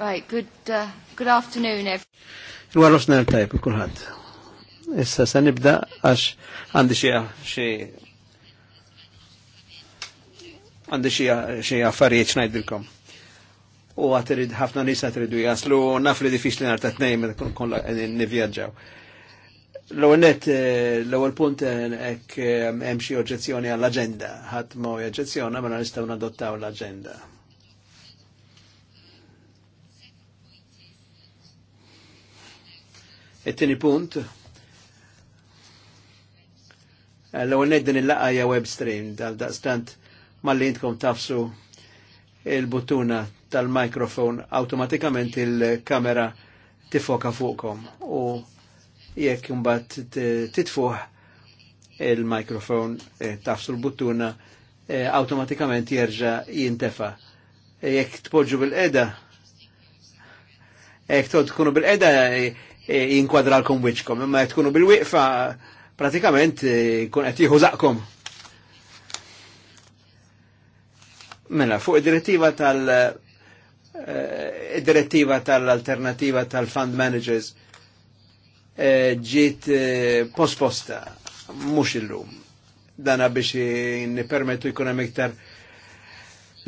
Right, good, uh, good afternoon, everyone. Għarros nertajb, kulħad. Issa se nibda għax għandi xie għandi xie affarijiet xnajdilkom. U għatirid ħafna nisa tridu jaslu, naf li diffiċli nar ta' tnejn meta kun kollha L-ewwel eh, l għol punt eh, ek eh, hemm oġezzjoni oġġezzjoni għall-aġenda, ħadd ma oġġezzjona mela nistgħu nadottaw l-aġenda. it-tieni punt, l-ewwel din il-laqgħa web stream dal-daqstant malli intkom tafsu il-buttuna tal-mikrofon automatikament il-kamera tifoka fuqkom u jekk imbagħad titfuħ il-mikrofon eh, tafsu l-buttuna eh, automatikament jerġa' jintefa' eh, jekk tpoġġu bil-qeda, jekk tod tkunu bil-qeda, jinkwadralkom e wiċkom, imma tkunu bil-wiqfa pratikament e, kun għet jieħu Mela, fuq id-direttiva tal- e, id-direttiva tal-alternativa tal-fund managers ġiet posposta, mux il-lum. Dana biex nipermetu jkun hemm iktar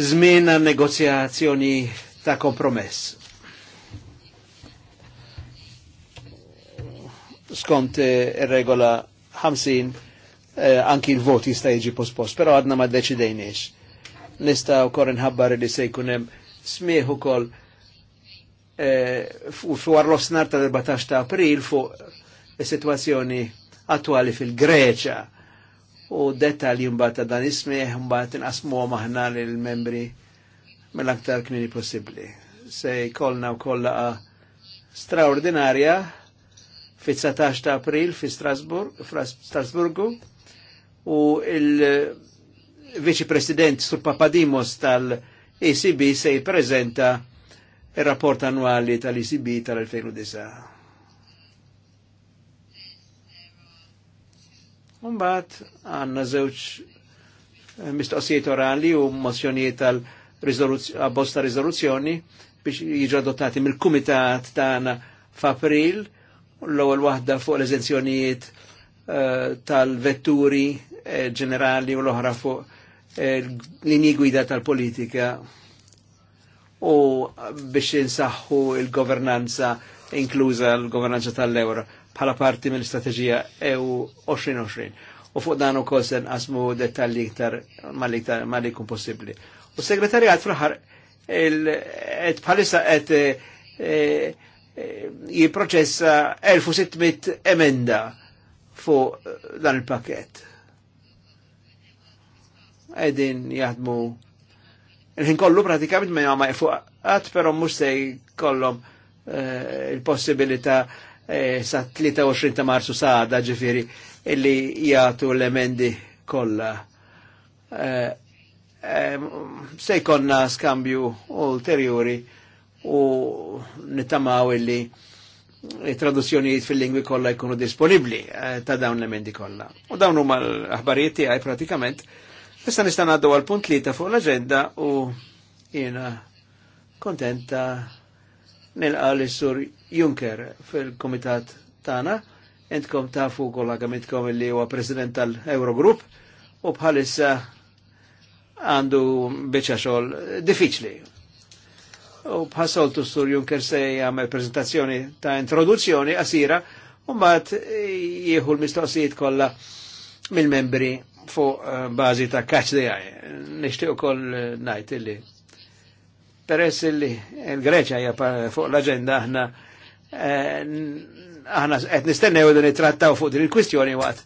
żmien għan negozjazzjoni ta' kompromess. skont eh, regola 50 eh, anki l-vot jista' jiġi pospost, però għadna ma deċidejniex. Nista' wkoll inħabbar li se jkun hemm smieħ ukoll eh, fuq l-osnar tal-14 ta' april fuq is-sitwazzjoni attwali fil-Greċa u dettalji mbagħad ta' dan ismieħ mbagħad inqasmuhom aħna lill-membri mill-aktar kmini possibbli. Se jkollna wkoll laqa straordinarja fi 19 ta' april fi Strasburg, Strasburgu u il-Viċi President Sur Papadimos tal-ECB se jippreżenta il-rapport annuali tal-ECB tal-2009. Umbat għanna zewċ eh, mistoqsijiet orali u mozzjonijiet tal-abbosta rizoluzzjoni biex jiġu adottati mill-Kumitat tagħna f'April l-ewwel waħda fuq l-eżenzjonijiet eh, tal-vetturi eh, ġenerali u l-oħra fuq l eh, linji gwida tal-politika u biex insaħħu il-governanza inkluża l-governanza tal-euro bħala parti mill-istrateġija EU 2020. U fuq dan u kosen asmu dettalji iktar mal-ikun possibli. U segretarjat fl-aħħar bħalissa qed Eh, jiproċessa 1600 emenda fu eh, dan il-pakket. Edin jaħdmu il-ħin kollu pratikament ma jgħamma jgħama għat, pero mux sej kollom eh, il-possibilita eh, sa' 23 ta' marzu saħda ġifiri illi jgħatu l-emendi kolla. Eh, eh, se jkonna skambju ulterjuri u nittamaw illi traduzzjonijiet fil-lingwi kolla jkunu disponibli eh, ta' dawn l-emendi kolla. U dawn huma l-aħbarijiet tiegħi pratikament. Issa nista' ngħaddu għal punt li ta' fuq l-aġenda u jiena kontenta nilqa' l sur Juncker fil komitat tagħna. Entkom ta' fuq kolla għamitkom li huwa President tal-Eurogroup u bħalissa għandu bieċa xol diffiċli u bħasoltu Sur Juncker se jgħamil prezentazzjoni ta' introduzzjoni qasira u mbagħad jieħu l-mistoqsijiet kollha mill-membri fuq eh, bażi ta' catch the eye. Nixtieq ukoll ngħid illi peress illi l-Greċja hija fuq l-aġenda aħna eh, aħna qed nistennew din nittrattaw fuq din il-kwistjoni waqt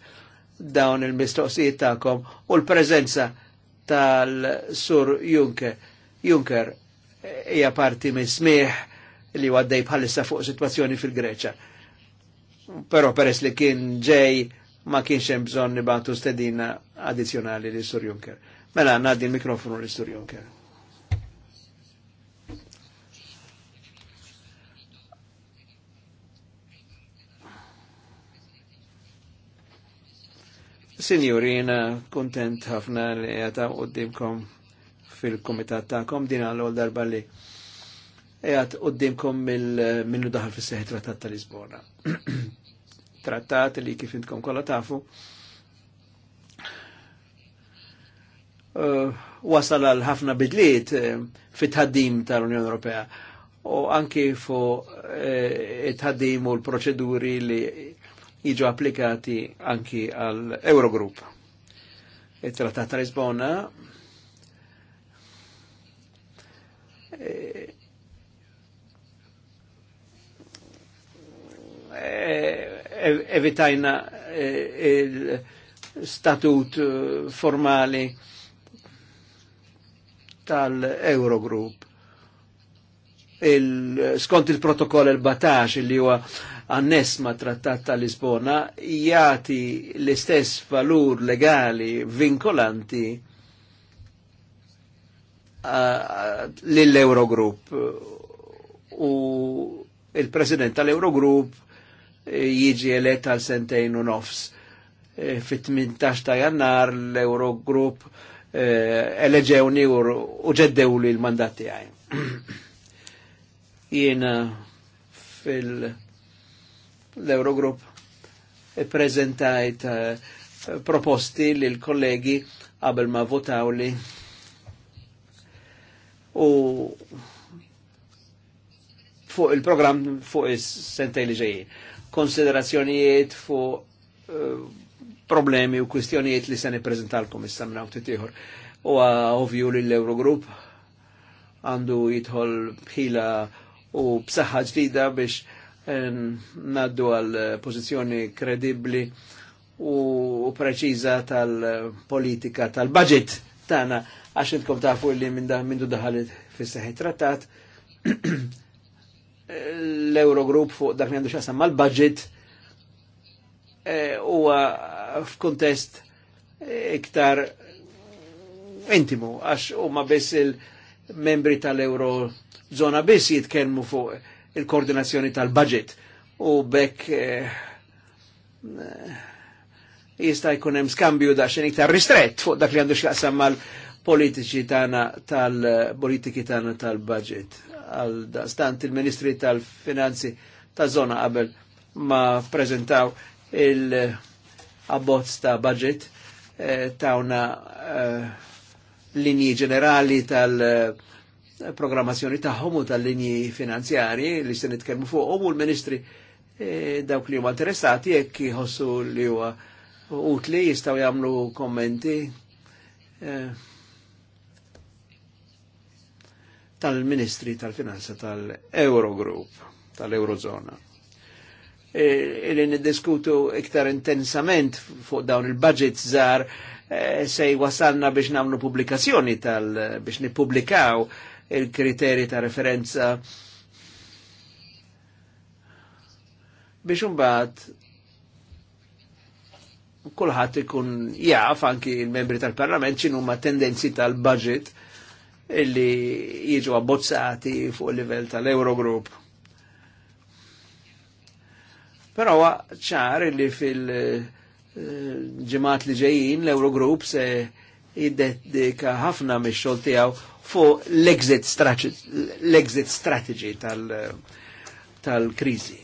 dawn il-mistoqsijiet tagħkom u l-preżenza tal-Sur Juncker Juncker hija parti minn smieħ li għaddej bħalissa fuq situazzjoni fil-Greċa. Però peress li kien ġej ma kienx hemm bżonn nibatu stedina addizzjonali li Sur Juncker. Mela ngħaddi l-mikrofonu li Sur Juncker. Signorina, kontent ħafna li għata d-dimkom fil-komitat ta'kom din għal darba li għat uddimkom minnu daħal fis seħi trattat tal Lisbona. trattat li kif intkom kolla tafu. Uh, wasal għal ħafna bidliet uh, fit-ħaddim tal-Unjoni Ewropea u anki fu uh, it-ħaddim u l-proċeduri li jiġu applikati anki għal Eurogroup. Il-Trattat ta' Lisbona Eh, eh, evitajna eh, il-statut formali tal-Eurogroup il, skont il-protokoll 14 il li huwa annes ma trattat tal Lisbona jati l-istess valur legali vinkolanti Eh, lill-Eurogroup u il-President tal-Eurogroup eh, jiġi eletta għal sentejn u nofs. Eh, Fit-18 ta' jannar l-Eurogroup eleġewni u ġeddew li l-mandat tiegħi. Jiena fil-Eurogroup prezentajt proposti lil kollegi qabel ma votaw li u fuq il program fuq il-sentaj li ġeji. Konsiderazzjonijiet fuq eh, problemi u kwistjonijiet li se nippreżentalkom issa minn hawn ieħor. U ovvju li l-Eurogroup għandu jitħol bħila u b'saħħa ġdida biex eh, naddu għal pozizjoni kredibli u preċiza tal-politika tal-budget tagħna għax intkom tafu li minn da mindu daħalet trattat l-Eurogroup fuq dak li għandu xasam mal-budget e, huwa f'kontest iktar intimu għax huma biss il-membri tal-Euro zona biss jitkellmu fuq il-koordinazzjoni tal-budget u bekk e, e, jista' jkun hemm skambju xejn iktar ristrett fuq dak li għandu x'jaqsam mal- politiċi tana tal-politiki tana tal-budget. stant il-Ministri tal-Finanzi ta' zona qabel ma prezentaw il-abbozz ta' budget eh, ta' una eh, linji ġenerali tal-programmazzjoni tagħhom u tal-linji finanzjari li se nitkellmu fuqhom u l-Ministri eh, dawk li huma interessati jekk jħossu li huwa utli jistgħu jagħmlu kommenti. Eh, tal-Ministri tal-Finanza tal-Eurogroup, tal-Eurozona. Illi e, e niddiskutu iktar intensament fuq dawn il-budget zar e, sej wasalna biex namlu publikazzjoni tal- biex nipublikaw il-kriteri ta' referenza biex umbat kullħat ikun jaf anki il-membri tal-parlament ċinu ma tendenzi tal-budget illi jiġu abbozzati fuq il-livell tal-Eurogroup. Però ċar illi fil-ġemat li ġejjin l-Eurogroup se jiddedika ħafna mis xogħol tiegħu fuq l-exit strategy, tal krizi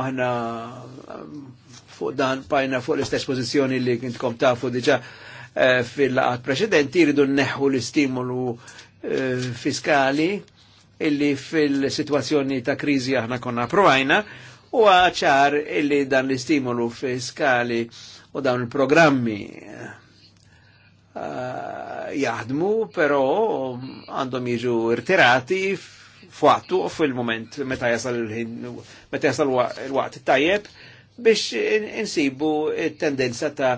aħna fuq dan pajna fuq l-istess pozizjoni li kintkom tafu diġa eh, fil-laqat preċedenti jridu neħu l-istimolu eh, fiskali illi fil-situazzjoni ta' krizi aħna konna provajna u ċar illi dan l-istimolu fiskali u dawn il-programmi eh, jaħdmu, pero għandhom jiġu irtirati fuqtu u fil-moment meta jasal meta jasal il-waqt tajjeb biex insibu tendenza ta'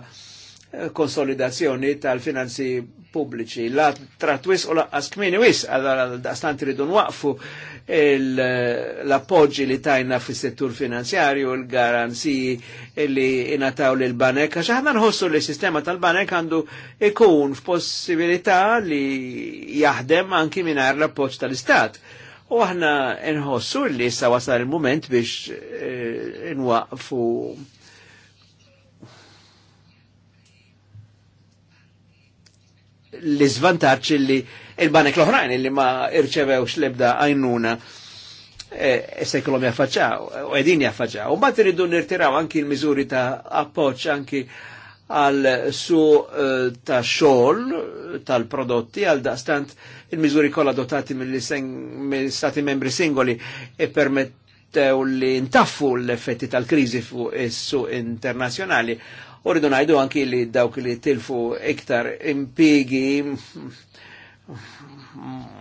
konsolidazzjoni tal-finanzi pubbliċi. La tratwis u laqqas kmini wis, għal-dastant rridu nwaqfu l-appoġġi li tajna fis settur finanzjarju, l-garanziji li inataw li l-banek, għax ħana nħossu li sistema tal-banek għandu ikun f'possibilità li jaħdem anki minar l-appoġġ tal-istat U aħna nħossu li sa wasal il-moment biex eh, nwaqfu li zvantaċ li il-banek l-oħrajn li ma irċevewx lebda għajnuna s-seklom eh, jaffaċaw, u edin jaffaċaw. U bat iridu nirtiraw anki l mizuri ta' appoċ anki għal su eh, ta' xogħol tal-prodotti għal daqstant Il-miżuri kollha adottati mill-Stati membri singoli e permettew li ntaffu l-effetti tal-kriżi fuq is-suq internazzjonali. najdu ngħidu anki li dawk li tilfu iktar impigi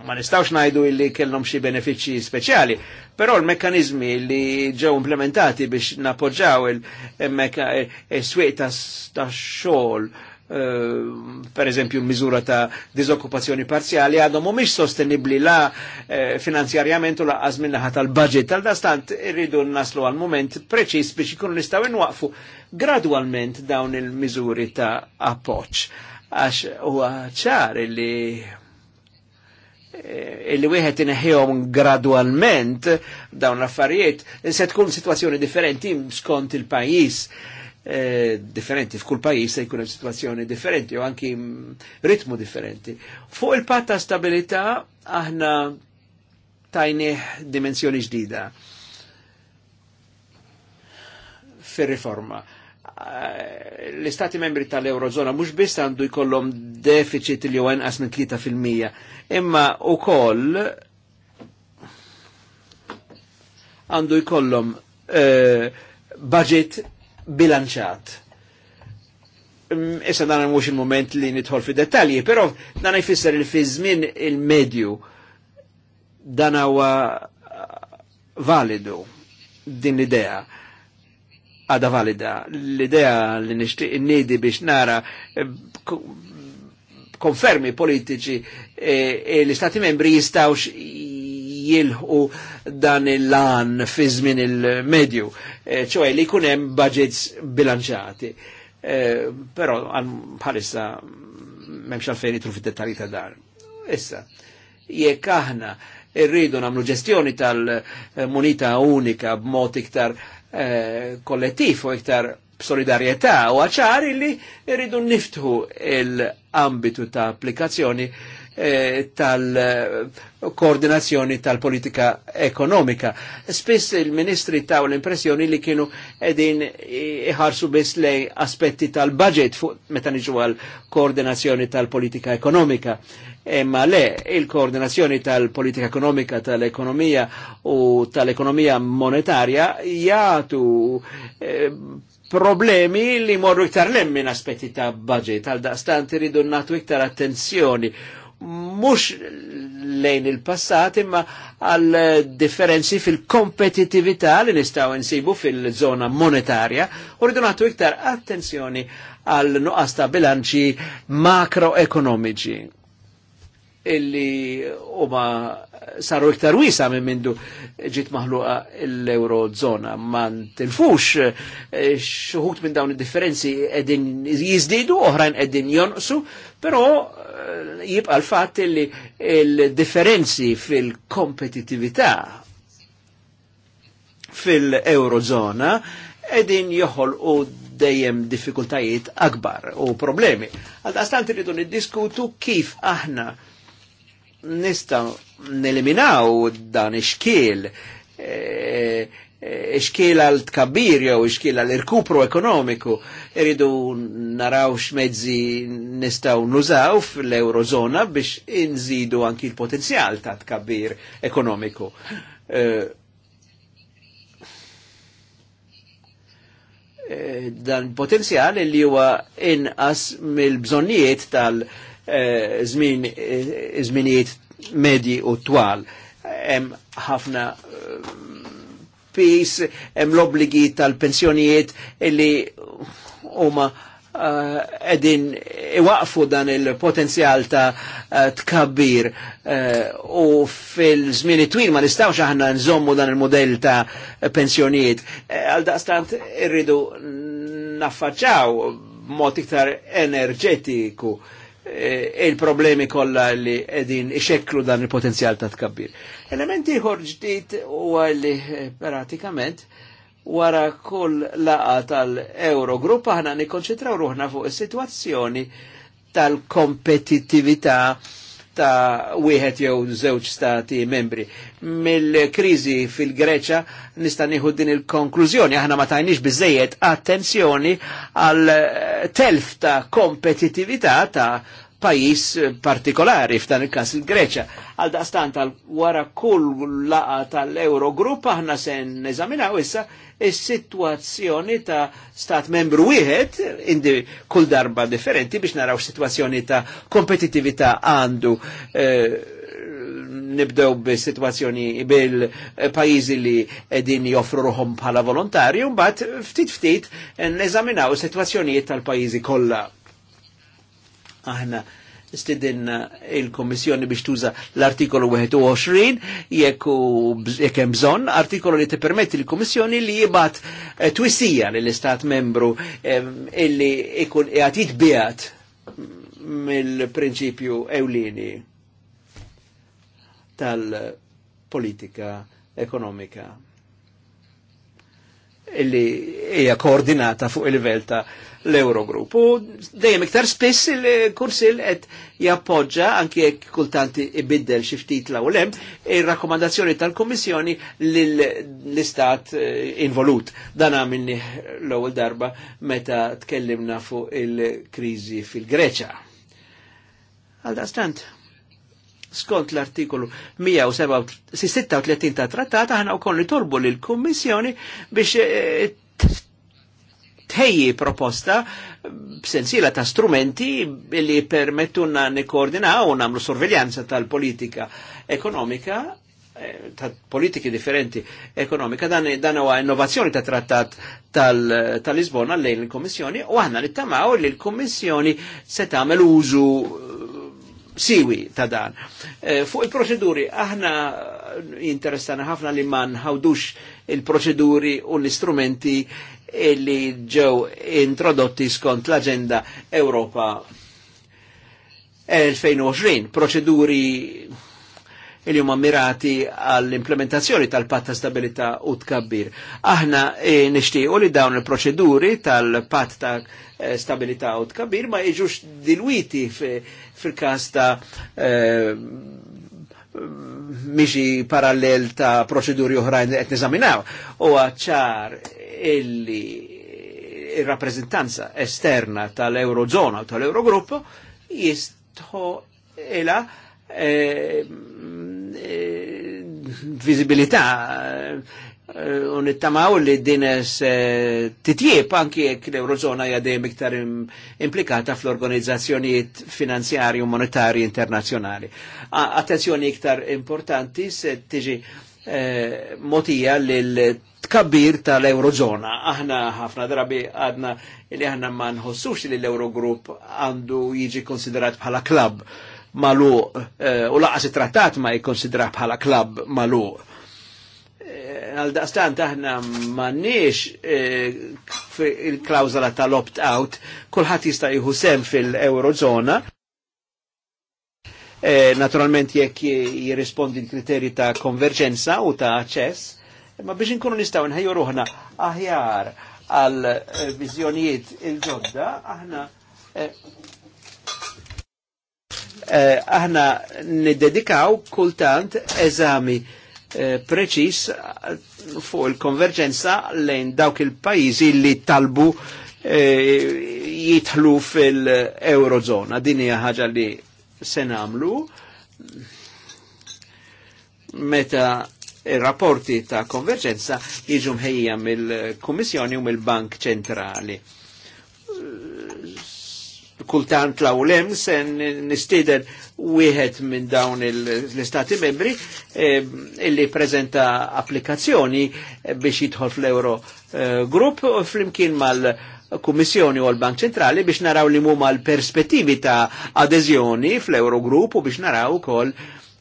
ma nistawx najdu illi kellhom xi benefiċċji speċjali, però l-mekkanizmi li ġew implementati biex napoġġaw il-swieq ta' xogħol Eh, per eżempju mizura ta' dizokkupazzjoni parzjali għadhom mhumiex sostenibbli la eh, finanzjarjament u laqqas minnaħa tal-budget tal-dastant irridu naslu għal moment preċis biex ikunu nistgħu inwaqfu gradwalment dawn il-miżuri ta' appoġġ għax huwa ċar li eh, illi wieħed inħihom gradwalment dawn l-affarijiet se tkun situazzjoni differenti skont il-pajjiż Eh, differenti, f'kull pajis se jkun situazzjoni differenti u anki ritmu differenti. Fuq il-pat ta' stabilità aħna tajnih dimensjoni ġdida fir-riforma. Eh, l-istati membri tal-Eurozona mhux biss għandu jkollhom deficit li huwa inqas minn mija imma wkoll għandu jkollhom eh, budget bilanċat. Mm, issa dan mhux il-moment li nidħol fi dettalji, però dan jfisser li fi żmien il-medju dan huwa validu din l-idea għada valida. L-idea li nishtiq nidi biex nara eh, konfermi politiċi e, e l-Istati membri jistawx jilħu dan il-lan fi żmien il-medju, eh, ċoħe li kunem budgets bilanċati. Eh, Pero għan bħalissa memx għalfejn jitru fid dettali ta' dar. Issa, jekk aħna irridu namlu ġestjoni tal-munita unika b'mod iktar eh, kollettiv u iktar b'solidarjetà u għaċar illi irridu niftħu il ambitu ta' applikazzjoni Eh, tal-koordinazzjoni tal-politika ekonomika. Spiss il-ministri taw l-impressjoni li kienu edin iħarsu biss lej aspetti tal-budget fuq meta għal-koordinazzjoni tal-politika ekonomika imma le il-koordinazzjoni tal-politika ekonomika, tal-ekonomija u tal-ekonomija monetarja jgħatu eh, problemi li morru iktar lemmin minn aspetti ta' budget, għal daqstant iridu natu iktar attenzjoni mux lejn il-passat imma għal differenzi fil-kompetitività li nistaw insibu fil-zona monetarja u rridu nagħtu iktar attenzjoni għal nuqqas ta' bilanċi makroekonomiċi illi huma saru iktar wisa minn mindu ġiet maħluqa l-eurozona. Ma tilfux eh, xuħut minn dawn id-differenzi edin jizdidu, oħrajn edin jonqsu, però jibqa l fat li l differenzi fil-kompetitività fil-eurozona edin joħol u dejjem diffikultajiet akbar u problemi. Għal-dastant rridu niddiskutu kif aħna nista neliminaw dan ix e, eh, xkiela l-tkabbir jew xkiela l-irkupru ekonomiku iridu naraw x'mezzi nistaw nużaw fl-eurozona biex inżidu anki l-potenzjal ta' tkabbir ekonomiku. Eh, eh, dan potenzjal li huwa inqas mill-bżonnijiet tal-żminijiet eh, medji u twal. Hemm ħafna peace, hemm l-obligi tal-pensjonijiet illi huma eh, edin iwaqfu dan il-potenzjal ta' eh, tkabbir eh, u fil-żmien twil ma nistawx aħna nżommu dan il-modell ta' pensjonijiet. Għal daqstant irridu naffaċċaw mod iktar enerġetiku Eh, il-problemi kollha li qegħdin ixekklu dan il-potenzjal ta' tkabbir. Elementi ieħor ġdid huwa li eh, pratikament wara kull laqa tal-Eurogrupp aħna nikkonċentraw ruħna fuq is-sitwazzjoni tal-kompetittività ta' wieħed jew żewġ stati membri. Mill-kriżi fil-Greċa nista' nieħu din il-konklużjoni aħna ma tajniex biżejjed attenzjoni għal telf ta' kompetitività ta' pajis partikolari, f'dan il-kas il-Greċa. Għal daqstan tal-wara kull laqa tal-Eurogrupp aħna se neżaminaw issa is-sitwazzjoni ta' stat membru wieħed indi kull darba differenti biex naraw situazzjoni ta' kompetitività għandu eh, nibdew b-situazzjoni bil-pajizi li edin joffru ruħom bħala volontarju, mbagħad ftit ftit neżaminaw situazzjonijiet tal-pajizi kollha aħna stidinna il-Komissjoni biex tuża l-artikolu 21 jekk jekk hemm bżonn, artikolu li tippermetti l-Komissjoni li jibgħat eh, twissija lill-Istat membru eh, illi ikun qiegħed jitbiegħat mill-prinċipju ewlieni tal-politika ekonomika illi hija koordinata fuq il-livell ta' l-Eurogroup. U dejjem iktar spiss il kursil qed jappoġġa anki jekk kultanti ibiddel xi ftit l hemm ir-rakkomandazzjoni tal-Kummissjoni lill istat eh, involut. Dan għamilni l-ewwel darba meta tkellimna fuq il-kriżi fil-Greċa. stant. skont l-artikolu 136 ta' trattata ħana u koll li torbu l-Kummissjoni biex eh, Teji proposta b'sensila ta' strumenti li permettuna nikkoordinaw u namlu sorveljanza tal-politika ekonomika eh, ta' politiki differenti ekonomika dan, dan huwa innovazzjoni ta' trattat tal-Lisbona tal lejn il-Kommissjoni u aħna nittamaw li l-Kommissjoni se tagħmel użu eh, siwi ta' dan. Eh, fuq il-proċeduri, aħna interessana ħafna li ma nħawdux il-proċeduri u l-istrumenti illi ġew introdotti skont l-Aġenda Europa 2020, proċeduri il huma mirati għall-implementazzjoni tal-patt ta' stabilità u tkabbir. Aħna e, nixtiequ li dawn il-proċeduri tal-patt ta' eh, stabilità u tkabbir ma jiġux dilwiti fil-każ ta' eh, miġi parallel ta' proċeduri oħrajn qed niżaminaw. U ċar il-rappresentanza esterna tal-Eurozona u tal-Eurogruppo jistħu ila eh, mm, eh, vizibilità eh, u nittamaw li dines eh, titjieb anki jekk l-Eurozona jadem iktar implikata fl organizzazzjoniet finanzjari u monetari internazjonali. Attenzjoni iktar importanti se tiġi Eh, motija lil tkabbir tal-Eurozona. Aħna ħafna drabi għadna li aħna ma nħossux li l-Eurogrupp għandu jiġi konsiderat bħala klab malu eh, u laqas it-trattat ma jikkonsidra bħala klab malu. Eh, Għal-daqstant aħna mannix il-klawzala tal-opt-out, kullħat jista' jieħu sem fil-Eurozona Eh, naturalment jekk jirrispondi l-kriterji ta' konverġenza u ta' aċċess, ma biex inkunu nistaw nħejju ruħna aħjar għal eh, viżjonijiet il-ġodda, aħna eh, aħna niddedikaw kultant eżami preċis fuq il-konverġenza lejn dawk il-pajjiżi li talbu jitħlu fil-Eurozona. Din hija ħaġa li se namlu meta il-rapporti ta' konverġenza jiġu mħejja mill kommissjoni u mill-Bank Ċentrali. Kultant la' ulem sen nistider wieħed minn dawn l-Istati membri e, illi prezenta applikazzjoni biex jidħol fl-Euro e, u fl flimkien mal- kummissjoni u l-Bank Ċentrali biex naraw li mumma l-perspettivi ta' adeżjoni fl-Eurogrupp u biex naraw kol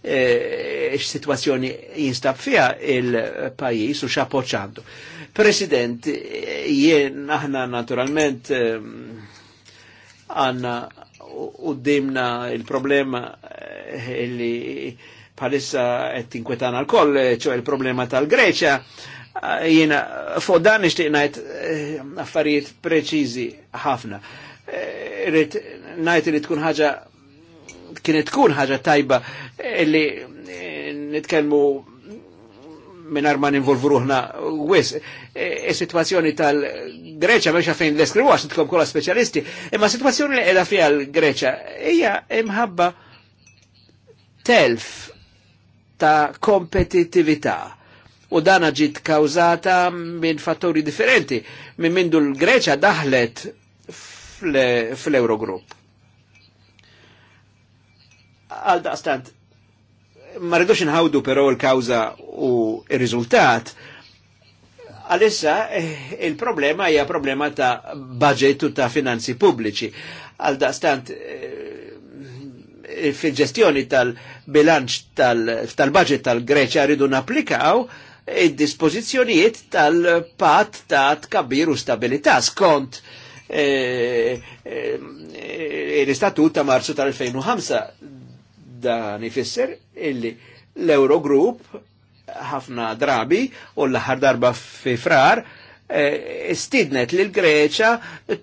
eh, situazzjoni jinstab fija il-pajis u xapoċandu. President, jien aħna naturalment eh, għanna u dimna il-problema eh, li palissa għettinkwetana l-koll, eh, ċo il-problema tal-Greċa, Eh, jina, fuq dan nixtieq ngħid eh, affarijiet preċizi ħafna. Eh, Rrit najt li tkun ħaġa kienet tkun ħaġa tajba illi nitkelmu minar ma ninvolvu ruħna wis. is situazzjoni tal-Greċa biex fejn l-eskrimu għax nitkom kolla specialisti, imma situazzjoni li edha fija l-Greċa hija imħabba telf ta' kompetitivita' u dana ġit kawzata minn fatturi differenti minn mindu l-Greċa daħlet fl-Eurogrupp. Għal daqstant, ma rridux nħawdu però l-kawza u il-riżultat, Għalissa eh, il-problema hija problema ta' budget u ta' finanzi pubbliċi. Għal daqstant eh, fil-ġestjoni tal-bilanċ tal-budget tal-Greċja rridu napplikaw id-dispożizzjonijiet tal-pat ta' tkabbir u stabilità skont eh, eh, eh, l-istatut ta' marzu tal-2005 dan ifisser illi l-Eurogroup ħafna drabi u l ħar darba fi frar Eh, stidnet lil greċa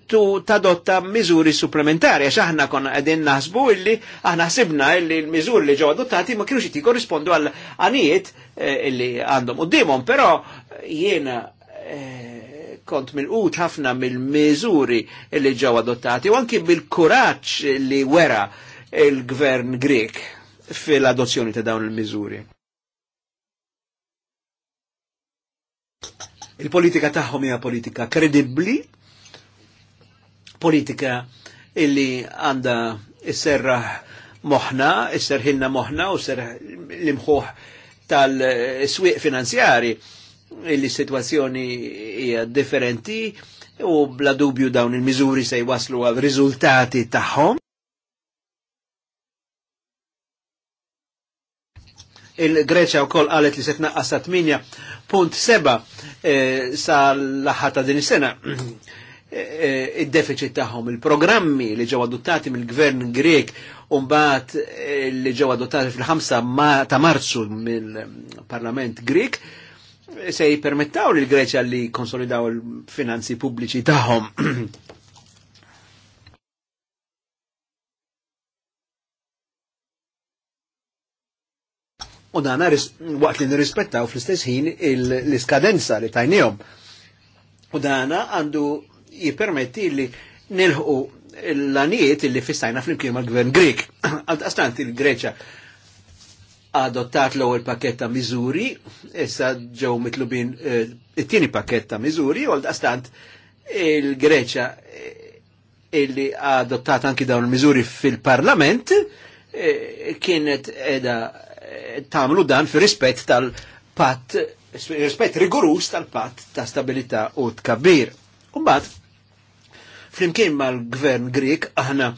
tu tadotta miżuri supplementari, għax aħna kon għedin naħsbu illi aħna sibna illi l-miżuri li ġo adottati ma kienux jiti korrispondu għal għaniet eh, illi għandhom u dimon, pero jiena eh, kont mill-qut ħafna mill-miżuri li ġew adottati u anki bil-kuraġġ li wera il-gvern Grek fil-adozzjoni ta' dawn il-miżuri. Il-politika tagħhom hija politika kredibbli, politika illi għanda isserra moħna, isserħilna moħna u s-serħ l-imħuħ tal swieq finanzjari illi situazzjoni hija differenti u bla dubju dawn il-miżuri se jwaslu għal riżultati tagħhom il-Greċja u koll għalet li setna punt seba eh, sa sal-ħata din is-sena. Eh, eh, id-deficit tagħhom, il-programmi li ġew adottati mill-gvern Grek un-baħt li ġew adottati fil-5 ma ta' marzu mill-Parlament Grik se jipermettaw li l-Greċja li konsolidaw il-finanzi pubbliċi tagħhom. U dana waqt li nirrispettaw fl-istess ħin l-iskadenza li tajnijom. U dana għandu jipermetti li nilħu l-anijiet li fissajna fl-imkien mal-gvern Grek. Għal-tastant il-Greċa adottat l-ewwel ta' miżuri, issa ġew mitlubin eh, it-tieni ta' miżuri, u għal-tastant il-Greċa eh, illi adottat anki dawn il-miżuri fil-parlament eh, kienet edha tamlu dan fi rispett tal-pat, rispett rigorus tal-pat ta' stabilità u tkabbir. Umbat, flimkien mal-gvern Grik, aħna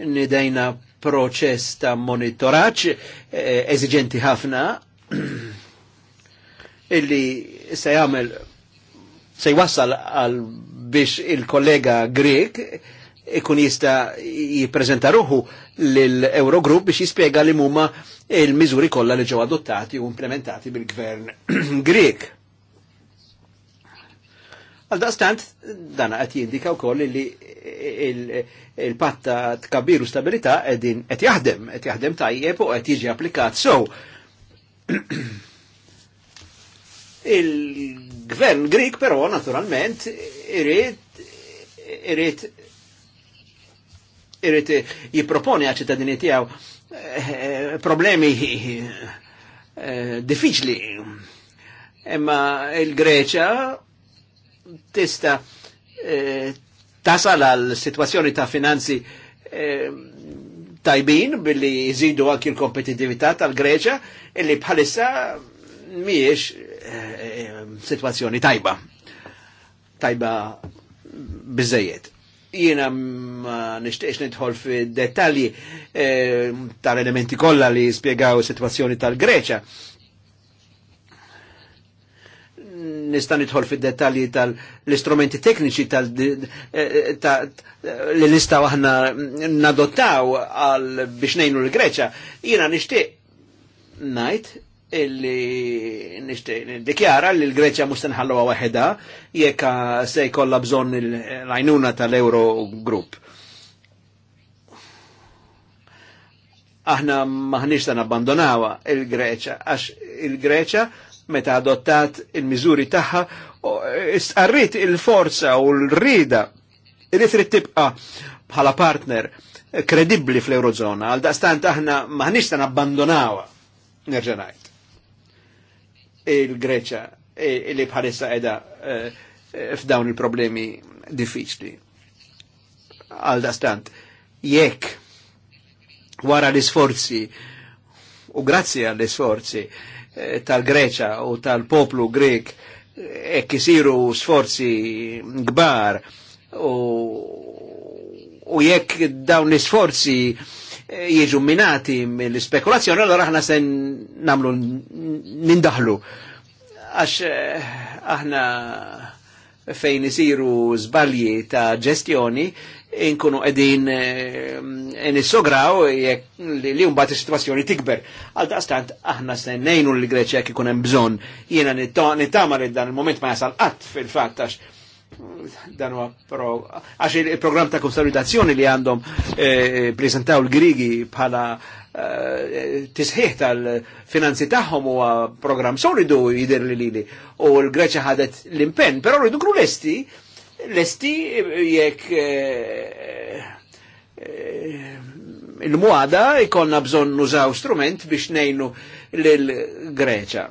nidejna proċess ta' monitoraċ eh, eżigenti ħafna illi se jgħamil, se jwassal għal biex il-kollega Grik, ikun jista jiprezenta ruħu l-Eurogrupp biex jispiega li mumma il-miżuri kollha li ġew adottati u implementati bil-gvern Grek. Għal daqstant, dan qed jindika wkoll li il-patta il tkabbir u stabilità qegħdin qed jaħdem, qed jaħdem tajjeb u qed jiġi applikat. So, il-gvern Grieg, però naturalment irid irid irrit jiproponi għal ċittadini tijaw eh, problemi eh, diffiċli. Imma il-Greċa tista eh, tasal għal situazzjoni ta' finanzi tajbin billi jizidu għak il kompetitività tal-Greċa illi bħalissa miex situazzjoni tajba. Tajba bizzejiet jiena ma nixtieqx nidħol fi dettalji eh, tal-elementi kollha li spjegaw is-sitwazzjoni tal-Greċa. Nista' nidħol fi dettalji tal-istrumenti tekniċi tal eh, li nistgħu aħna nadottaw għal biex ngħinu l-Greċa. Jiena nixtieq ngħid illi dikjara li l-Greċja mux tenħalluha waħedha jekk se jkollha bżonn l-għajnuna tal-Euro Group. Aħna maħniex tan abbandonawa il-Greċja għax il-Greċja meta adottat il-miżuri tagħha istqarrit il-forza u l-rida irrid tibqa' bħala partner kredibbli fl-Eurozona għal daqstant aħna maħniex tan abbandonawa nerġanajt il-Greċa e, li bħalissa edha e, e, f'dawn il-problemi diffiċli. Għal dastant, jekk wara l-isforzi u grazzi għall isforzi tal-Greċa u tal-poplu Grek e kisiru sforzi gbar u, u jekk dawn l-isforzi Eh, jiġu minati mill-spekulazzjoni, allora aħna sen namlu nindahlu. Għax eh, aħna fejn isiru zbalji ta' ġestjoni, inkunu edin eh, nissograw li jumbat il-situazzjoni tikber. Għal daqstant, aħna sen nejnu l-Greċja kikun hemm bżon, jiena nittama li dan il-moment ma jasal qatt fil-fattax dan huwa pro għax il-programm ta' konsolidazzjoni li għandhom eh, eh prezentaw l-Grigi bħala eh, tisħiħ tal-finanzi tagħhom huwa programm solidu jidher li lili u l greċa ħadet l-impenn, però rridu kru lesti lesti jekk eh, il-muada ikonna bżon nużaw strument biex nejnu l-Greċa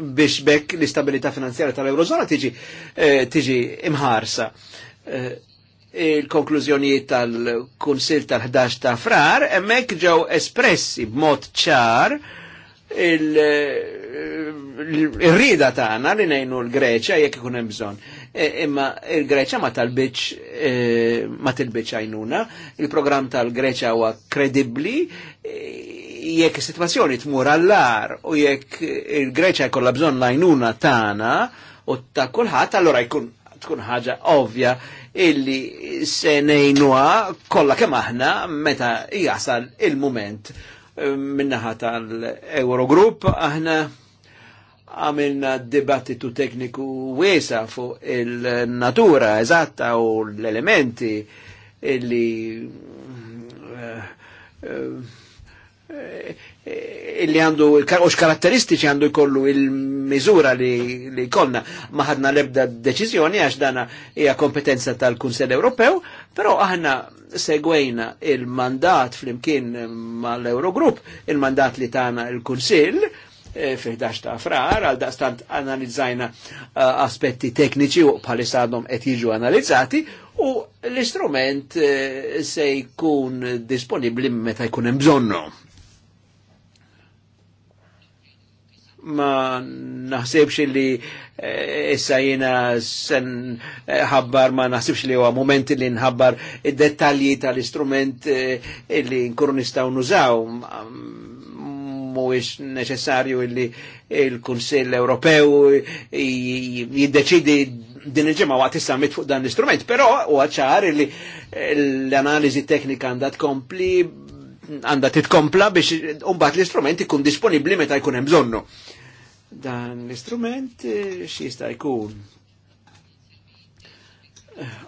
biex bekk l-istabilità finanzjarja tal-Eurozona tiġi eh, tiġi imħarsa. Eh, il-konklużjonijiet tal-Kunsil tal-11 ta' frar hemmhekk ġew espressi b'mod ċar eh, il-rida tagħna li ngħinu l-Greċja jekk ikun hemm bżonn. Imma il-Greċja ma talbiċ ma tilbiċ għajnuna, il-programm tal-Greċja huwa kredibbli, jekk situazzjoni sitwazzjoni tmur allar u jekk il greċa jkollha bżonn lajnuna tagħna u ta' kulħadd allora jkun tkun ħaġa ovvja illi se nejnuha kollha kemm aħna meta jasal il-mument eh, minnaħa tal-Eurogroup aħna għamilna dibattitu tekniku wesa fuq il-natura eżatta u l-elementi illi uh, uh, illi għandu, u x-karatteristiċi għandu jkollu il-mizura li, li konna maħadna lebda deċizjoni għax dana hija kompetenza tal-Kunsel Ewropew, però aħna segwejna il-mandat fl-imkien mal-Eurogrupp, il-mandat li tana il-Kunsil, eh, fi 11 ta' frar, għal daqstant analizzajna eh, aspetti tekniċi u palisadhom qed jiġu analizzati u l-istrument eh, se jkun disponibli meta jkun hemm bżonnu. ma naħsebx li eh, issa jina sen eh, ħabbar, ma naħsibx li huwa moment li nħabbar id-dettalji tal-istrument eh, li nkunu nistgħu nużaw mhuwiex neċessarju li il-Kunsill Ewropew jiddeċidi din il-ġimgħa waqt is-summit fuq dan l-istrument, però huwa ċar li l-analiżi teknika għandha tkompli għanda titkompla biex umbat l-istrument ikun disponibli meta jkun hemm bżonnu. Dan l-istrument eh, x'jista' jkun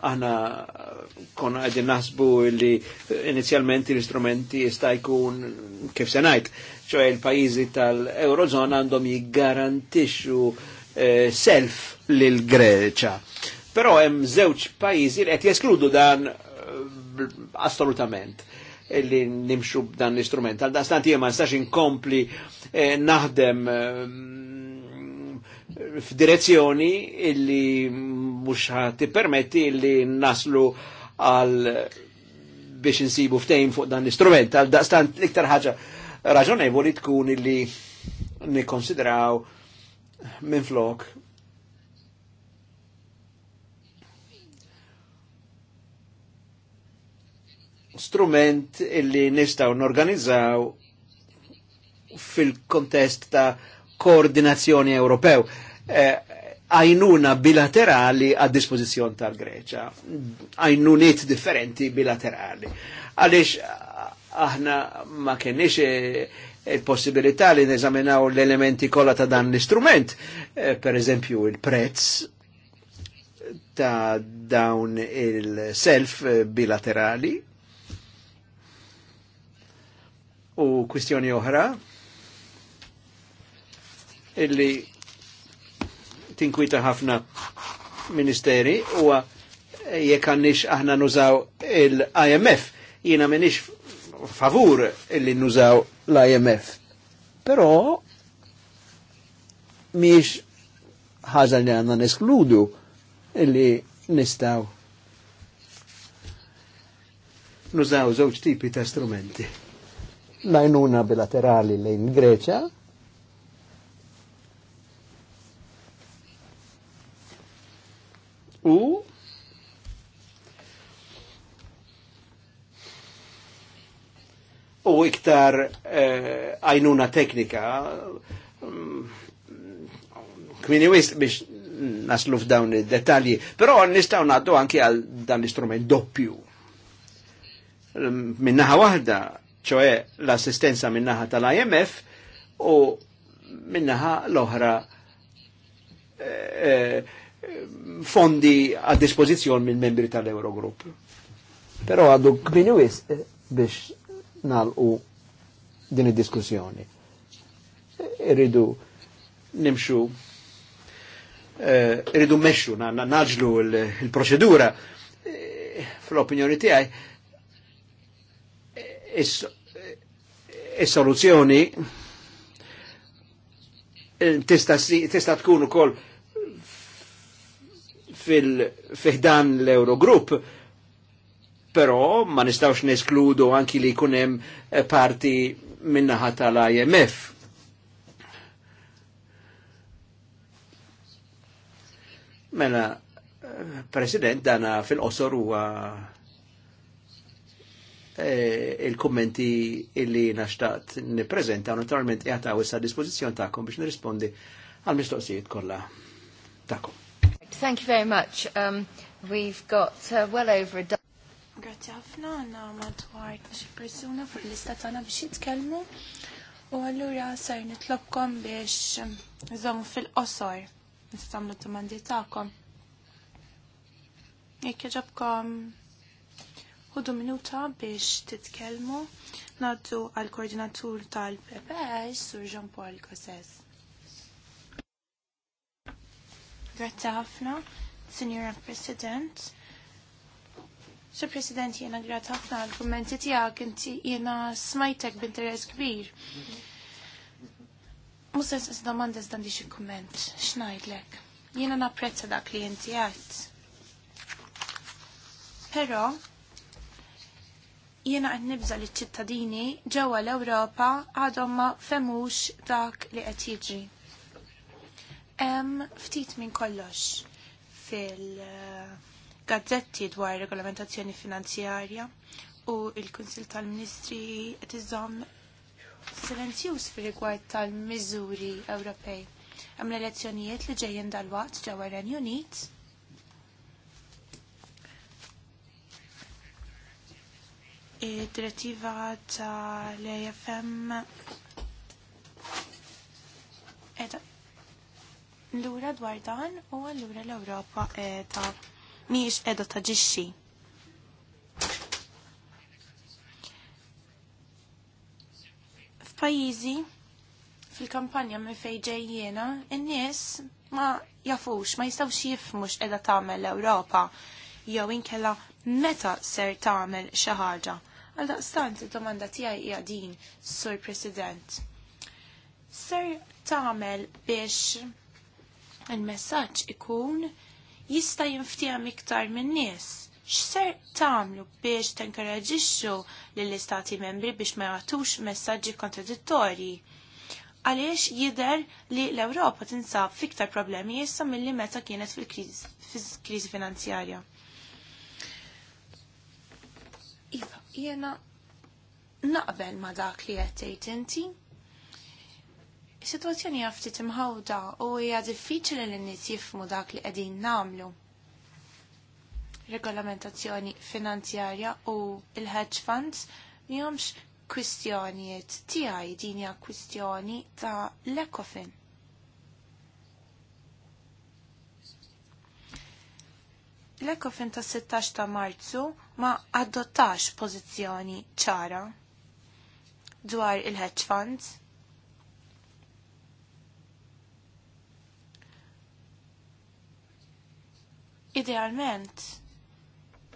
għana konna għedin nasbu li inizjalment l-istrumenti jista' jkun kif se ngħid, ċoħe l-pajizi tal-Eurozona għandhom jiggarantixxu eh, self lil greċa Però hemm żewġ pajjiżi li qed jeskludu dan eh, assolutament li nimxu dan l-istrument. Għal daqstant ma nistax inkompli eh, naħdem eh, f'direzzjoni illi mhux permetti illi naslu għal biex insibu ftejn fuq dan l-istrument. Għal stant l-iktar ħaġa raġonevoli tkun illi nikkonsidraw minn flok strument illi nistaw organizzaw fil-kontest ta' koordinazzjoni Ewropew. Eh, għajnuna eh, bilaterali a dispożizzjon tal-Greċa, għajnuniet differenti bilaterali. Għalix aħna ma kienix eh, il-possibilità li neżaminaw l-elementi kolla ta' dan l-istrument, eh, per eżempju il-prezz ta' dawn il-self eh, bilaterali, U kwistjoni oħra illi tinkwita ħafna ministeri u jekk għannix aħna nużaw l imf jina minix favur illi nużaw l-IMF. Però miex ħaġa li għanna neskludu illi nistaw nużaw żewġ tipi ta' strumenti lajnuna bilaterali lejn Greċa, u u iktar eh, Ajnuna teknika mm, kmini wist biex naslu f'dawn id-detalji, però nistaw naddu anki għal dan l-istrument doppju. Minnaħa wahda ċoħe l-assistenza minnaħa tal-IMF u minnaħa l-oħra eh, eh, fondi a dispozizjon minn membri tal-Eurogrupp. Pero għaddu kbinuis eh, biex nalqu din id-diskussjoni. Irridu nimxu irridu meċxu, naġlu il-proċedura fl-opinjoni tijaj is-soluzzjoni eh, tista' tkun ukoll fil-fihdan l-Eurogrupp, però ma nistawx neskludu anki li kunem eh, parti minnaħa tal-IMF. Mela, eh, President, dana fil-qosor huwa Eh, il-kommenti illi naxtaqt niprezenta u naturalment jgħataw issa dispozizjon ta'kom biex nirrispondi għal mistoqsijiet kollha ta'kom. Thank you very much. Um, we've got uh, well over a Grazie ħafna għanna madwar xi persuna fuq l-lista tagħna biex jitkellmu. U allura ser nitlobkom biex um, żommu fil-qosor nistamlu t-mandi tagħkom. Jekk ġobkom Ħudu minuta biex titkellmu naddu għal koordinatur tal-PPS e, Sur Jean Paul Cossess. Grazzi ħafna, Signora President. Sur President, jena grazie ħafna għal-kommenti tijak, inti jena smajtek b'interess kbir. Musa s domanda s-dandi xie komment, xnajdlek. Jena napprezza dak li għajt. Pero, Jiena qed nibża li ċittadini ġewwa l-Ewropa għadhom ma femux dak li qed jiġri. Hemm ftit minn kollox fil-gazzetti dwar regolamentazzjoni finanzjarja u il-Kunsil tal-Ministri qed iżomm silenzjuż fir-rigward tal-miżuri Ewropej. Hemm l-elezzjonijiet li ġejjin dal-waqt ġewwa Renju Unit direttiva tal afm edha l-ura dwar dan u l-ura l-Europa edha miex edha ta' ġixxi. F'pajjiżi fil-kampanja me fejġejjena, n in-nies ma jafux, ma jistawx jifmu x'edha tagħmel l-Ewropa jew inkella meta ser tagħmel xi ħaġa. Għal daqstant id-domanda tiegħi hija din, Sur President. Ser tagħmel biex il-messaġġ ikun jista' jinftihom iktar min-nies. X'ser tagħmlu biex tenkoraġixxu lill-istati membri biex ma jagħtux messaġġi kontradittorji għaliex jider li l-Ewropa tinsab fiktar problemi jissa mill-li meta kienet fil-krizi finanzjarja. Iva, Jena naqbel ma dak li qed tgħid inti. Is-sitwazzjoni hija ftit imħawda u hija diffiċli li nies jifhmu dak li qegħdin nagħmlu. Regolamentazzjoni finanzjarja u il-hedge funds mihomx kwistjonijiet tiegħi din hija kwistjoni ta' l ekofin l-ekofin ta' 16 ta' marzu ma adottax pozizjoni ċara dwar il-hedge funds. Idealment,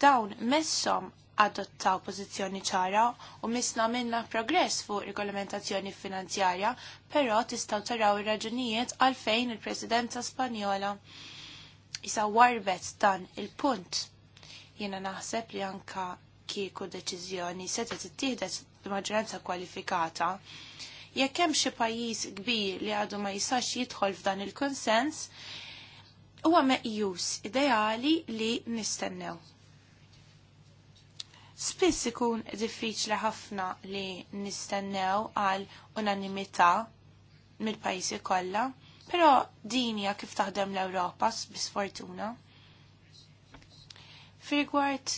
dawn messom adottaw pozizjoni ċara u misna minna progress fuq regolamentazzjoni finanzjarja, però tistaw taraw ir-raġunijiet għalfejn il-Presidenza Spanjola Issa warbet dan il-punt. Jena naħseb li anka kieku deċiżjoni t tittieħdet b'maġġoranza kwalifikata. Jekk hemm xi pajjiż kbir li għadu ma jistax jidħol f'dan il-konsens, huwa meqjus ideali li nistennew. Spiss ikun diffiċli ħafna li nistennew għal unanimità mill-pajjiżi kollha, Però din hija kif taħdem l-Ewropa bisfortuna. Firgward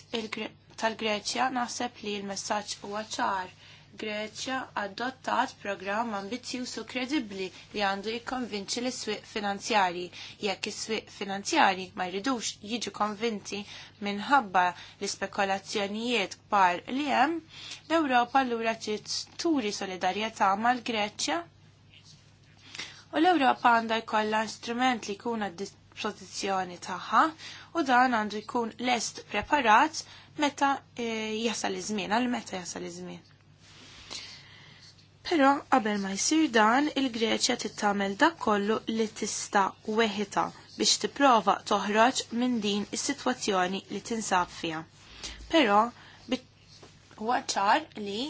tal-Greċja naħseb li l-messaġġ huwa ċar. Greċja adottat programm ambizzjuż u kredibbli li għandu jikkonvinċi l-iswiq finanzjarji jekk is-swieq finanzjarji ma jridux jiġu konvinti minħabba l-ispekulazzjonijiet kbar li hemm, l-Ewropa lura ġiet turi solidarjetà mal-Greċja u l-Ewropa għandha jkollha instrument li jkun għad-dispożizzjoni tagħha u dan għandu jkun lest preparat meta eh, jasal iż-żmien, għal meta jasal iż-żmien. Però qabel ma jsir dan, il-Greċja tittamel dak kollu li tista' weħita biex tipprova toħroġ minn din is-sitwazzjoni li tinsab fiha. Però huwa ċar li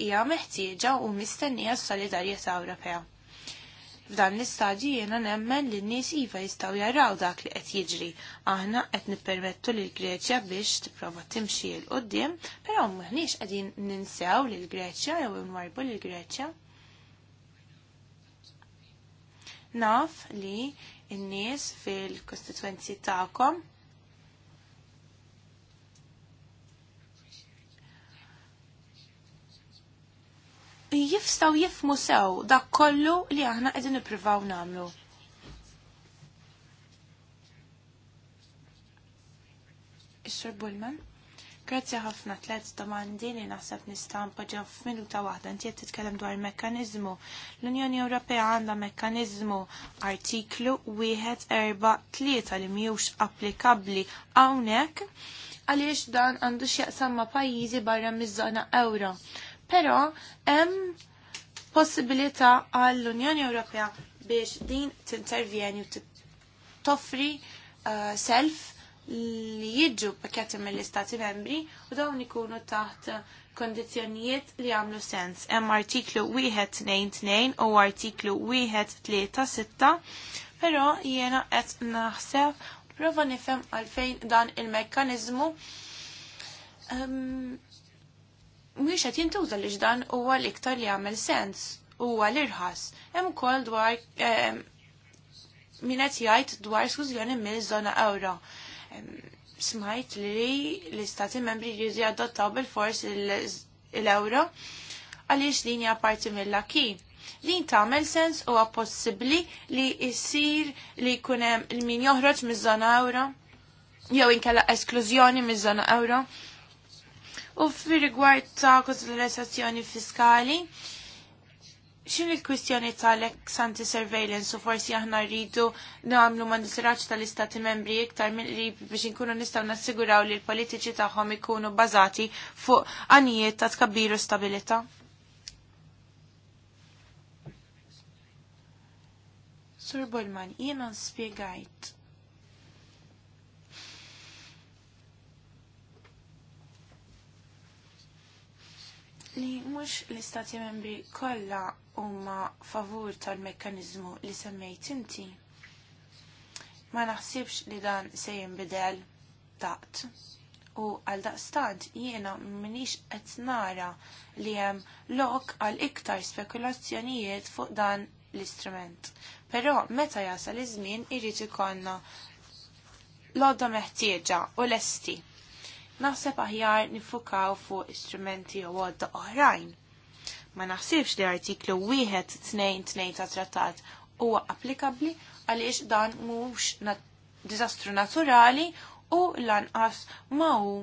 hija meħtieġa u mistennija s-solidarjetà Ewropea. F'dan l-istadju jiena nemmen li n-nies iva jistgħu jaraw dak li qed jiġri. Aħna qed nippermettu l Greċja biex tipprova timxi l qudiem però m'aħniex qegħdin ninsew l Greċja jew nwarbu l Greċja. Naf li n-nies fil-kostituenzi ta'kom jifstaw jifmu sew dak kollu li aħna qegħdin nippruvaw nagħmlu. Is-Sur Bullman, grazzi ħafna tliet domandi li naħseb nistampa ġew f'minuta waħda inti qed titkellem dwar mekkaniżmu. L-Unjoni Ewropea għandha mekkaniżmu artiklu wieħed erba' tlieta li mhijiex applikabbli hawnhekk għaliex dan għandu x'jaqsam ma' pajjiżi barra miż-żona ewro però hemm possibilità għall-Unjoni Ewropea biex din tintervjeni u toffri uh, eh, self li jiġu pakketti mill-Istati membri u dawn ikunu taħt kondizjonijiet li għamlu sens. Hemm artiklu 1.2.2 u artiklu 1.3.6, però jiena qed naħseb prova nifhem għalfejn dan il-mekkaniżmu um, mhuwiex qed jintuża li xdan huwa l-iktar li jagħmel sens huwa l-irħas. Hemm ukoll dwar min qed jgħid dwar skużjoni mill-żona ewro. Smajt li l-istati membri jridu adottaw bil-fors l-ewro għaliex din hija parti mill-laki din tagħmel sens huwa possibbli li jsir li jkun hemm min joħroġ miż-żona ewro jew inkella esklużjoni miż-żona ewro U fi rigward ta' konsiderazzjoni fiskali, xin il-kwistjoni tal-ex anti-surveillance u forsi aħna rridu namlu mandisiraċ tal-istati membri iktar minn qrib biex inkunu nistaw nassiguraw li l-politiċi tagħhom ikunu bazati fuq għanijiet ta' tkabbiru stabilita? Sur Bolman, jiena spiegajt li mhux l-istati membri kollha huma favur tal-mekkaniżmu li semmejt inti. Ma naħsibx li dan se jinbidel daqt u għal daqstant jiena minix qed nara li hemm lok għal iktar spekulazzjonijiet fuq dan l-istrument. Però meta jasal iż-żmien irid ikollna l odda meħtieġa u lesti naħseb aħjar nifukaw fuq istrumenti u għodda oħrajn. Ma naħsibx li artiklu 1-2-2 ta' trattat huwa applikabli għaliex dan mhux diżastru naturali u lanqas ma hu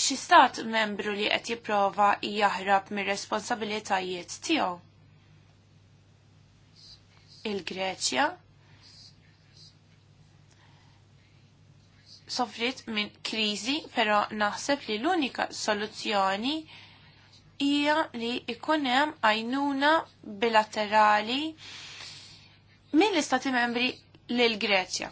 xi stat membru li qed jipprova jaħrab mir-responsabilitajiet tiegħu. Il-Greċja soffrit minn kriżi, però naħseb li l-unika soluzzjoni hija li ikun hemm għajnuna bilaterali mill-Istati Membri lil Greċja.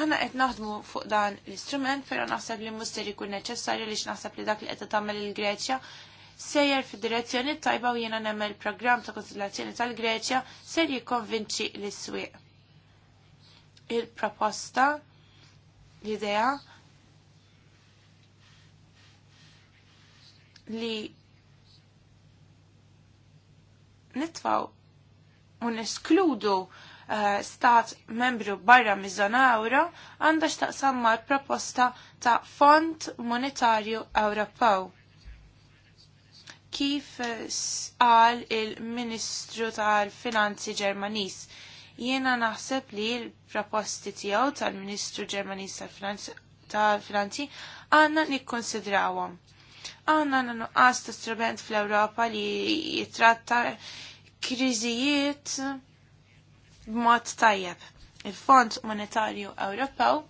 Aħna qed naħdmu fuq dan l-istrument, però naħseb li ser ikun neċessarju li naħseb li dak li qed tagħmel il-Greċja sejjer fid-direzzjoni tajba u jiena nemmel programm ta' konsultazzjoni tal-Greċja ser jikkonvinċi l-iswieq. Il-proposta l-idea li nitfaw u neskludu uh, stat membru barra miż euro għandha x'taqsam sammar proposta ta' Fond Monetarju Ewropew. Kif eh, qal il-Ministru tal-Finanzi Ġermaniż Jiena naħseb li l-proposti tiegħu tal-Ministru Ġermaniż tal-Finanzi għandna nikkonsidrawhom. Għandna nuqqas ta' strument fl-Ewropa li jitratta kriżijiet b'mod tajjeb. Il-Fond Monetarju Ewropew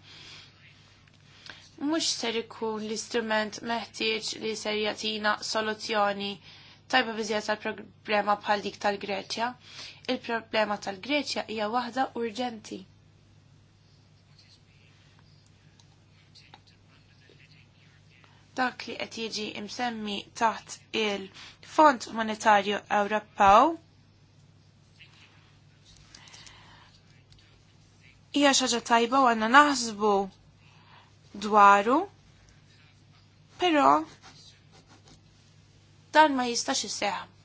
mhux ser ikun l-istrument meħtieġ li ser jagħtina soluzzjoni tajba biżjed tal-problema bħal dik tal-Greċja. Il-problema tal-Greċja hija waħda urġenti. Dak li qed jiġi msemmi taħt il-Fond Monetarju Ewropew hija xaġa tajba u għandna naħsbu dwaru, però dan ma jistax iseħħ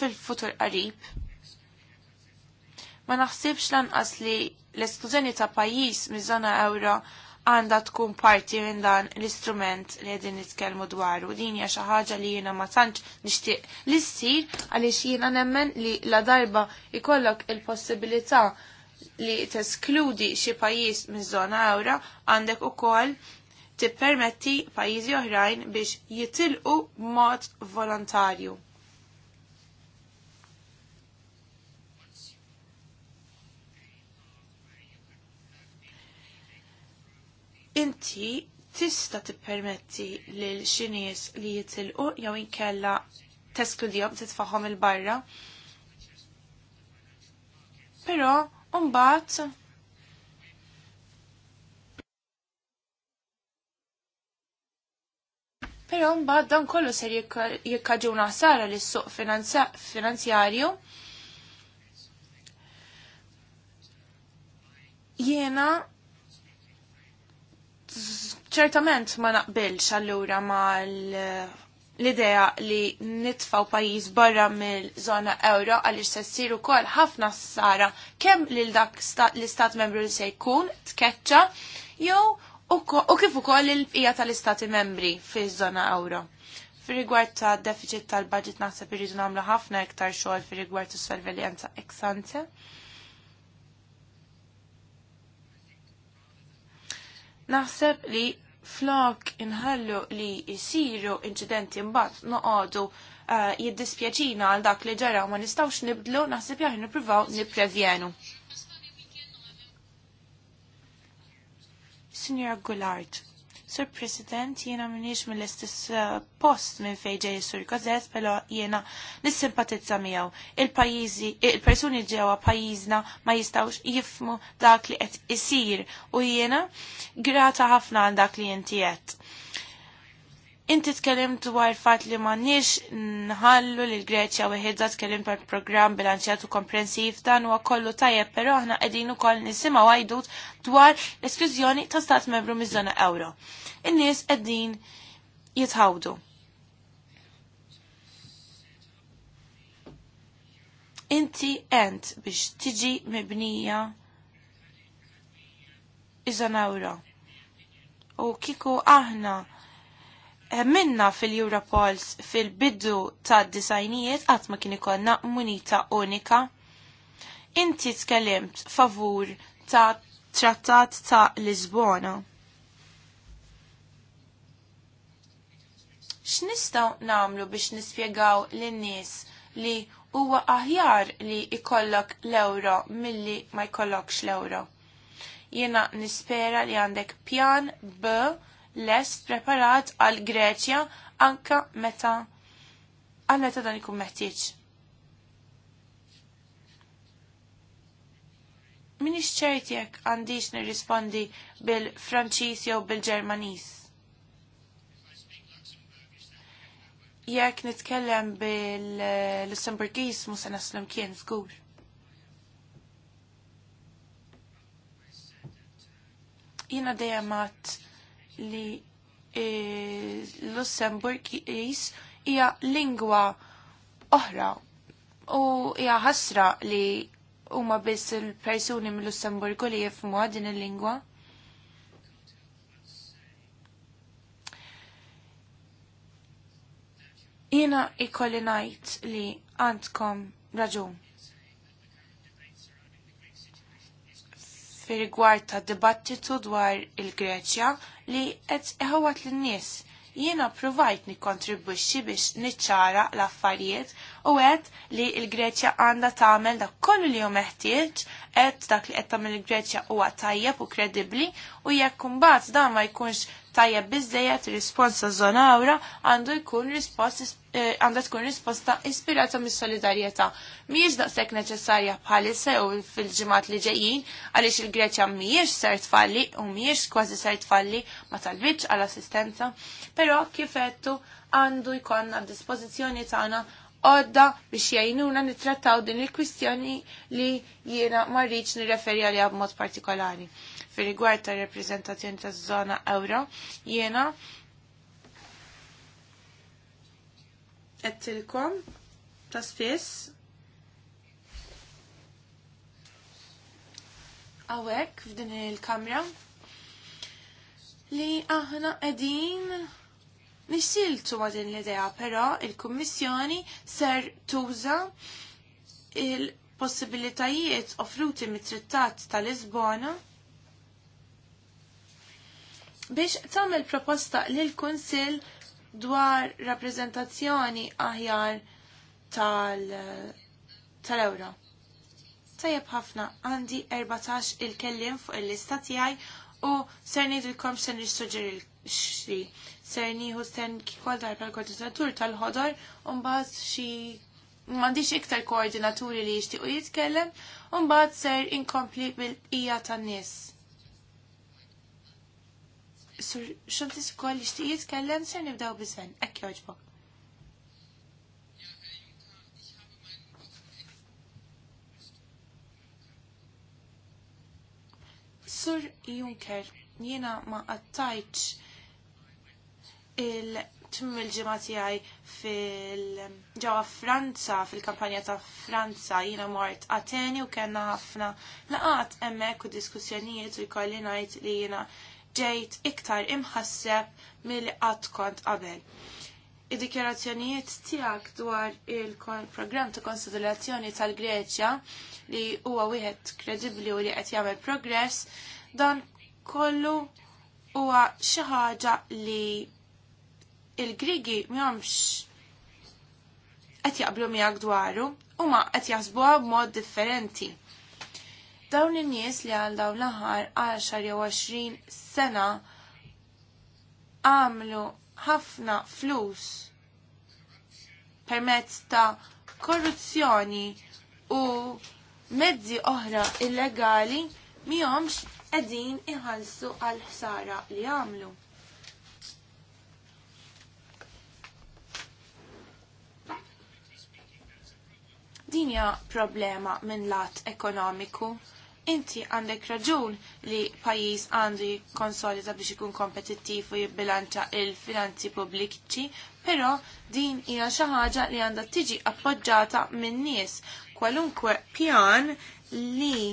fil-futur qarib. Ma naħsibx lanqas li l-esklużjoni ta' pajjiż miż-żona ewro għandha tkun parti minn dan l-istrument li qegħdin nitkellmu dwaru. Din hija xi ħaġa li jiena ma tantx nixtieq li ssir għaliex jiena nemmen li la darba ikollok il-possibilità li teskludi xi pajjiż miż-żona ewro għandek ukoll tippermetti pajjiżi oħrajn biex jitilqu mod volontarju. inti tista tippermetti lil xi nies li jitilqu jew inkella teskludihom titfahom il-barra. Però mbagħad Pero mbagħad dan kollu ser jikkaġuna ħsara lis suq finanzjarju. Jiena ċertament ma naqbilx allura ma eh, l-idea li nitfaw pajis barra mill-zona euro għalix se ssiru kol ħafna s-sara kem lil dak l-istat membru li se jkun tkeċċa jew u kif ukoll il-bqija tal-istati membri fiż-żona euro. Fir-rigward ta' deficit tal-budget naħseb irridu nagħmlu ħafna iktar xogħol fir-rigward is-sorveljanza ex ante. Naħseb li flok inħallu li jisiru incidenti mbagħad noqogħdu uh, jiddispjaċina għal dak li ġara ma nistgħux nibdlu naħseb jaħ nippruvaw nipprevjenu. Signora Goulart. Sur President, jiena minix mill-istess eh, post minn fejġej sur gazet, pero jiena nissimpatizza miegħu. Il-pajjiżi, il-persuni ġewwa pajjiżna ma jistgħux jifmu dak li qed isir u jiena grata ħafna għal dak li jentijet. Inti tkellim dwar fatt li m'għandniex nħallu li l Greċja weħidha tkellim per programm bilanċjat u komprensiv dan huwa kollu tajjeb, però aħna qegħdin ukoll nisimgħu għajdut dwar l-esklużjoni ta' stat membru miż-żona euro. In-nies qegħdin jitħawdu. Inti ent biex tiġi mibnija iż-żona euro. U kiku aħna minna fil-Europols fil-biddu ta' disajnijiet għat ma kien ikonna munita unika. Inti tkellimt favur ta' trattat ta' Lisbona. X'nistgħu namlu biex nispjegaw lin-nies li huwa aħjar li ikollok l-euro milli ma jkollokx l-euro. Jiena nispera li għandek pjan B lest preparat għal Greċja anka meta għal meta dan ikun meħtieġ. Minix ċert jekk għandix nirrispondi bil-Franċiż jew bil-Ġermaniż. Jekk nitkellem bil-Lussemburgiż mhux se naslem kien żgur. Jiena dejjem għadd li e, Lussemburg jis hija lingwa oħra u hija ħasra li huma biss il-persuni mill-Lussemburgu li jifhmuha din il-lingwa. Jiena ikolli ngħid li għandkom raġun. Fi rigward ta' dibattitu dwar il-Greċja, li qed iħawat lin-nies. Jiena provajt nikkontribwixxi biex niċċara l-affarijiet u għedt li l-Greċja għandha tagħmel dak kollu li hu meħtieġ qed dak li qed tagħmel il-Greċja huwa tajjeb u kredibbli u jekk imbagħad dan ma jkunx tajjeb bizzejet risponsa zona awra għandu jkun eh, għandha tkun risposta ispirata mis solidarjetà Mhijiex daqshekk neċessarja bħalissa u fil-ġimgħat li ġejjin għaliex il-Greċja mhijiex ser tfalli u mhijiex kważi ser tfalli ma talbitx għal assistenza, però kifettu għandu għad dispożizzjoni tagħna għodda biex jajnuna nitrattaw din il-kwistjoni li jiena marriċ nirreferi għalija b'mod partikolari fil-rigward ta' reprezentazzjoni ta' zona euro, jena għedtilkom ta' spess għawek f'din il-kamra li aħna edin nisiltu ma din l-idea, pero il-Kommissjoni ser tuża il-possibilitajiet offruti mit-trittat tal-Lisbona biex tagħmel proposta l kunsill dwar rappreżentazzjoni aħjar tal tal-ewro. ħafna, għandi 14 il-kellim fuq il-lista tiegħi u ser ngħidilkom se nissuġġeri xri Ser nieħu sen kikol darba l-koordinatur tal-ħodor u mbagħad xi m'għandix iktar koordinaturi li jixtiequ jitkellem u mbagħad ser inkompli bil ija tan-nies. Sur xoltis kol li xtiq jitkellem ser nibdaw bizven. Ekk joġbok. Sur Juncker, jiena ma qattajċ il-tmim il-ġimati għaj fil-ġawa Franza, fil-kampanja ta' Franza, jiena mort Ateni u kena ħafna laqat emmek u diskussjonijiet u jkolli najt li jiena ġejt iktar imħasseb mill qatt kont qabel. Id-dikjarazzjonijiet tiegħek dwar il-programm ta' konsolidazzjoni tal-Greċja li huwa wieħed kredibbli u li qed jagħmel progress, dan kollu huwa xi ħaġa li il-Grigi m'hemmx qed jaqblu miegħek dwaru huma qed jaħsbuha b'mod differenti. Dawn in-nies li għal dawn l ħar 10 jew 20 sena għamlu ħafna flus permezz ta' korruzzjoni u mezzi oħra illegali miħomx edin iħalsu għal ħsara li għamlu. Dinja problema minn lat ekonomiku inti għandek raġun li pajis għandu jikonsolida biex ikun kompetittiv u jibbilanċa il-finanzi pubbliċi, però din hija xi ħaġa li għandha tiġi appoġġata minn nies kwalunkwe pjan li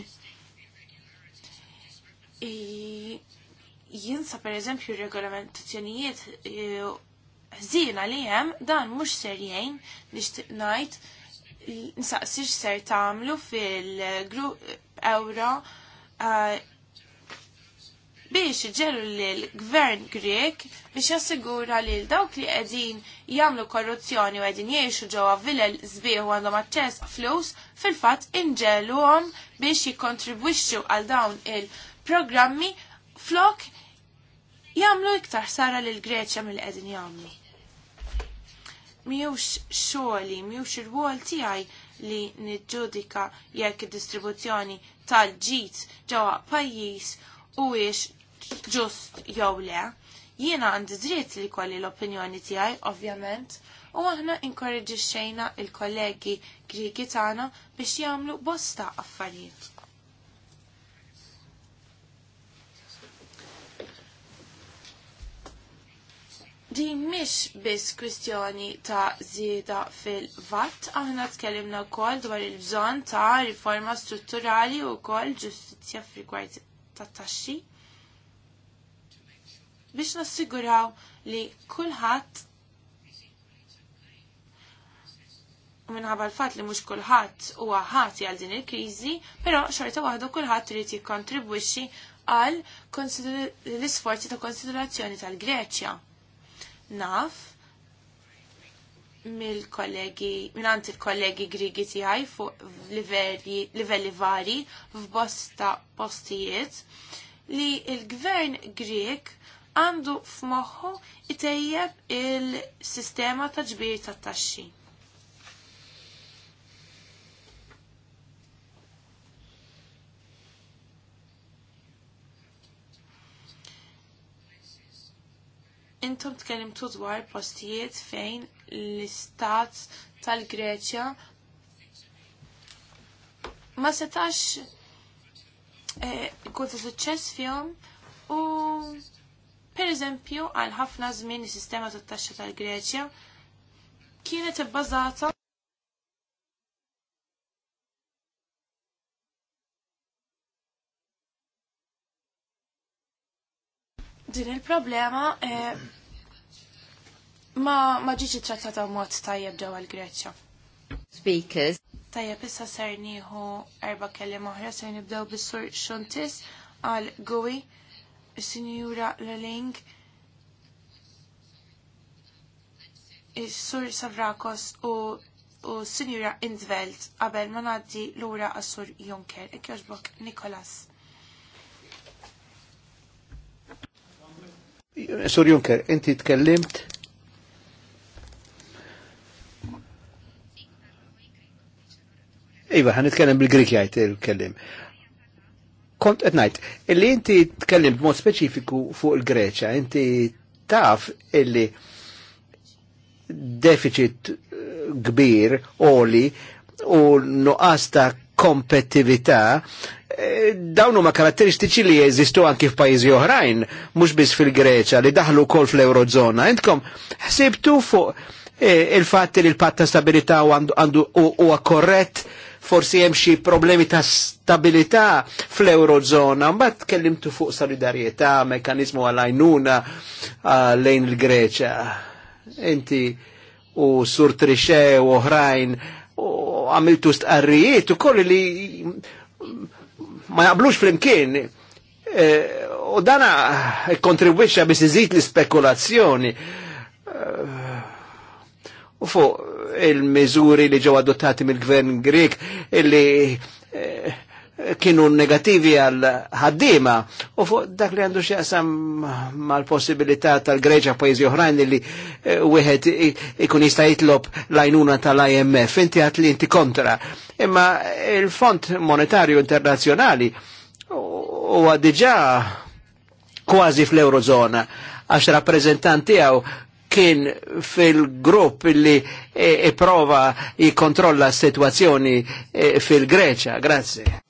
jinsa per eżempju regolamentazzjonijiet e, ħżina li hemm dan mhux serjejn nixtieq ngħid nsaqsix ser tagħmlu fil-grupp euro uh, biex ġeru l-gvern Grek biex jassigura li l-dawk li għedin jamlu korruzzjoni u għedin jiexu ġewwa vilel zbiħu għandhom aċċess flus fil-fatt għom biex jikkontribwixxu għal dawn il-programmi flok jamlu iktar sara l Greċja mill qegħdin jamlu. Miux xogħli, miux ir-wol tiegħi li niġġudika jekk id-distribuzzjoni tal ġid ġewwa pajjiż huwiex ġust jew le. Jiena għandi dritt li kolli l-opinjoni tiegħi, ovvjament, u aħna inkoraġġixxejna il-kollegi Grigi tagħna biex jagħmlu bosta affarijiet. Di mish biss kwistjoni ta' zieda fil-vat, aħna tkellimna wkoll dwar il-bżonn ta' riforma strutturali u wkoll ġustizzja f'rigward ta' taxxi. Biex nassiguraw li kulħadd minħabba l-fatt li mhux kulħadd huwa ħati għal din il-kriżi, però xorta waħdu kulħadd trid jikkontribwixxi għal l-isforzi ta' konsiderazzjoni tal-Greċja naf mill-kollegi, minnant il-kollegi grigi tijaj fuq livelli vari f'bosta postijiet li il-gvern Grieg għandu f'moħħu itejjeb il-sistema ta' ġbir ta' taxxi. Intom tkellimtu dwar postijiet fejn l-istat tal-Greċja ma setax eh, ikun ta' suċċess fihom u per eżempju għal ħafna żmien is-sistema tat-taxxa tal-Greċja kienet ibbażata din il-problema eh, ma ma ġiġi trattata mod tajjeb ġewwa l-Greċja. Speakers. Tajjeb issa ser nieħu erba' kelliem oħra ser nibdew bis-sur Xuntis għal Gui, is-Sinjura Leling, is-Sur Savrakos u u Sinjura Intveld qabel ma ngħaddi lura għas-Sur Juncker. jogħġbok Nikolas. Sur Juncker, inti tkellimt Iva, għan nitkellem bil-Grik jajt il-kellim. Kont qed ngħid, illi inti tkellim b-mod speċifiku fuq il greċa inti taf illi deficit eh, kbir oli u nuqasta kompetivita dawn huma karatteristiċi li jeżistu anki f'pajjiżi oħrajn, mhux biss fil-Greċa li daħlu wkoll fl-Eurozona. Intkom ħsibtu fuq eh, il-fatt li l-patt ta' stabilità għandu huwa korrett forsi hemm xi problemi ta' stabilità fl-Eurozona, mbagħad tkellimtu fuq solidarjetà, mekkanizmu għal-għajnuna eh, lejn il greċja Inti u Sur Trixew u oħrajn u għamiltu stqarrijiet u koll li ma jaqblux flimkien e, u dana kontribwisċa biex iżid l-spekulazzjoni e, u fuq il mizuri li ġew adottati mill-gvern Grek illi e, kienu negativi għal ħaddima u fuq dak li għandu xieqsam mal-possibilità tal-Greċa pajzi oħrajn li eh, wieħed ikun jista' jitlob lajnuna tal-IMF. Inti għat li inti kontra. Imma il-Fond Monetarju Internazzjonali huwa diġà kważi fl-Eurozona għax rappresentanti għaw kien fil-grupp li eh, iprova e jikontrolla s-situazzjoni e, eh, fil-Greċa. Grazie.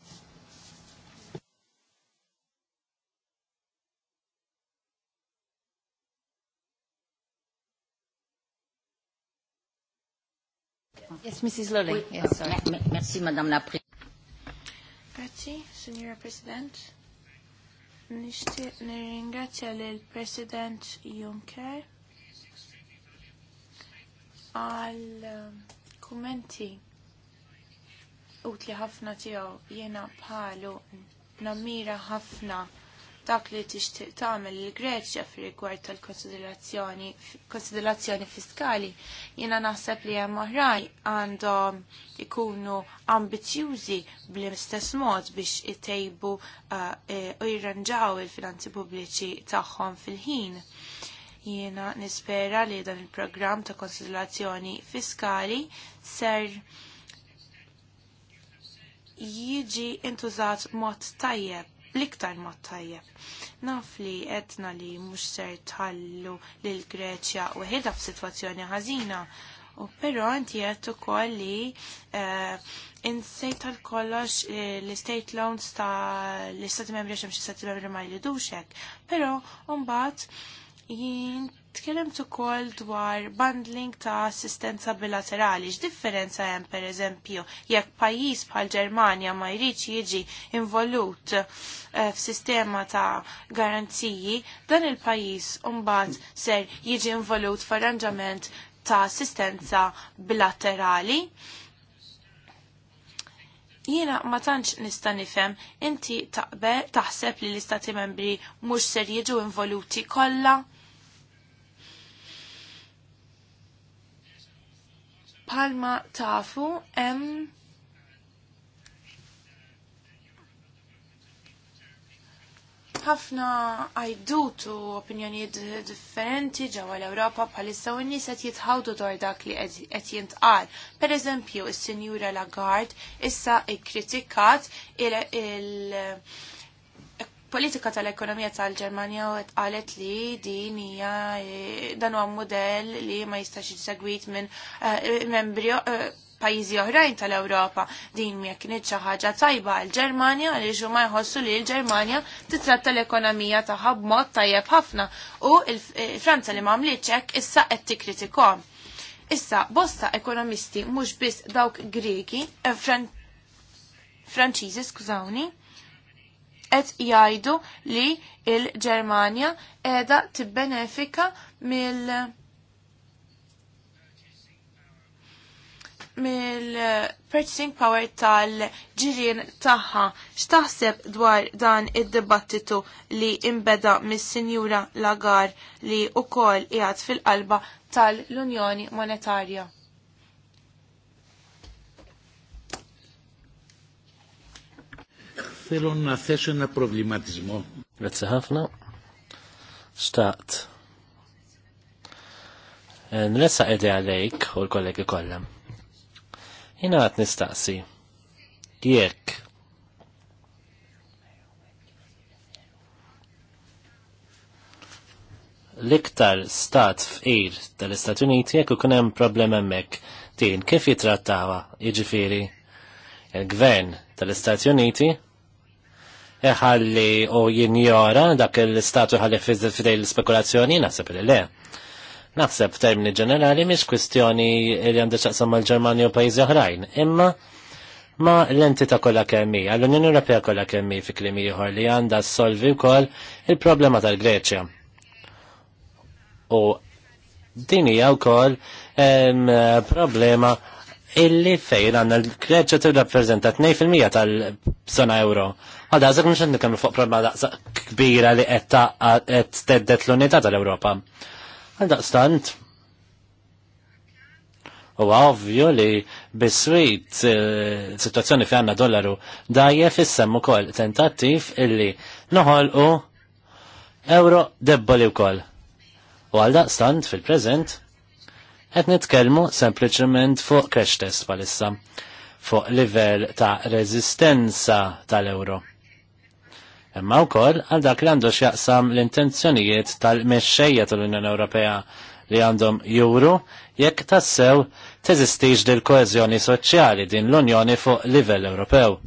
Yes, Mrs. Lully. Yes, sorry. Merci, Madame la Présidente. Grazie, Signora President. Nishtiq nirringrazzja l-President Juncker al commenti um, utli ħafna tiegħu jiena bħalu namira ħafna dak li tixtieq tagħmel il greċja fi rigward tal-konsiderazzjoni konsiderazzjoni fiskali, jiena naħseb li hemm oħraj għandhom ikunu ambizjużi bl-istess mod biex itejbu uh, e, u jirranġaw il-finanzi pubbliċi tagħhom fil-ħin. Jiena nispera li dan il-programm ta' konsiderazzjoni fiskali ser jiġi intużat mod tajjeb bliktar mod tajjeb. Naf li etna li mhux ser tħallu lil Greċja u f f'sitwazzjoni ħażina U pero għanti għed ukoll li eh, insejt tal kollox eh, l-estate loans ta' l-istati membri xemxie stati membri ma' jridux hekk. Pero mbagħad jint. Tkellimt ukoll dwar bundling ta' assistenza bilaterali. X'differenza hemm pereżempju jekk pajjiż bħal Ġermanja ma jridx jiġi involut eh, f'sistema ta' garanziji, dan il-pajjiż mbagħad ser jiġi involut f'arranġament ta' assistenza bilaterali. Jiena ma tantx nista' nifhem inti taqbel taħseb li l-istati membri mhux ser jiġu involuti kollha Palma tafu hemm ħafna għajdutu opinjonijiet differenti ġewwa l-Ewropa bħalissa u n-nies qed jitħawdu dwar dak li qed jintqal. Pereżempju, is-Sinjura Lagarde issa ikkritikat il-, il, il politika tal-ekonomija tal-Ġermanja qalet li din hija e, dan huwa mudell li ma jistax jissegwit minn e, membri e, pajjiżi oħrajn tal-Ewropa. Din mi kienx xi ħaġa tajba għal ġermanja li ma jħossu li l-Ġermanja titratta l-ekonomija tagħha b'mod tajjeb ħafna u l-Franza li m'għamlitx hekk issa qed tikkritikhom. Issa, bosta ekonomisti mhux biss dawk Greki, Franċiżi, skużawni, qed jgħidu li il-Ġermanja qiegħda tibbenefika mill mill-purchasing power tal-ġirien tagħha. X'taħseb dwar dan id-dibattitu li imbeda mis-Sinjura Lagar li wkoll qiegħed fil-qalba tal-Unjoni Monetarja? θέλω να θέσω ένα προβληματισμό. Grazie ħafna. Staqt. Nressa edi għalejk u l-kollegi kollha. Jina għat nistaqsi. Jekk. L-iktar stat f'ir tal-Istati Uniti jekk ikun hemm problem hemmhekk din kif jitrattawa jiġifieri il-gvern tal-Istati Uniti ħalli u jinjora dak il-statu ħalli fidej l-spekulazzjoni, naħseb li le. Naħseb termini ġenerali miex kwistjoni li għandu ċaqsam mal-Ġermani u pajizi oħrajn, imma ma l-entita kolla kemmi, għall-Unjoni Ewropea kolla kemmi fi klimi jħor li għandha solvi wkoll il-problema tal-Greċja. U din hija wkoll problema illi fejn għandna l-Greċja tirrappreżenta 2% tal-zona euro. Għadda, għazek nxen nitkellmu fuq problema daqsa kbira li qed teddet l-unità tal-Ewropa. Għadda, stant. U ovvju li biswit eh, situazzjoni fi għanna dollaru fissem u kol tentattiv illi u euro debboli u kol. U għal daqstant fil-prezent qed nitkellmu sempliċement fuq crash test palissa fuq livell ta' rezistenza tal-euro imma wkoll għal dak li għandu x'jaqsam l-intenzjonijiet tal-mexxejja tal-Unjoni Ewropea li għandhom juru jekk tassew teżistix dil koeżjoni soċjali din l-Unjoni fuq livell Ewropew.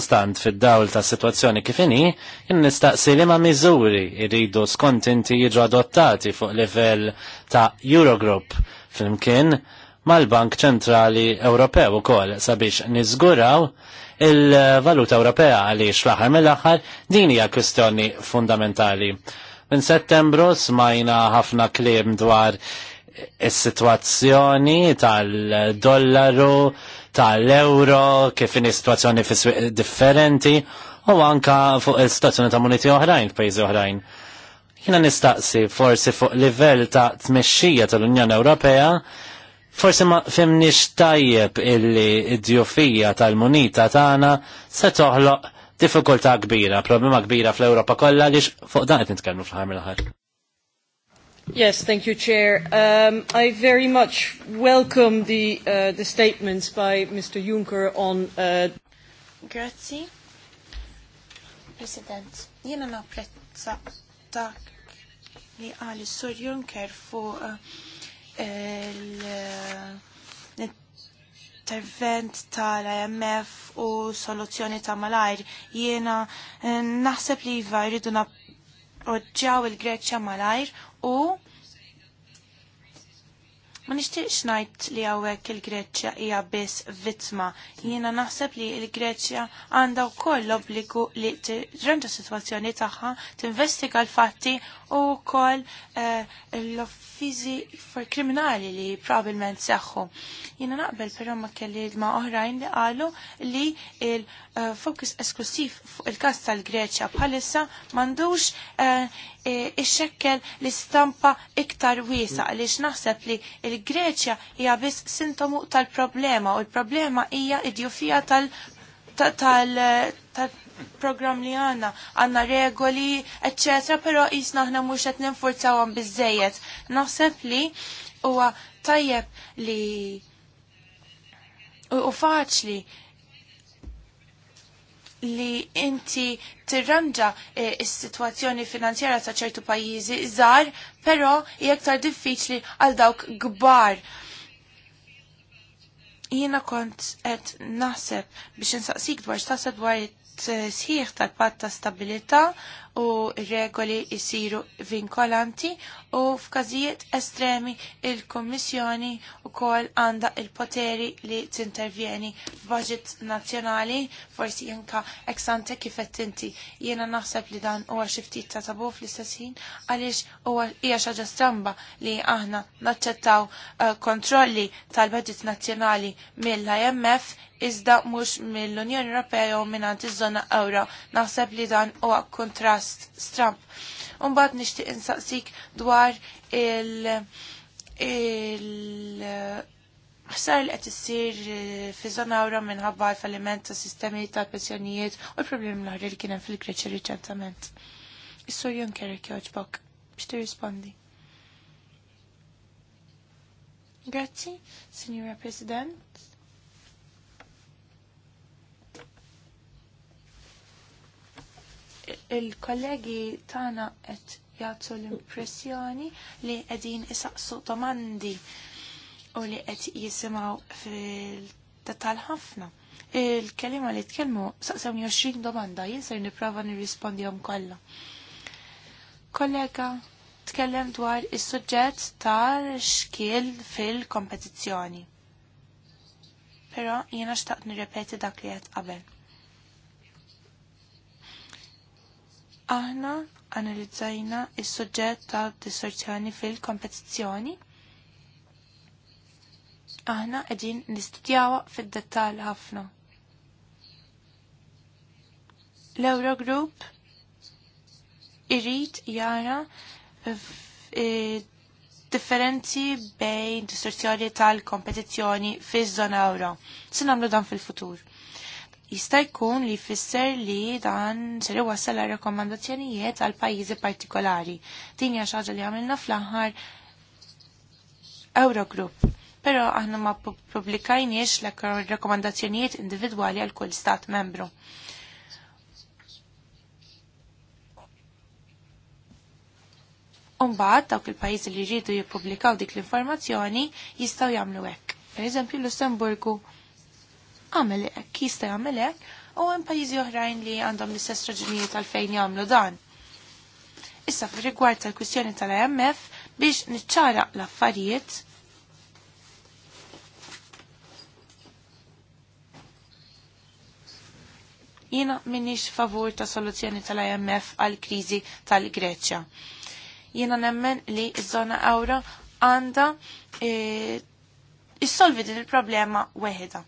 stand fid-dawl ta' situazzjoni kifini, jinn nistaqsi li ma' miżuri irridu skontinti jiġu adottati fuq livell ta' Eurogroup flimkien mal-Bank Ċentrali Ewropew ukoll sabiex niżguraw il-valuta Ewropea għaliex xlaħar aħħar mill-aħħar din hija kwistjoni fundamentali. Minn settembru smajna ħafna kliem dwar is-sitwazzjoni tal-dollaru, tal-euro, kif in situazzjoni differenti u anka fuq il-situazzjoni ta' muniti oħrajn, pajjiżi oħrajn. Jina nistaqsi forsi fuq livell ta' tmexxija tal-Unjoni Ewropea Forse ma femnix tajjeb illi id-djufija tal-munita tagħna se toħloq diffikultà kbira, problema kbira fl europa kollha għaliex fuq dan qed fl-ħar mill-ħar. Yes, thank you, Chair. Um, I very much welcome the, uh, the statements by Mr. Juncker on... Uh... Grazie. President, jena napprezza dak li għali Sur Juncker fu uh, l-intervent tal-IMF u soluzzjoni ta' malajr jiena eh, naħseb li jiva jridu napoġġaw il-Greċja malajr u Ma nishtiqx ngħid li hawnhekk il-Greċja hija biss vittma. Jiena naħseb li l-Greċja għandha wkoll l-obbligu li tirrenda situazzjoni sitwazzjoni tagħha, tinvestiga l-fatti u kol eh, l-offizi for kriminali li probablement seħħu. Jina naqbel pero ma kelli ma oħrajn li għalu li il-fokus esklusiv fuq il-kas tal-Greċja bħalissa mandux uh, eh, ixxekkel l-istampa iktar wiesa li naħseb li il-Greċja hija biss sintomu tal-problema u l-problema hija id tal-, tal, tal, tal program li għanna, għanna regoli, etc. Pero jisna ħna mux għet ninfurzaw għan bizzejet. Naħseb li huwa tajjeb li u faċli li inti tirranġa eh, is-sitwazzjoni finanzjera ta' ċertu pajjiżi żgħar, però hija diffiċli għal dawk kbar. Jiena kont qed naħseb biex insaqsik dwar x'taħseb dwar sħiħ tal-patt ta' stabilità u regoli jisiru vinkolanti u f'każijiet estremi il-Kommissjoni u kol għanda il-poteri li t-intervjeni nazzjonali nazjonali forsi jenka eksante kifet inti jena naħseb li dan u ftit ta' tabu fl-istessin għalix u hija ħaġa stramba li aħna naċċettaw eh, kontrolli tal-budget nazjonali mill-IMF iżda mhux mill-Unjoni Ewropea jew mingħand iż-żona ewra. Naħseb li dan huwa kontrast Trust Strump. Umbat nishtiq insaqsik dwar il- il- ħsar li qed issir eh, fi żona minħabba l-falliment ta' sistemi ta' pensjonijiet u l-problemi l-ħar li kien hemm fil-Greċja riċentament. Is-Sur Juncker jogħġbok biex tirrispondi. Grazzi, Signora President. il-kollegi tagħna qed jagħtu l-impressjoni li qegħdin isaqsu domandi u li qed jisimgħu fil tatal ħafna. Il-kelima li tkellmu saqsewni 20 domanda, jien ser nipprova nirrispondihom kollha. Kollega, tkellem dwar is-suġġett tal-xkiel fil-kompetizzjoni. Però jiena xtaqt nirrepeti dak li qed qabel. Aħna analizzajna il suġġett tal dissorzjoni fil-kompetizzjoni. Aħna qegħdin nistudjawha fid-dettall ħafna. L-Eurogroup irrid jara e, differenzi bejn distorzjoni tal-kompetizzjoni fiż-żona euro. Se nagħmlu dan fil-futur jista' jkun li jfisser li dan ser iwassal rakkomandazzjonijiet għal pajjiżi partikolari. Din hija xi ħaġa li għamilna fl-aħħar Eurogroup. Però aħna ma publikajniex l-rakkomandazzjonijiet individwali għal kull stat membru. Umbat, dawk il-pajizi li jridu jippubblikaw dik l-informazzjoni jistaw jagħmlu hekk. Per eżempju, Lussemburgu għamel hekk jista' jagħmel hekk u hemm pajjiżi oħrajn li għandhom l-istess raġunijiet għalfejn jagħmlu dan. Issa fir-rigward tal-kwistjoni tal-IMF biex niċċara l-affarijiet jiena minnix favur ta' soluzzjoni tal-IMF għal kriżi tal-Greċja. Jiena nemmen li ż-żona euro għanda e, issolvi din il-problema weħeda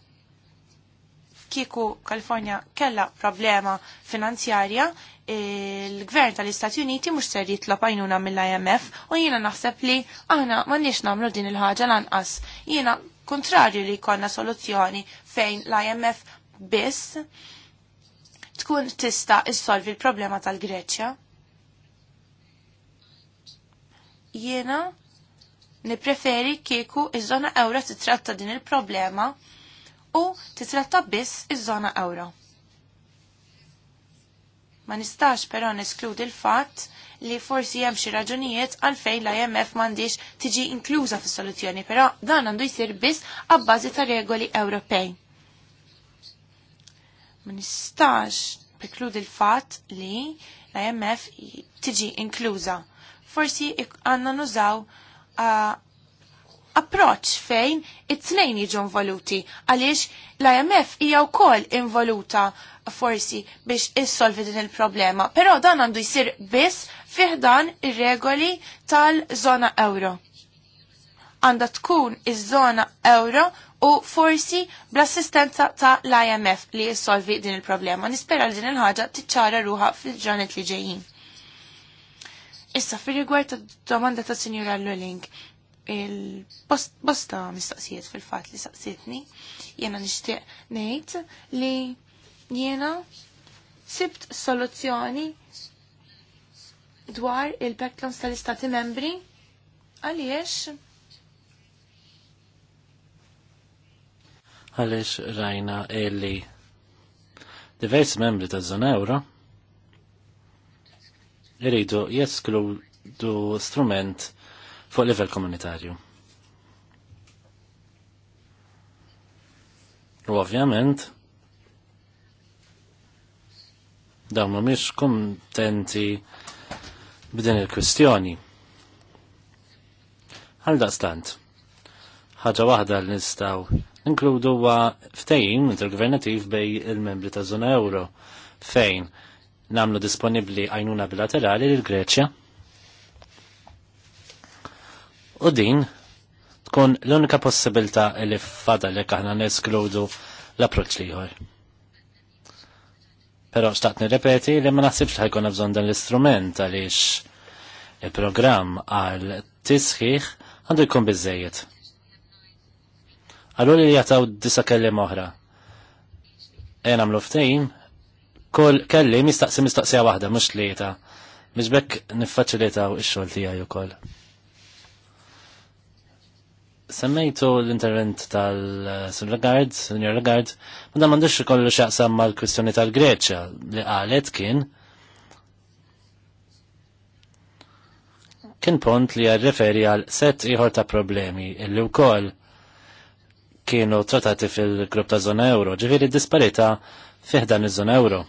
kieku Kalifornja kella problema finanzjarja, il-gvern tal-Istati Uniti mux ser jitlob għajnuna mill-IMF u jiena naħseb li aħna ma nix namlu din il-ħagġa lanqas. Jiena kontrarju li konna soluzzjoni fejn l-IMF biss tkun tista' issolvi l-problema tal-Greċja. Jiena nipreferi kieku iż-żona ewra titratta din il-problema u titratta biss iż-żona euro. Ma nistax però neskludi l-fatt li forsi hemm xi raġunijiet għalfejn l-IMF m'għandix tiġi inkluża fis-soluzzjoni, però dan għandu jsir biss għabbażi ta' regoli Ewropej. Ma nistax pekludi l-fatt li l-IMF tiġi inkluża. Forsi għandna nużaw approach fejn it-tnejn jiġu involuti għaliex l-IMF hija wkoll involuta forsi biex issolvi din il-problema, però dan għandu jsir biss fiħdan ir-regoli tal-żona euro. Għandha tkun iż-żona euro u forsi bl-assistenza ta' l-IMF li jissolvi din il-problema. Nispera li din il-ħaġa tiċċara ruħa fil-ġranet li ġejjin. Issa, fil rigward ta' domanda ta' Sinjura Lulling, il-bosta mistaqsijiet fil-fat li saqsietni, jena nishtiq nejt li jena sibt soluzzjoni dwar il-backlons tal-istati membri għaliex għaliex rajna illi diversi membri ta' zona euro iridu jeskludu strument fuq livell komunitarju. U ovvjament, dawn ma miex kontenti b'din il-kwistjoni. Għal daqstant, ħaġa waħda l nistaw inkludu huwa ftejim intergovernativ bej il-membri ta' zona euro fejn namlu disponibli għajnuna bilaterali l Greċja U din tkun l-unika possibilità li fada li aħna neskludu l-approċ liħor. Pero xtaqt nirrepeti li ma naħsibx li ħajkun bżon dan l-istrument għaliex il-programm għal tisħiħ għandu jkun bizzejiet. Għallu li jataw disa kellim moħra. Ejna għamlu ftejn, kol kelli mistaqsi mistaqsija wahda, mux tlieta. Mux bekk niffaċilitaw ix-xol tijaj u kol semmejtu l-intervent tal-Sur Lagarde, Senior Lagarde, ma da mandux kollu xaqsam mal kwistjoni tal-Greċja li qalet kien. Kien pont li jarreferi għal set iħor ta' problemi illi wkoll kienu trattati fil-grupp ta' zona euro, ġifiri disparita fiħdan iż-zona euro.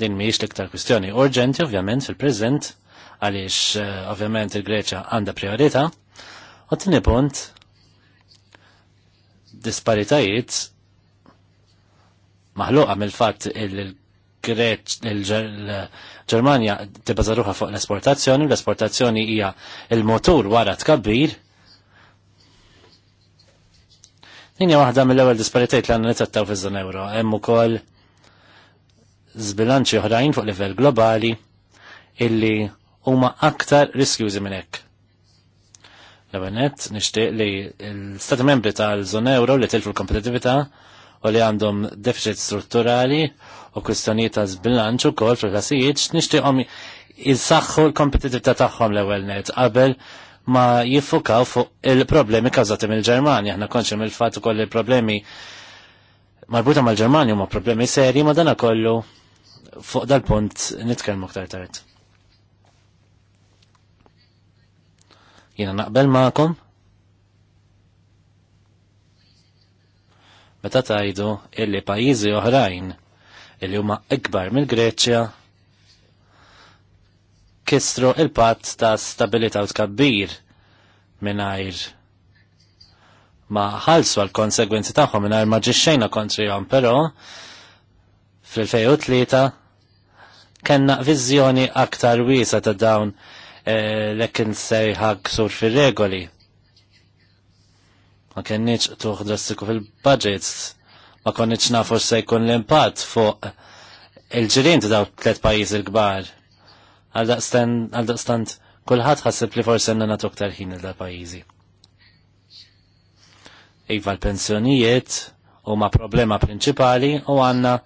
Din miex l-iktar kwistjoni urġenti ovvjament fil-prezent għaliex eh, ovvjament il-Greċja għanda priorita' U punt, disparitajiet maħluqa mill-fatt il-Greċ, il-Ġermanja tibazaruħa fuq l-esportazzjoni, l-esportazzjoni hija il-motur wara tkabbir. Din waħda mill-ewwel disparitajiet li għandna nittattaw fi zon euro, hemm ukoll zbilanċi oħrajn fuq livell globali illi huma aktar riskjużi minn hekk. L-għabenet nishtiq li l-stati membri tal-zona euro li tilfu l-kompetitivita u li għandhom deficit strutturali u kwistjonijiet ta' zbilanċ ukoll fil ħasijiet nixtieqhom jisaxħu l-kompetitività tagħhom l-ewwel net qabel ma jiffukaw fuq il-problemi kawżati mill-Ġermanja. Aħna il-fat fatt ukoll il-problemi marbuta mal u huma problemi serji ma dana kollu fuq dal-punt nitkellmu aktar tard. Jiena naqbel maqom? Meta tajdu illi pajjiżi oħrajn illi huma ikbar mill-Greċja kistru il-patt ta' stabilita u tkabbir mingħajr ma ħalsu għal konsegwenzi tagħhom mingħajr ma ġixxejna kontrihom, però fl-2003 kellna viżjoni aktar wiesa ta' dawn Eh, l-ekin sejħa ksur fil-regoli. Ma kenniċ tuħ drastiku fil-budgets, ma konniċ nafu se jkun l-impat fuq il-ġirin ta' daw tlet pajjiż il-kbar. Għal-daqstant, kullħat ħassib li forse n nana ktar ħin il pajjiżi. Iva l-pensjonijiet huma problema prinċipali u għanna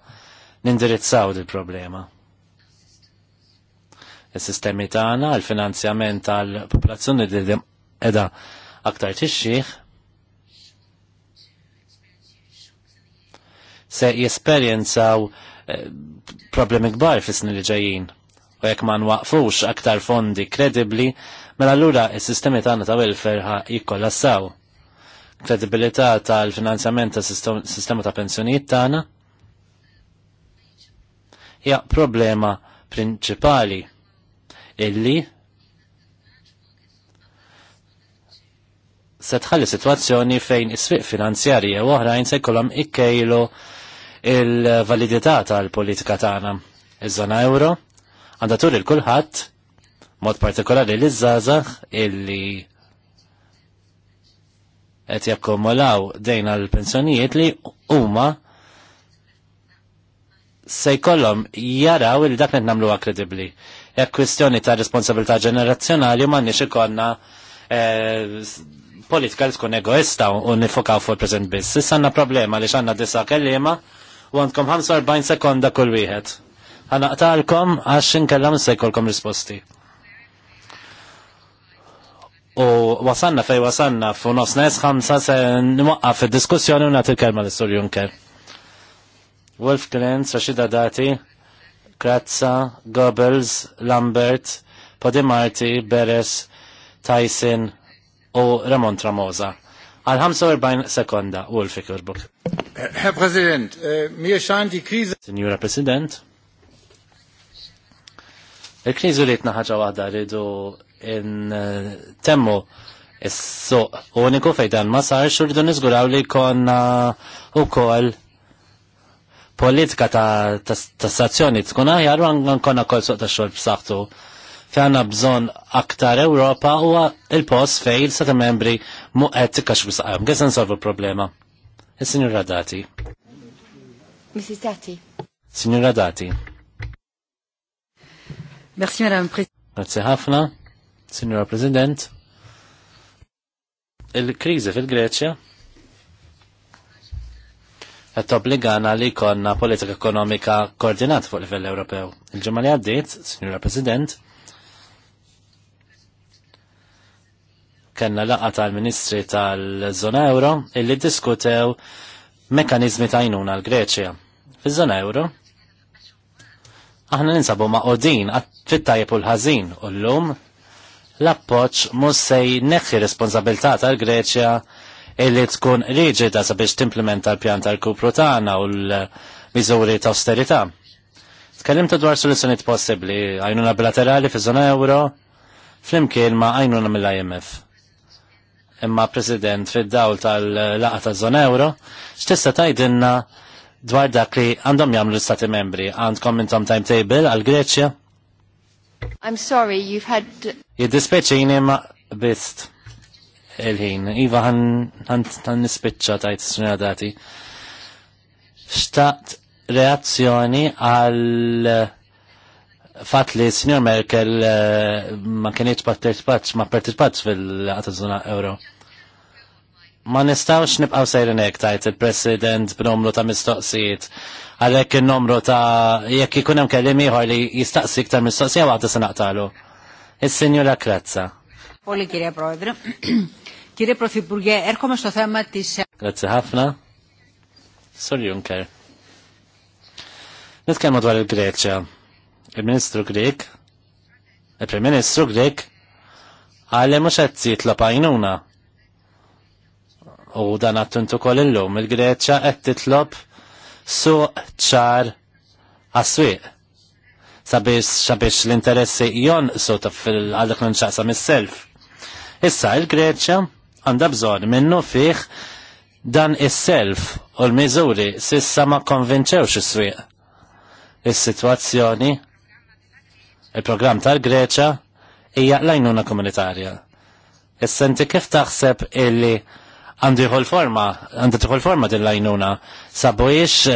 nindirizzaw dil-problema il-sistemi tagħna il finanzjament tal-popolazzjoni li edha aktar tixxih. se jesperjenzaw eh, problemi kbar fis-snin li ġejjin. U jekk ma nwaqfux aktar fondi kredibbli, mela allura is-sistemi tagħna ta' welfare ħa jikkollassaw. Kredibilità tal-finanzjament tas sistema ta' pensjonijiet tagħna hija problema prinċipali illi se tħalli situazzjoni fejn is-sfiq finanzjarji u oħrajn se jkollhom ikkejlu il-validità tal-politika tagħna. Iż-żona euro għandha tur il kulħadd mod partikolari li żgħażagħ illi qed jakkumulaw dejn għall pensjonijiet li huma se jkollhom jaraw li dak qed nagħmluha kredibbli. Jekk kwistjoni ta' responsabilità ġenerazzjonali ma nix ikonna eh, politika li tkun egoista u nifokaw fuq il present biss. Issa għandna problema li xanna disa kellima u għandkom 45 sekonda kull wieħed. Ħanaqtalkom għax inkellem se jkollkom risposti. U wasanna fej wasanna fu nos nes ħamsa se nwaqqaf id-diskussjoni u nagħti kelma l-Sur Junker. Wolf Glenn, Rashida Dati, Grazza, Goebbels, Lambert, Podimarti, Beres, Tyson u Ramon Tramosa. Għal 45 sekonda u l-fikurbuk. Herr President, äh, mi xan di krize. Signora President, il krizi li tnaħħaġa waħda rridu in äh, temmu is-suq niku fejdan ma sarx u rridu nizguraw li konna u kol politika ta', ta, ta stazzjoni tkun aħjar għankonna kol suq ta' xogħol b'saħħtu. Fejna bżonn aktar Ewropa huwa il-post fejl sa' seta membri muqed tikkax bisqajhom. Għez nsolvu l-problema. il sinjur Radati. Mrs. Dati. Sinjur Radati. Merci, Madame President. Grazie ħafna, Sinjura President. Il-kriżi fil-Greċja qed obbligana li jkollna politika ekonomika koordinat fuq livell Ewropew. Il-ġimgħa li għaddiet, Signora President, kellna laqgħa tal-Ministri tal-Żona Euro illi diskutew mekkaniżmi ta' għajnuna l-Greċja. Fiż-żona Euro, aħna ninsabu ma' odin fit-tajjeb u l-ħażin u llum l-appoċ mhux se jneħħi responsabilità tal-Greċja illi tkun riġida sabiex timplementa l-pjan tal-kupru tagħna u l-miżuri ta' austerità. Tkellimtu dwar soluzzjonijiet possibbli għajnuna bilaterali fi zona euro flimkien ma' għajnuna mill-IMF. Imma President fid-dawl tal-laqa ta' zona euro x'tista' tgħidilna dwar dak li għandhom jagħmlu l-Stati membri għandkom intom timetable għal Greċja? I'm sorry, you've had... Jiddispeċini ma bist il-ħin. Iva għan nispicċa tajt s-sunjadati. Xtaqt reazzjoni għal eh, fat li s-Sinjor Merkel eh, ma kienieċ partecipaċ, ma partecipaċ fil-għata zona euro. Ma nistawx nibqaw sejrin ek tajt il-President b'numru ta' mistoqsijiet. Għalek il-numru ta' jekk ikunem kellim ieħor li jistaqsi iktar mistoqsija waqt se naqtalu. Is-Sinjora Krazza. Poli kire Proedru. Κύριε Πρωθυπουργέ, έρχομαι στο θέμα της... Grazie ħafna. Sir Juncker. Nitkellmu dwar il-Greċja. Il-Ministru Grek, il prem Ministru Grek, għalli mhux qed titlob għajnuna. U dan attuntu kol illum il-Greċja qed titlob su ċar għas sabiex sabiex l-interessi jon sota fil-għallek nċaqsa mis-self. Issa il-Greċja għandha bżonn minnu fiħ dan is-self u l-miżuri sissa ma konvinċewx is-swieq. Is-sitwazzjoni il-programm tal-Greċa hija lajnuna komunitarja. Is-senti kif taħseb illi għandu jħol forma, għandu tħol forma din lajnuna, ix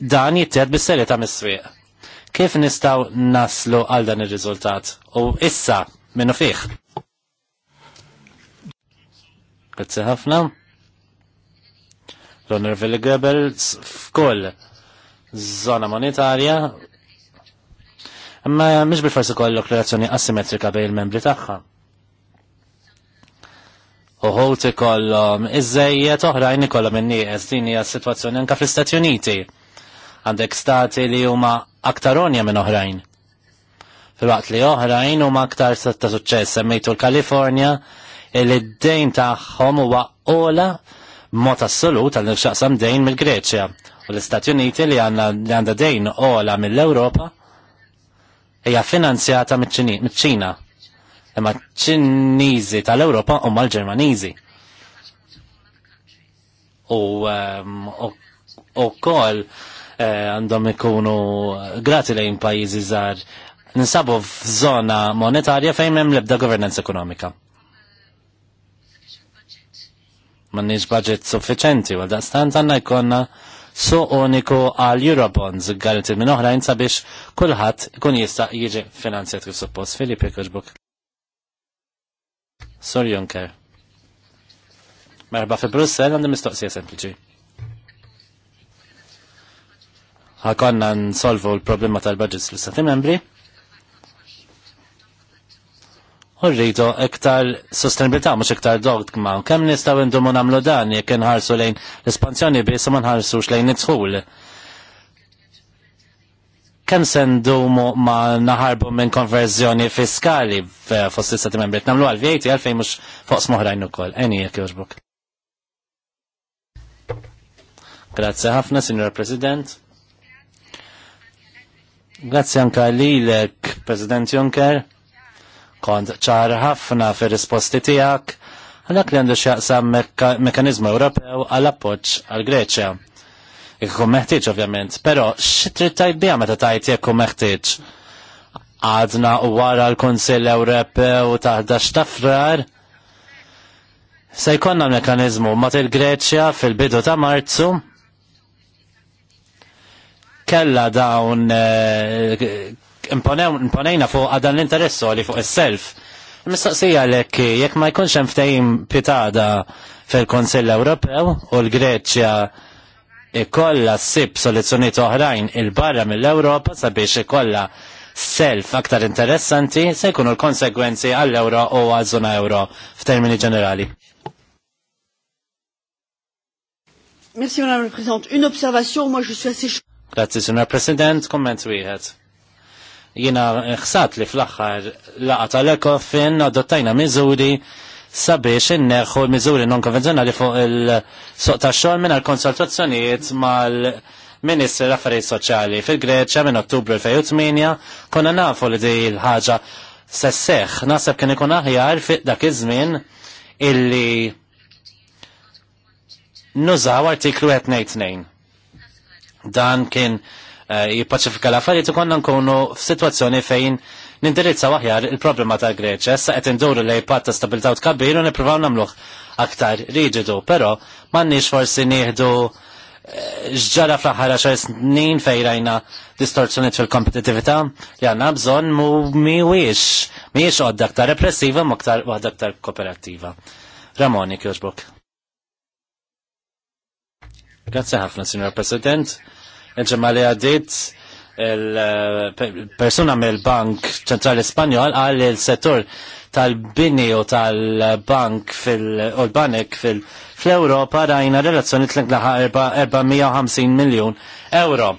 dan jitted bis-serja ta' mis-swieq. Kif nistaw naslu għal dan ir-riżultat? U issa minnu fiħ? Grazie ħafna. l Ville Goebbels f'koll zona monetarja imma mhix bil-forsi kollok relazzjoni asimetrika bejn il-membri tagħha. Uħut ikollhom iżejjed oħrajn ikollhom in-nieqes din hija s-sitwazzjoni anke fl-Istati Uniti. Għandek stati li huma aktar onja minn oħrajn. Filwaqt li oħrajn huma aktar ta' suċċess semmejtu l-Kalifornja il-dejn tagħhom huwa ola mod assolut għal nirxaqsam dejn mill-Greċja u l-Istati Uniti li għandha dejn ola mill-Ewropa hija finanzjata miċ-Ċina. Imma ċ-Ċiniżi tal-Ewropa huma l-Ġermaniżi. U wkoll ehm, eh, għandhom ikunu grati lejn pajjiżi żgħar ninsabu f'żona monetarja fejn hemm l-ebda governance ekonomika. Mannix budget suffiċenti, għal daqstant għanna jkonna su uniku għal Eurobonds, garanti minn oħrajn sabiex kullħat kun jista' jiġi finanzjat kif suppost. Filippi. Kuxbuk. Sor Juncker. Merba fi Brussel għandi mistoqsija sempliċi. Ħakonna nsolvu l-problema tal-budgets l-istati membri, Urridu iktar sostenibilità mhux iktar kma. Kemm nistgħu ndumu nagħmlu dan jekk inħarsu lejn l-espansjoni biss ma nħarsux lejn it-tħul. Kemm se ndumu ma naħarbu minn konverżjoni fiskali fost istati membri nagħmlu għal vjejti għalfejn mhux foqs smoħrajn ukoll. Eni jekk jogħġbok. Grazzi ħafna, Signor President. Grazzi anka lilek, President Juncker kont ċar ħafna fir risposti tiegħek għalhekk li għandu xaqsa mekkaniżmu Ewropew għal appoġġ għal Greċja. Ikun meħtieġ ovvjament, però xitrit tajbija meta tajt jekk meħtieġ. Għadna wara l-Kunsill Ewropew taħdax ta' frar se jkollna mekanizmu mat il-Greċja fil-bidu ta' Marzu kella dawn eh, imponejna fuq dan l-interess għali fuq is-self. Mistaqsija lek jekk ma jkunx hemm ftehim pitada fil-Konsill Ewropew u l-Greċja ikolla ssib soluzzjonijiet oħrajn il-barra mill-Ewropa sabiex ikolla self aktar interessanti se jkunu l-konsegwenzi għall-euro u għaż-żona euro f'termini ġenerali. Merci Madame la Présidente. Une observation, moi je suis assez Grazie, Signor President, komment wieħed. Jina ħsat li fl-axħar laqa tal-ekofin adottajna miżuri sabiex inneħu miżuri non konvenzjonali fuq il-soq ta' xogħol minn konsultazzjonijiet mal-Ministri l-Affarijiet Soċjali fil-Greċja minn Ottubru 2008 konna nafu li di l-ħaġa sesseħ naħseb kien ikun aħjar fiq dak iż-żmien illi nużaw artiklu 222. Dan kien Eh, jipaċifika l-affarijiet ikonna nkunu f'sitwazzjoni fejn nindirizza waħjar il-problema ta' Greċa. issa qed induru lej patt ta' stabilità u tkabbir u nippruvaw nagħmluh aktar riġidu, però m'għandniex forsi nieħdu ġġara eh, fl-ħara xar snin fejrajna distorzjoniet fil-kompetitivita li għanna bżon mu mi miex għodda aktar repressiva mu aktar għodda aktar kooperativa. Ramoni Kjoġbok. Grazie ħafna, Signor President il li għaddit il-persuna eh, mill-Bank Ċentrali Spanjol għal il-settur tal-bini u tal-bank fil-Olbanek fil-Europa rajna relazzjoni t-lenglaħa 450 miljon euro.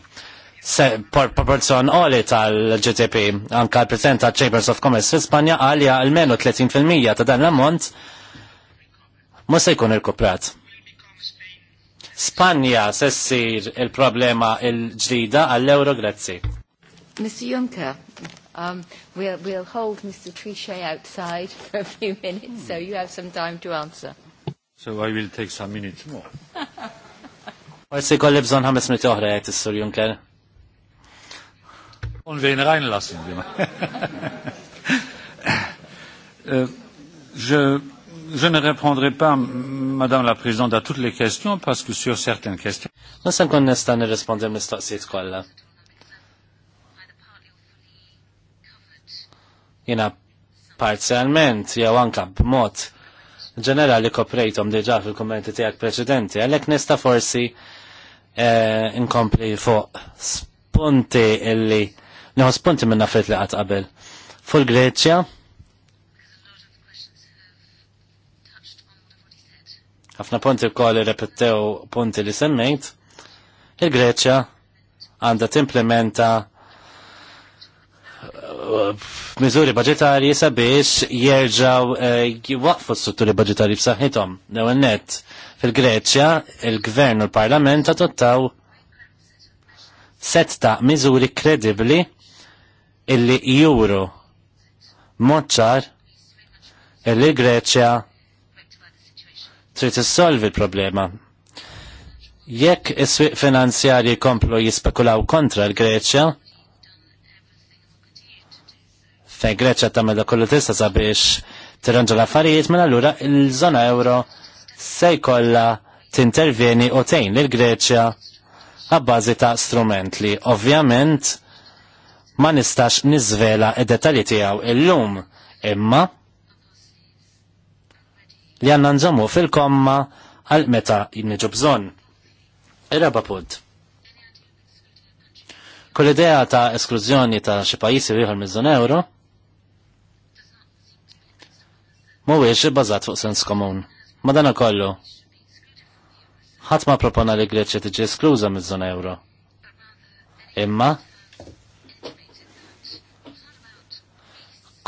Proporzjon oli tal-GDP, anka l-President Chambers of Commerce fil Spanja għalja almenu 30% ta' dan l-ammont, se jkun irkuprat. Spanja sessir il-problema il-ġdida għall-euro grazzi. Mr. Juncker, um, we'll, we'll hold Mr. Trichet outside for a few minutes, so you have some time to answer. So I will take some minutes more. Għajsi kolli bżon ħames minuti oħra jgħet is-Sur Juncker. Un vejn rajn lasin, bima. Eh, je ne répondrai pas, Madame la Présidente, à toutes les questions parce que sur certaines questions. Nasa nkun nista nirrespondi mistoqsijiet kollha. Jiena parzjalment jew anke b'mod ġenerali koprejtom diġà fil-kummenti tiegħek preċedenti, għalhekk nista' forsi eh, inkompli fuq spunti illi nieħu spunti minn affarijiet li qatt qabel. Fuq Greċja, ħafna punti wkoll repetew punti li semmejt, il-Greċja għandha timplementa uh, miżuri budgetarji sabiex jerġaw uh, waqfu strutturi budgetarji b'saħħithom. Dew net fil-Greċja il-Gvern u l-Parlament adottaw set ta' miżuri kredibbli illi juru moċċar illi Greċja trid issolvi l-problema. Jekk is-swieq finanzjarji komplu jispekulaw kontra l-Greċja, fejn Greċja tagħmel dak kollu tista' sabiex tirranġa l-affarijiet minn mela allura il-żona euro se jkollha tintervjeni u tgħin lil Greċja għabbażi ta' strument li ovvjament ma nistax niżvela id-detalji tiegħu illum imma li għanna nżammu fil-komma għal meta jinniġu bżon. Ir-raba punt. Kull idea ta' esklużjoni ta' xi pajjiżi ieħor miżun euro mhuwiex ibbażat fuq sens komun. Madana kollu. Ħadd ma propona li Greċja tiġi eskluża miż-żon euro. Imma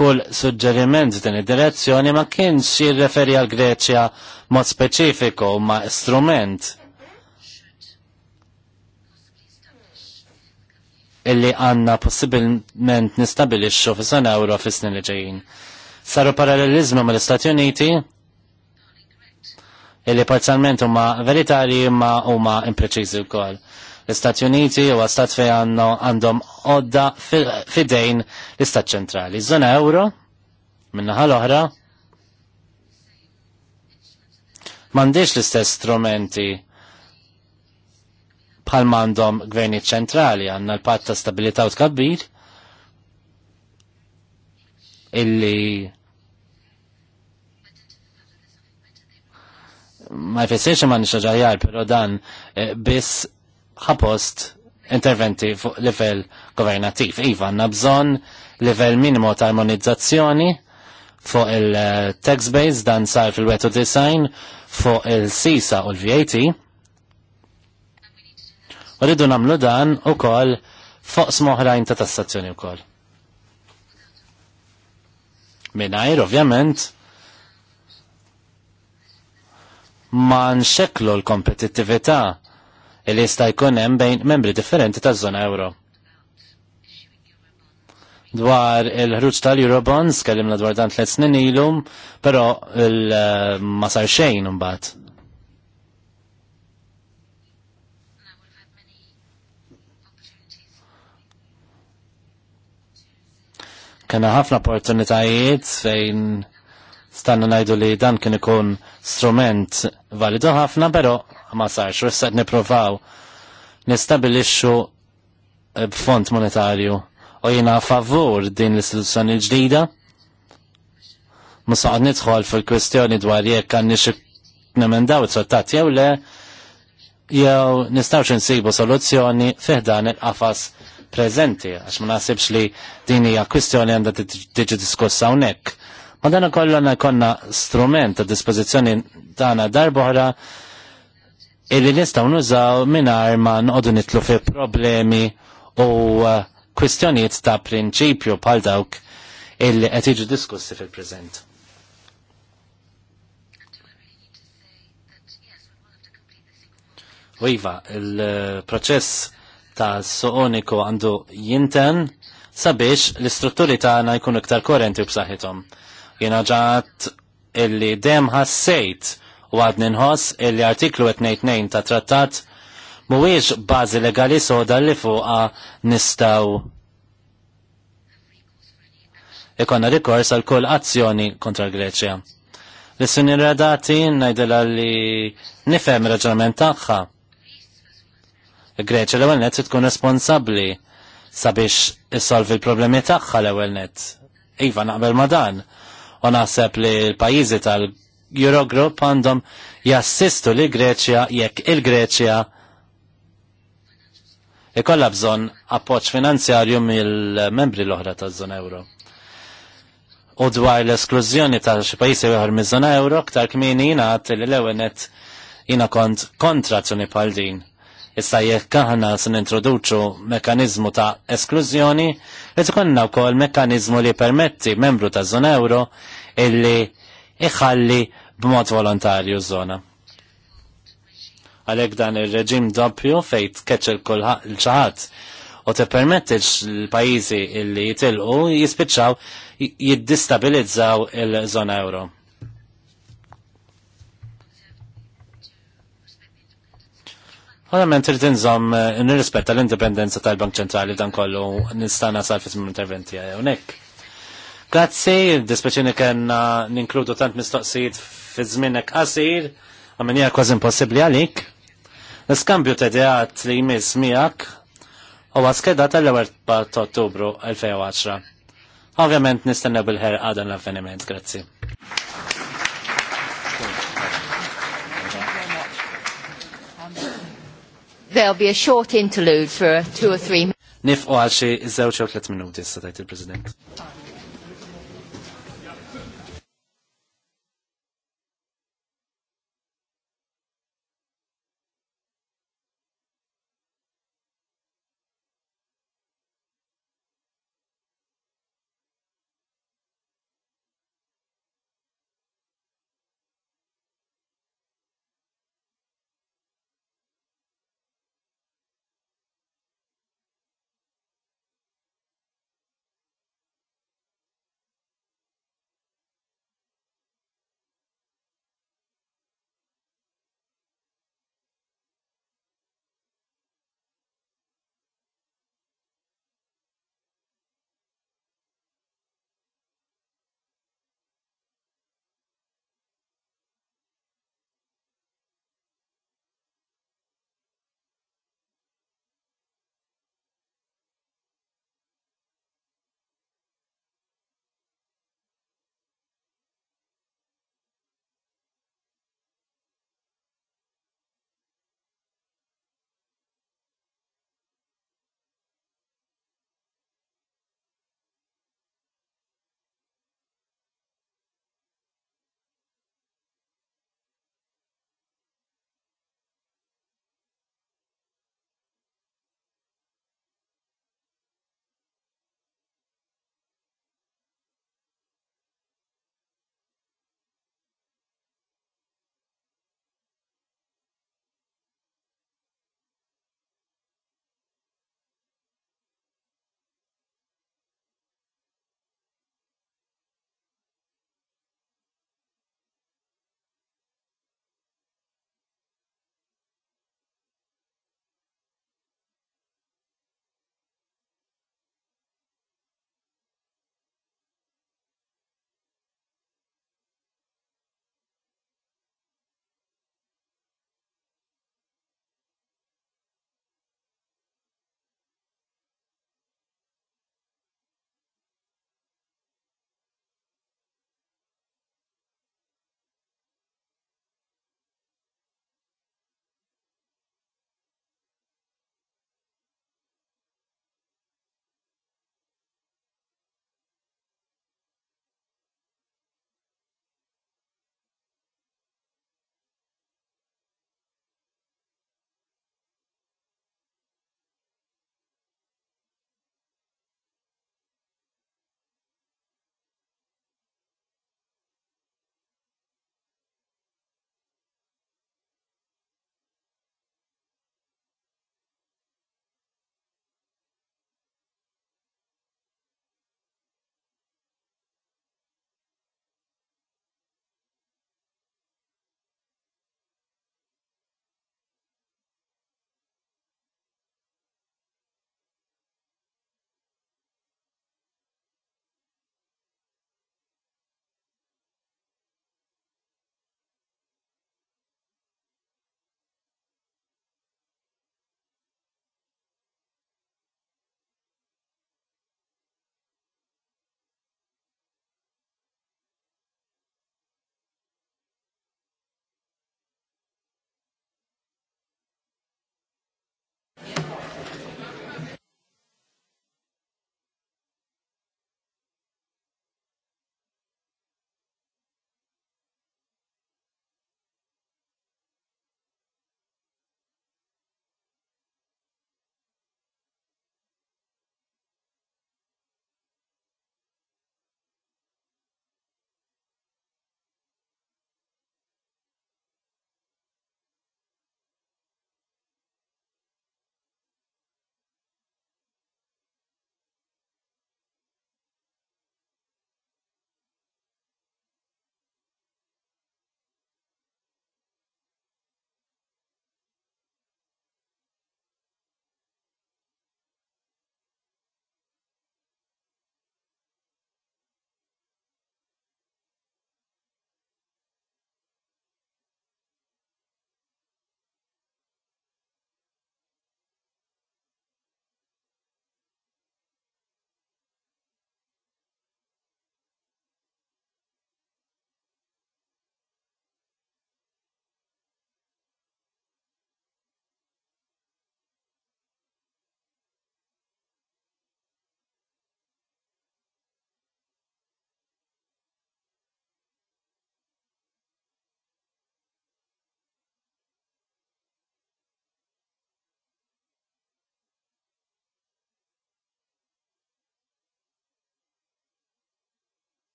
kull suġġeriment din id-direzzjoni ma kienx jirreferi għal Greċja mod speċifiku ma strument illi għanna possibilment nistabilixxu fi sena euro fi snin li ġejjin. Saru parallelizmu mal-Istati Uniti illi parzialment huma veritarji ma huma impreċiżi wkoll. L-Istati Uniti huwa stat fejn għandhom għodda fidejn l-Istat ċentrali. Zona euro, minna l-oħra, mandiġ l-istess strumenti bħal mandom gverni ċentrali għanna l-pat ta' stabilita' u tkabbir illi ma jfessirx ma nixħaġajar, pero dan eh, biss ħapost interventi fuq livell governattiv. Iva, għanna bżon livell minimo ta' armonizzazzjoni fuq il-tax base dan sar fil-wetu design fuq il-sisa u l-VAT. U rridu namlu dan u kol fuq smoħrajn ta' tassazzjoni u kol. Minajr, ovvjament, ma nxeklu l-kompetittività li jista' jkun hemm bejn membri differenti taż-żona euro. Dwar il-ħruġ tal-Eurobonds, kellimna dwar dan tliet snin ilum, però eh, ma sar xejn imbagħad. kena ħafna opportunitajiet fejn stanna najdu li dan kien ikun strument validu ħafna, però ma sarx, u s-sad niprofaw nistabilixxu b'fond eh, monetarju u jina favur din l-istituzzjoni ġdida. Musaqad nidħol fil-kwestjoni dwar jekk għanni xi nemendaw it sottat jew le, jew nistawx insibu soluzzjoni fiħdan il-qafas prezenti, għax ma nasibx li din hija kwistjoni għandha tiġi diskussa hawnhekk. Ma dan kollha konna strument a dispożizzjoni tagħna darb'oħra illi nistaw nużaw minar ma nqodu nitlu fi problemi u uh, kwistjonijiet ta' prinċipju bħal dawk illi qed jiġu diskussi fil-preżent. Iva, il-proċess ta' soqoniku għandu jinten sabiex l-istrutturi tagħna jkunu iktar korrenti b'saħħithom. Jiena ġat illi dem ħassejt u għadni ninħoss illi artiklu 22 ta' trattat mhuwiex bażi legali soda li fuqa nistaw ikonna rikors għal kull azzjoni kontra l-Greċja. l suni redati najdela li nifhem raġunament tagħha. Greċja l-ewwel net tkun responsabbli sabiex issolvi l-problemi tagħha l-ewwel net. Iva naqbel ma dan. U naħseb li l-pajjiżi tal Eurogroup għandhom jassistu li Greċja jekk il-Greċja ikolla bżon appoċ finanzjarju mill-membri l-oħra ta' zona euro. U dwar l-esklużjoni ta' xi pajjiżi ieħor miż-żona euro, ktar kmini jingħad li l-ewenet jiena kont kontra tuni bħal din. Issa jekk aħna se nintroduċu mekanizmu ta' esklużjoni, qed ikollna wkoll mekkaniżmu li permetti membru ta' żona euro illi iħalli b'mod volontarju żona. Għalhekk dan ir-reġim doppju fejn tkeċċel kulħadd il-ċaħat u permettiċ l-pajjiżi illi jitilqu jispiċċaw jiddistabilizzaw il-żona euro. Għalament irrid inżomm nirrispetta l-indipendenza tal-Bank Ċentrali dan kollu nista' nasal fit-interventi hawnhekk. Grazzi, dispeċini kena ninkludu tant mistoqsijiet fi żminek qasir, għamenija kważi impossibbli għalik. L-skambju ta' ideat li jmiss miegħek huwa skedat tal-ewwel ta' Ottubru 2010. Ovvjament nistenna bil-ħerqa dan l-avveniment, grazzi. There'll be a short interlude for two or three minutes. Nif għal xi żewġ jew minuti, s-sadajt il-President.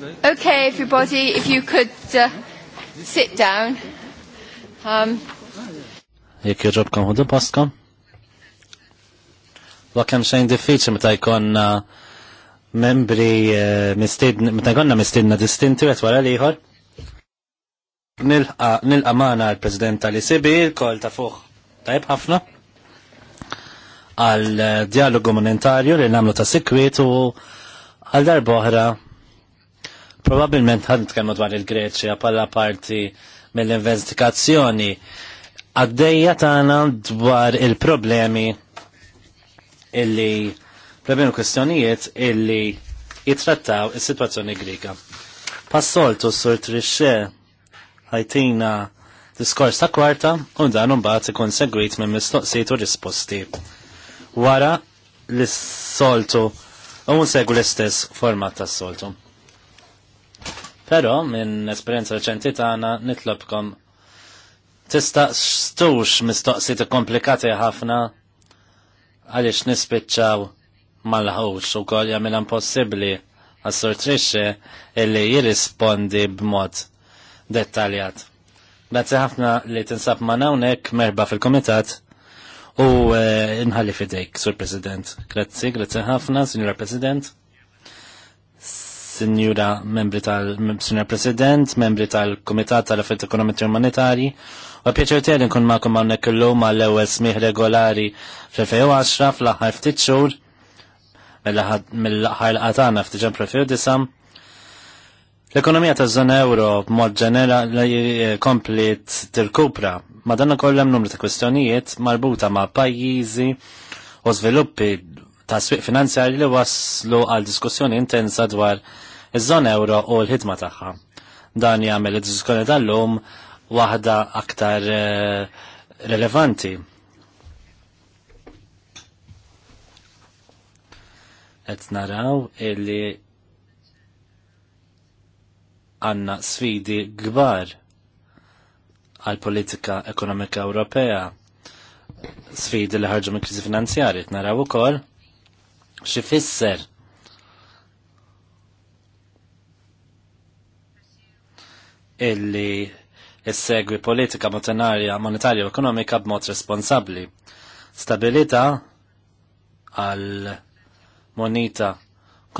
Okay, everybody, if you could uh, sit down. Um, Jek jirġobkom hudu postkom? Wa kemm xejn diffiċli meta jkollna membri eh, mistidna, meta jkollna mistidna distinti wet wara liħor. Nilqa magħna l-President tal-ICB, il-kol ta' fuq tajb ħafna għal eh, dialogu monetarju li namlu ta' sikwiet u għal darba oħra Probabilment ħad nitkellmu dwar il-Greċja bħala parti mill-investigazzjoni għaddejja tagħna dwar il-problemi illi problemi kwestjonijiet illi jitrattaw is-sitwazzjoni Grika. Passoltu s-sur trisċe ħajtina diskors ta' kwarta u dan mbagħad ikun segwit minn mistoqsijiet u risposti. Wara l-soltu u segwu l-istess format tas soltu Pero minn esperienza reċenti tagħna nitlobkom tistaqstux mistoqsijiet komplikati ħafna għaliex nispiċċaw mal-ħawx u kol jagħmel impossibbli għas-sortrixxi illi jirrispondi b'mod dettaljat. Grazzi ħafna li tinsab ma' hawnhekk merba fil-Kumitat u eh, nħalli fidejk, Sur President. Grazzi, grazzi ħafna, Sinjura President sinjura membri tal-Sinjura President, membri tal-Komitat tal-Affett Ekonomiti Umanitari, u pjaċir tiegħi nkun magħkom hawnhekk illum għall ewwel smih regolari fl-2010 fl-aħħar ftit xhur mill-aħħar laqgħa tagħna ftit ġempru fil disam. L-ekonomija ta' zona euro b'mod ġenerali eh, komplet tirkupra, ma danna kollem numru ta' kwestjonijiet marbuta ma' pajjiżi u sviluppi ta' sfiq finanzjari li waslu għal diskussjoni intensa dwar iż-żona euro u l-ħidma tagħha. Dan jagħmel id-diskussjoni tal-lum waħda aktar eh, relevanti. Qed naraw illi għanna sfidi kbar għal politika ekonomika Ewropea sfidi li ħarġu mill kriżi finanzjarji naraw ukoll xi fisser illi issegwi politika monetarja, monetarja u ekonomika b'mod responsabbli. Stabilità għal moneta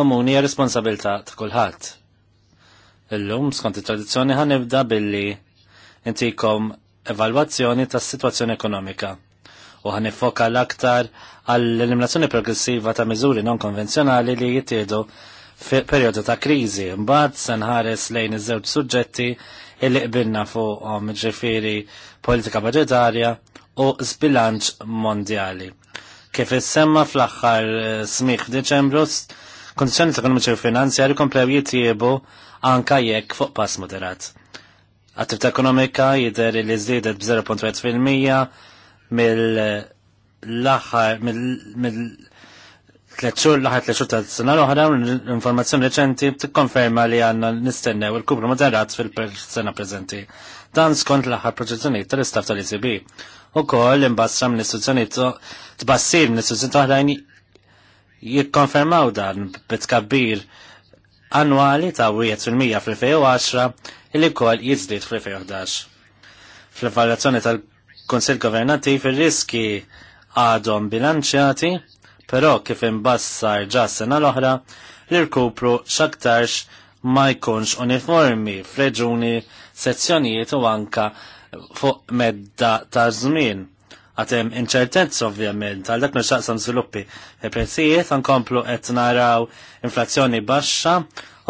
komuni hija responsabilità ta' kulħadd. Illum skont it-tradizzjoni ħan nibda billi intikom evalwazzjoni tas-sitwazzjoni ekonomika u ħan l aktar għall-eliminazzjoni progressiva ta' miżuri non konvenzjonali li jittiedu periodu ta' krizi. Mbagħad se ħares lejn iż-żewġ suġġetti illi qbilna fuqhom ġifiri politika budġetarja u zbilanċ mondjali. Kif issemma fl-aħħar eh, smiħ Deċembru, kondizzjoni ekonomiċi u finanzjari komplew jitjiebu anka jekk fuq pass moderat. Attività ekonomika jidher li żdiedet b'0.1% mill-aħħar mill tletxur laħat tletxur ta' sena l-oħra l-informazzjoni reċenti tikkonferma li għanna nistennew il-kubru moderat fil-sena prezenti. Dan skont l-aħħar proġezzjoni tal-istaf tal-ECB. U koll imbassra minn t tbassir minn istituzzjoni toħrajn jikkonfermaw dan bitkabbir annwali ta' 1% fil-2010 illi koll jizdit fil-2011. Fl-evaluazzjoni tal-Konsil Governativ ir-riski għadhom bilanċjati però kif imbassar ġa sena l-oħra l-irkupru xaktarx ma jkunx uniformi f'reġuni, sezzjonijiet u anka fuq medda ta' żmien. Għatem inċertenz ovvjament, għal dak nxaqsam sviluppi il-prezzijiet, e nkomplu qed naraw inflazzjoni baxxa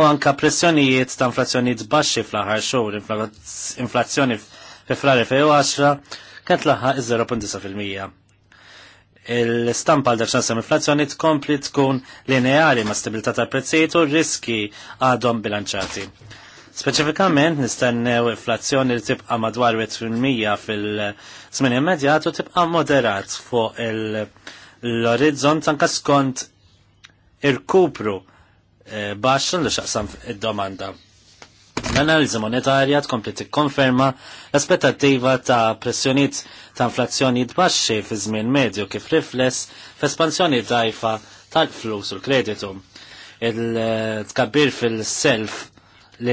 u anka pressjonijiet ta' inflazzjonijiet baxxi fl-aħħar xhur, inflazzjoni fi fl-2010 kent laħħaq 0.9% il-stampa għal dak inflazzjoni tkompli tkun lineari ma' stabilità tal-prezzijiet u riski għadhom bilanċati. Speċifikament nistennew inflazzjoni li tibqa' madwar 8% fil-żmien immedjat u tibqa' moderat fuq l-orizzont anke skont irkupru eh, baxxan li xaqsam id-domanda. L-analiżi monetarja tkompli tikkonferma l aspettativa ta' pressjoniet ta' inflazzjoni baxxi fi żmien medju kif rifless f'espansjoni dajfa tal-flus u l-kreditu. Il-tkabbir fil-self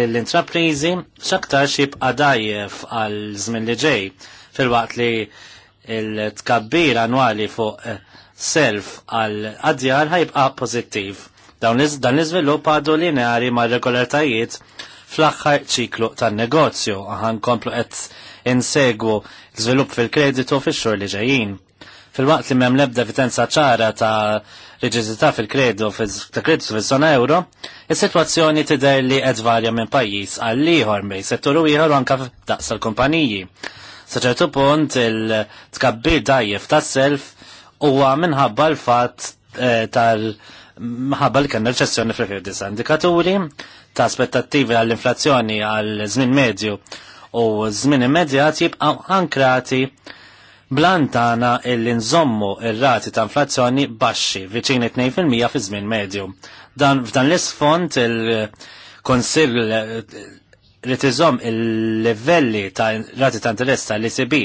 l-intraprizi xaktar xibqa dajjef għal żmien li ġej fil-waqt li il-tkabbir annwali fuq eh, self għal għadjar ħajbqa pozittiv. Dan l-izvilupp għadu lineari ma' regolartajiet fl-aħħar ċiklu tan-negozju għan komplu qed insegwu l-żvilupp fil-kreditu fix-xhur li ġejjin. Fil-waqt li m'hemm l-ebda evidenza ċara ta' riġidità fil-kreditu ta' kreditu fil-żona euro, is-sitwazzjoni tidher li qed varja minn pajjiż għal ieħor mej settur ieħor anke daqs l-kumpaniji. Sa ċertu punt il-tkabbir dajjef tas-self huwa minħabba l-fatt eh, tal- ħabba li l ċessjoni fl-2009. Indikaturi ta' aspettattivi għall-inflazzjoni għal żmien medju u żmien immedjat jibqgħu ankrati blantana illi nżommu il rati ta' inflazzjoni baxxi viċin 2% fi żmien medju. Dan f'dan l-isfond il konsil rrid iżomm il-livelli ta' rati ta' interess l ecb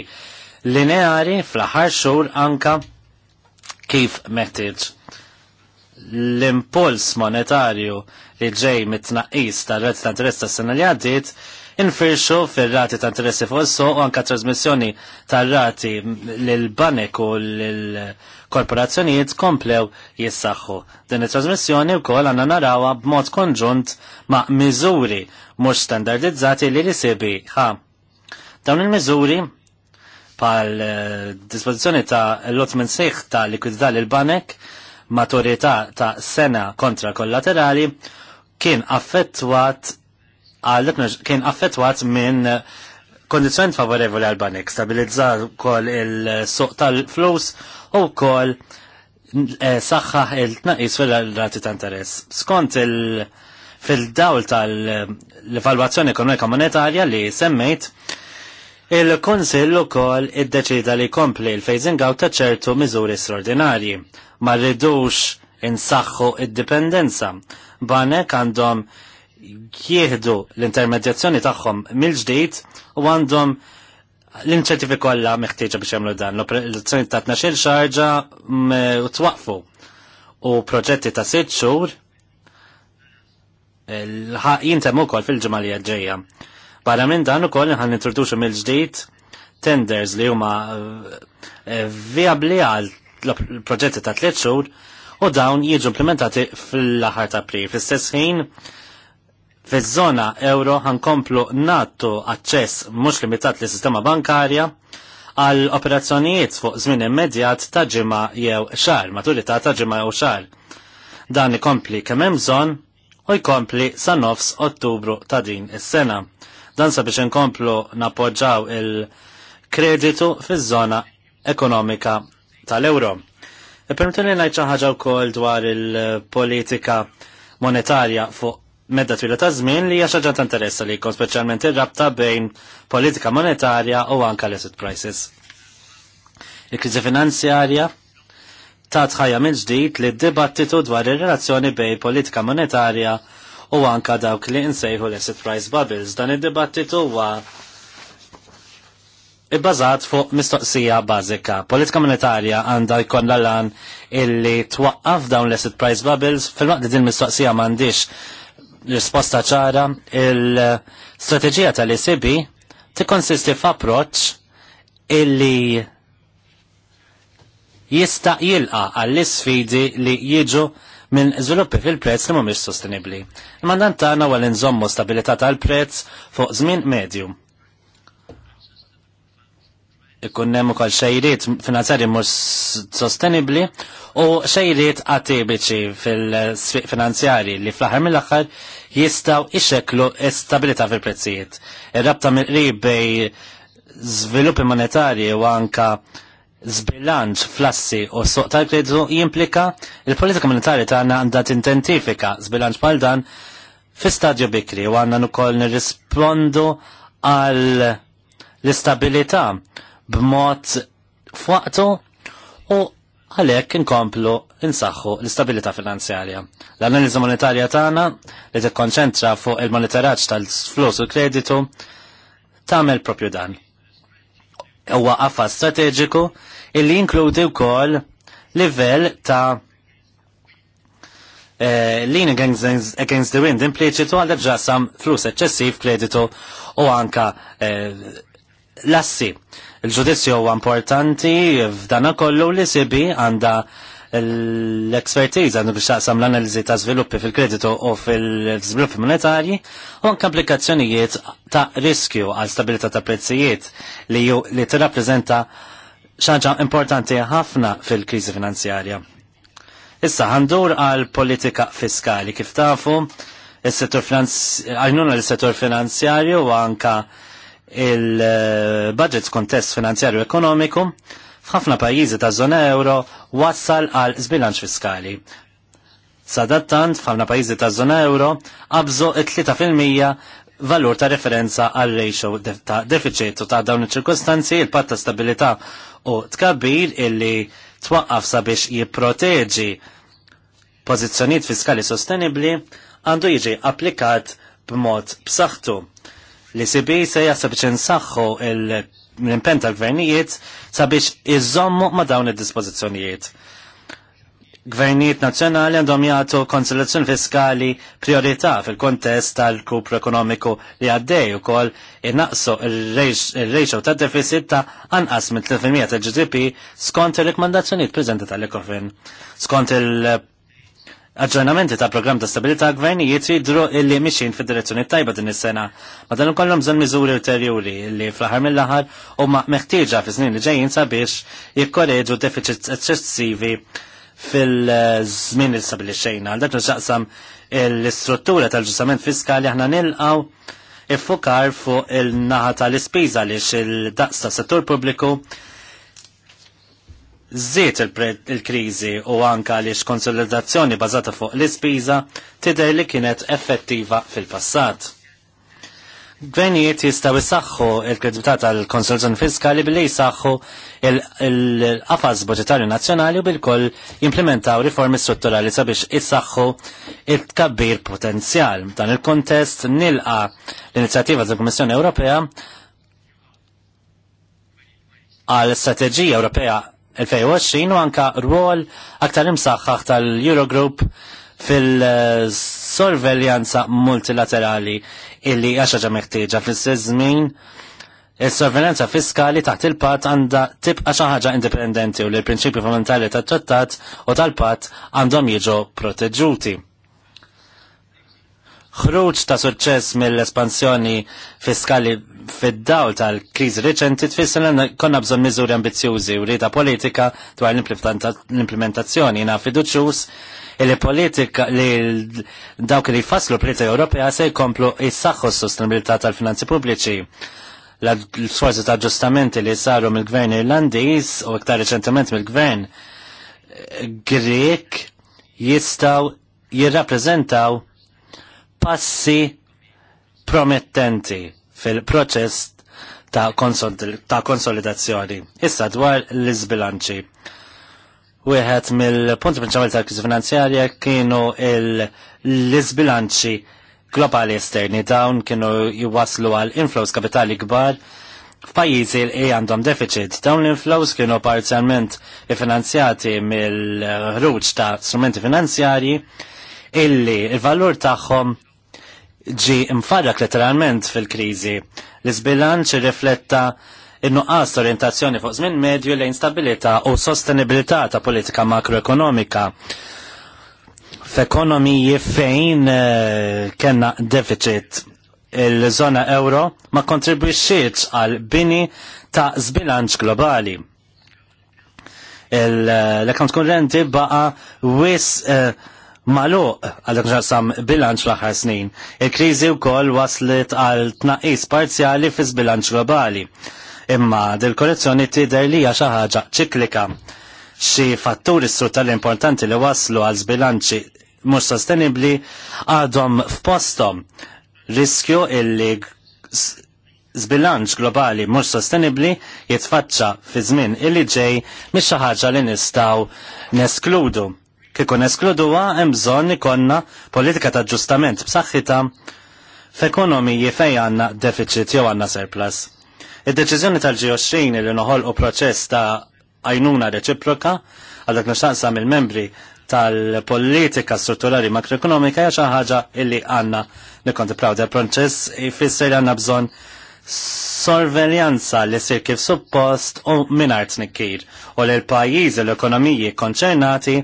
lineari fl-aħħar xhur anka kif meħtieġ l-impuls monetarju li ġej mit-tnaqqis tal-rati ta' interess tas sena li għaddiet infirxu fil-rati ta' interessi fuq is u anka trasmissjoni tar-rati l banek u l korporazzjonijiet komplew jissaħħu. Din it-trasmissjoni wkoll għandna narawha b'mod konġunt ma' miżuri mhux standardizzati li li sebi ħa. Dawn il-miżuri pal eh, dispożizzjoni ta' l-otmen seħ ta' likwidità l banek maturità ta' sena kontra kollaterali kien affettwat kien affettwat minn kondizjoni favorevoli għal banek, stabilizzar kol il-suq tal-flus u kol eh, saħħaħ il-tnaqis fil-rati ta' interess. Skont il- fil-dawl tal-evalwazzjoni ekonomika monetarja li semmejt, il kol ukoll iddeċida li kompli l-phasing out ta' ċertu miżuri straordinarji ma rridux insaħħu id-dipendenza banek għandhom jieħdu l-intermedjazzjoni tagħhom mill-ġdid u għandhom l-inċentivi kollha meħtieġa biex jagħmlu dan. L-operazzjoni ta' tnaxil xarġa u twaqfu u proġetti ta' sitt xhur jintemm ukoll fil-ġimgħa li ġejja. Barra minn dan ukoll ħan nintroduċu mill-ġdid tenders li huma eh, viabli għal proġetti ta' tliet xhur u dawn jiġu implementati fl laħar ta' pri. Fl-istess ħin, fiż-żona euro ħankomplu nattu aċċess mhux limitat li sistema bankarja għal operazzjonijiet fuq żmien immedjat ta' ġimgħa jew xar, maturità ta' ġimgħa jew xar. Dan ikompli kemm hemm bżonn u jkompli sa nofs Ottubru ta' din is-sena. Dan sabiex inkomplu nappoġġaw il-kreditu fiż-żona ekonomika tal-euro. Permettuni ngħid xi ħaġa wkoll dwar il-politika monetarja fuq medda twila ta' żmien li hija xi ħaġa ta' interessa li jkun speċjalment ir-rabta bejn politika monetarja u anke l-asset prices. Il-kriżi finanzjarja ta' tħajja minn ġdid li d-dibattitu dwar ir-relazzjoni bejn politika monetarja u anka dawk li nsejħu l-asset price bubbles. Dan id-dibattitu huwa ibbażat fuq mistoqsija bażika. Politika monetarja għandha l lan illi twaqqaf dawn l-asset price bubbles fil-waqt din mistoqsija m'għandix risposta ċara il-strateġija tal-ECB tikkonsisti f'approċċ illi jista' jilqa' għall-isfidi li jiġu minn żviluppi fil-prezz li mhumiex sostenibbli. Il-mandant tagħna wara inżommu stabilità tal-prezz fuq żmien medium ikun hemm ukoll xejriet finanzjarji mhux sostenibbli u xejriet għatibiċi fil-sfiq finanzjarji li fl-aħħar mill-aħħar jistgħu iċeklu stabilità fil-prezzijiet. Ir-rabta mill-qrib bej żviluppi monetarji u anka zbilanċ flassi u soq tal-kreditu jimplika il-politika monetarja tagħna għandha tintentifika zbilanċ bħal dan fi stadju bikri u għandna nukoll nirrispondu għal l-istabilità b'mod fuqtu u għalhekk inkomplu insaħħu l-istabilità finanzjarja. l analiza monetarja tagħna li tikkonċentra fuq il-monitoraġġ tal-flus u kreditu tagħmel propju dan. Huwa qafas strateġiku illi jinkludi wkoll livell ta' eh, lean against, against the wind impliċitu għal ġasam flus eċċessiv kreditu u anka uh, lassi. Il-ġudizzju huwa importanti f'dana kollu li sibi għandha l expertiza għandu biex taqsam l-analizi ta' sviluppi fil-kreditu u fil-sviluppi monetarji u anke applikazzjonijiet ta' riskju għal stabilità ta' prezzijiet li, li tirrappreżenta xaġa importanti ħafna fil-kriżi finanzjarja. Issa ħandur għal politika fiskali kif tafu għajnuna l-settur finanzjarju u anka il-budget kontest finanzjarju ekonomiku f'ħafna pajjiżi ta' żona euro wassal għal zbilanċ fiskali. Sadattant f'ħafna pajjiżi ta' żona euro qabżu it-3% valur ta' referenza għal ratio ta' deficit ta' dawn iċ-ċirkostanzi il-patt ta' stabilità u tkabbir illi twaqqaf sabiex jipproteġi pożizzjonijiet fiskali sostenibbli għandu jiġi applikat b'mod b'saħħtu Li sibi se jasab saħħu l-impen tal-gvernijiet sabiex iżommu ma dawn id-dispożizzjonijiet. Gvernijiet nazzjonali għandhom jagħtu konsolazzjoni fiskali priorità fil-kontest tal-kupru ekonomiku li għaddej ukoll innaqsu il-ratio ta' deficit ta' anqas mit 3% tal-GDP skont ir-rekomandazzjonijiet preżenti tal-Ekofin. Skont il- aġġornamenti ta' program ta' stabilità gvernijiet dru illi miexin fid direzzjoni tajba din is-sena. Ma dan ukollhom bżonn miżuri ulterjuri illi fl-aħħar mill-aħħar huma meħtieġa fi snin li ġejjin sabiex jikkoreġu deficits eċċessivi fil-żmien li sabili Għal dak nixaqsam l-istruttura tal-ġustament fiskali aħna nilqgħu iffukar fuq il-naħa tal-ispiża li il-daqs settur pubbliku żiet il-kriżi u anka li konsolidazzjoni bażata fuq l-ispiża tidher li kienet effettiva fil-passat. Gvenijiet jistaw jisaxħu il-kredibilità tal-konsolzjoni fiskali billi jisaxħu il-qafas budgetarju nazzjonali u bil-koll jimplementaw riformi strutturali sabiex jisaxħu il-tkabbir potenzjal. Dan il-kontest nilqa l-inizjattiva tal-Kommissjoni Ewropea għal strategija Ewropea 2020 u anka rwol aktar imsaħħaħ tal-Eurogroup fil-sorveljanza multilaterali illi għaxaġa meħtieġa fil-sizmin il-sorveljanza fiskali taħt il-pat għanda tibqa xi ħaġa indipendenti u li l-prinċipju fondamentali tat-trattat u tal-pat għandhom jiġu proteġuti. Ħruġ ta' suċċess mill-espansjoni fiskali fid-dawl tal-kriżi reċenti tfisser konna bżonn miżuri ambizzjużi u rieda politika dwar l-implementazzjoni. na fiduċjuż li politika li dawk li jfasslu politika Ewropea se jkomplu jissaħħu s-sostenibilità tal-finanzi pubbliċi l-sforzi ta' ġustamenti li saru mill-gvern irlandiż u iktar reċentement mill-gvern eh, Grek jistaw jirrappreżentaw passi promettenti fil-proċess ta', ta konsolidazzjoni. Issa dwar l-izbilanċi. Wieħed mill-punti principali tal-kriżi finanzjarja kienu l-izbilanċi globali esterni dawn kienu jwaslu għal inflows kapitali kbar f'pajjiżi li għandhom deficit. Dawn l-inflows kienu parzjalment finanzjati mill-ħruġ ta' strumenti finanzjarji illi il-valur tagħhom ġi mfarrak letteralment fil-krizi. L-izbilanċ rifletta in-nuqqas orientazzjoni fuq żmien medju lejn stabilità u sostenibilità ta' politika makroekonomika. F'ekonomiji fejn eh, kena deficit il-żona euro ma kontribwixxietx għal bini ta' zbilanċ globali l-account kurrenti baqa wis uh, maluq għal ġasam bilanċ l-aħħar snin. Il-kriżi wkoll waslet għal tnaqqis parzjali fi bilanċ globali. Imma dil-korrezzjoni tidher li hija xi ħaġa ċiklika. Xi fatturi strutturali importanti li waslu għal bilanċi mhux sostenibbli għadhom f'postom. Riskju illi zbilanċ globali mhux sostenibbli jitfaċċa fi żmien illi ġej mhix xi ħaġa li nistgħu neskludu kieku neskluduha hemm bżonn ikollna politika ta' ġustament b'saħħitha f'ekonomiji fejn għandna deficit jew għandna surplus. Id-deċiżjoni tal-G20 li noħolqu proċess ta' għajnuna reċiproka għal dak nixtaqsam il-membri tal-politika strutturali makroekonomika hija xi ħaġa illi għandna nikkontemplaw del proċess ifisser li għandna bżonn sorveljanza li sir kif suppost u mingħajr tnikkir u l pajjiżi l-ekonomiji konċernati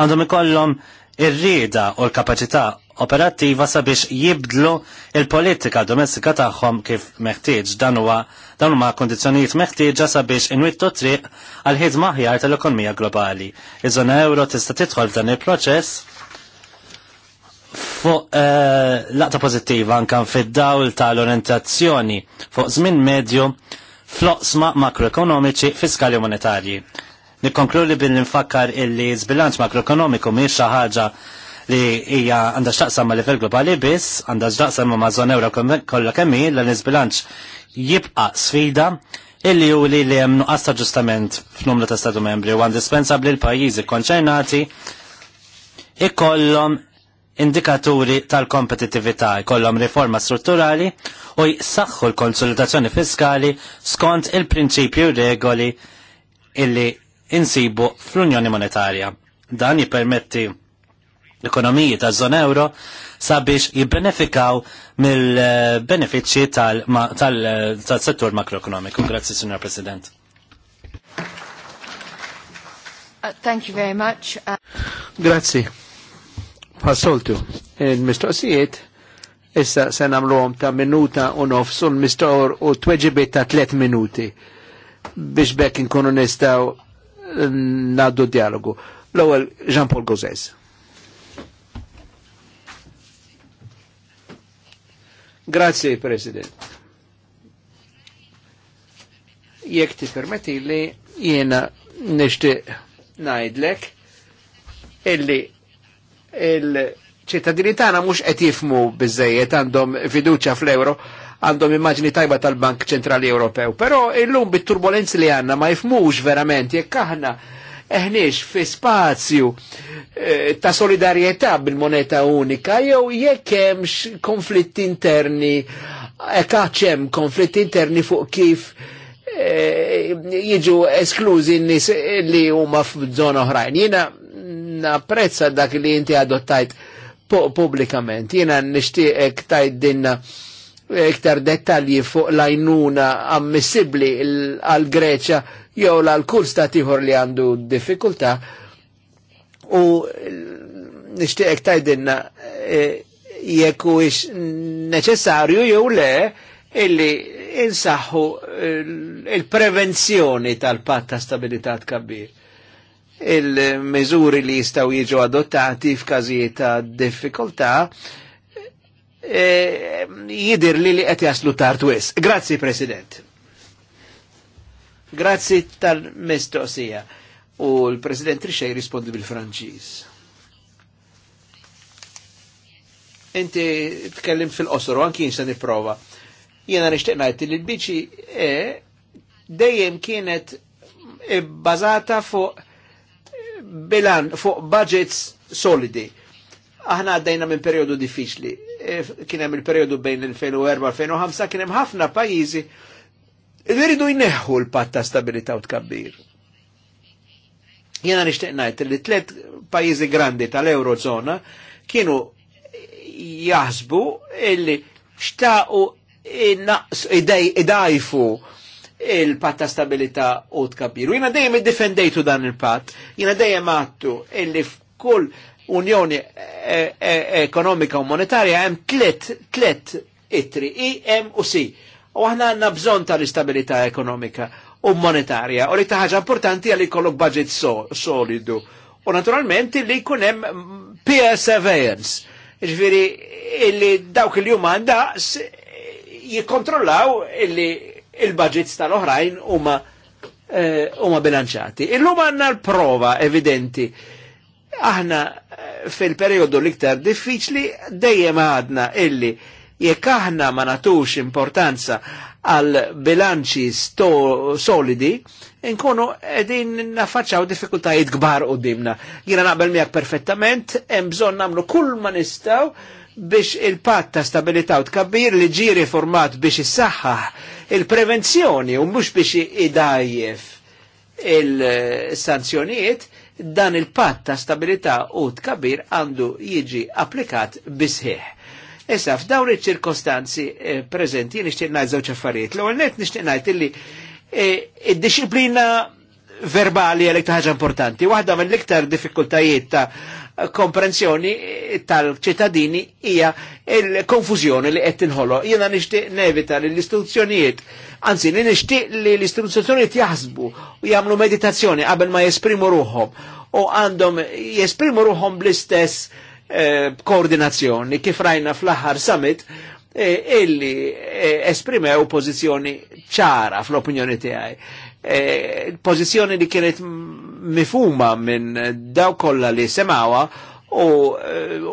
għandhom ikollhom ir-rieda u l-kapaċità operattiva sabiex jibdlu il-politika domestika tagħhom kif meħtieġ dan huwa dan huma kondizzjonijiet meħtieġa sabiex inwittu triq għal ħidma aħjar tal-ekonomija globali. Iż-żona euro tista' tidħol f'dan il-proċess fuq uh, laqta pozittiva ankan fid-dawl tal-orientazzjoni fuq żmien medju floqsma makroekonomiċi fiskali u monetarji. Nikkonkludi billi nfakkar illi zbilanċ makroekonomiku mhijiex xi ħaġa li hija għandha x'taqsam ma' livell globali biss, għandha x'taqsam ma' żona ewra kollha kemm hi l iżbilanċ jibqa' sfida illi hu li li hemm nuqqas ġustament f'numru ta' Statu Membri u indispensabbli l-pajjiżi konċernati ikollhom indikaturi tal-kompetitività jkollhom riforma strutturali u jsaħħu l-konsolidazzjoni fiskali skont il-prinċipju regoli illi insibu fl-Unjoni Monetarja. Dan jipermetti l-ekonomiji ta' zon euro sabiex jibbenefikaw mill benefici tal-settur makroekonomiku. Grazzi, Signor President. Uh, thank you very much. Uh, Grazzi. Passoltu, il-mistoqsijiet issa se għom ta' minuta u nofs sul mistoqor u weġibiet ta' tlet minuti biex bekk nkunu nistaw naddu dialogu. l ewel Jean-Paul Gozes. Grazie, President. Jek ti permetti li jena nishti najdlek illi il-ċittadini tagħna mhux qed jifmu biżejjed għandhom fiduċa fl-euro għandhom immaġni tajba tal-Bank Ċentrali Ewropew. Però illum bit-turbolenzi li għanna ma jifmux verament jekk aħna eħniex fi spazju eh, ta' solidarietà bil-moneta unika jew jekk hemmx konflitti interni hekk hemm konflitti interni fuq kif eh, jiġu esklużi n-nies li huma f'żona oħrajn. Jiena napprezza dak li inti adottajt pubblikament. Jiena nixtieqek tajt dinna iktar dettalji fuq lajnuna ammissibli għal Greċja jew għal kull stat ieħor li għandu diffikultà u nixtieq tajdinna e, jekk huwiex neċessarju jew le illi insaħħu il-prevenzjoni tal-patt ta' stabilità tkabbir il-mezuri li jistaw jiġu adottati f'każijiet ta' diffikultà Eh, jidir li li għet jaslu tard wis. Grazzi President. Grazzi tal-mistoqsija. U l-President Trixej rispondi bil-Franċiż. Inti tkellim fil-qosor, anki jinsa niprova. Jena nishtiq ngħid li l-biċi e dejjem kienet bazata fuq bilan, fuq budgets solidi. Aħna għaddejna minn periodu diffiċli E, kien hemm il-perjodu bejn il-2004-2005 kien hemm ħafna pajjiżi li rridu jneħħu l-patt ta' stabilità u tkabbir. Jena nixtieq ngħid li tliet pajjiżi grandi tal-Eurozona kienu jaħsbu illi xtaqu id-dajfu il-pat ta' stabilita u tkabbir. U dejjem id-defendejtu dan il-pat, jena dejjem għattu illi f'kull Unjoni eh, eh, eh, Ekonomika u Monetarja hemm tlet tlet ittri I, M u C. U aħna għandna bżonn tal-istabilità ekonomika u monetarja. U li ta' ħaġa importanti għalli kollok budget so, solidu. U naturalment li jkun hemm peer surveillance. Ġifieri illi dawk il huma daqs jikkontrollaw illi il-budgets tal-oħrajn huma huma bilanċati. Illum għandna l-prova evidenti aħna eh, fil-periodu liktar diffiċli dejjem għadna illi jekk aħna ma natux importanza għal bilanċi solidi, nkunu edin naffaċċaw diffikultajiet gbar u dimna. Jina naqbel miak perfettament, hemm bżonn nagħmlu kull ma nistgħu biex il-patt ta' stabilità u tkabbir li ġi riformat biex is issaħħaħ il-prevenzjoni u mhux biex idajjef il-sanzjonijiet dan il-patt ta' stabilità u tkabir għandu jiġi applikat bisħiħ. Issa, f'dawn iċ-ċirkostanzi eh, preżenti jien nixtieq ngħid żewġ affarijiet. L-ewwel net nixtieq ngħid illi eh, id-disciplina verbali għalek ta' ħaġa importanti. Waħda mill-iktar diffikultajiet ta' komprensjoni tal-ċittadini hija il-konfużjoni li qed tinħolo. Jiena nixtieq nevita li l-istituzzjonijiet, anzi li nixtieq li l-istituzzjonijiet jaħsbu u jagħmlu meditazzjoni qabel ma jesprimu ruhom u għandhom jesprimu ruhom bl-istess eh, koordinazzjoni kif rajna fl-aħħar summit eh, illi eh, esprimew pożizzjoni ċara fl-opinjoni tiegħi eh, pozizjoni li kienet mifuma minn daw kollha li semawa u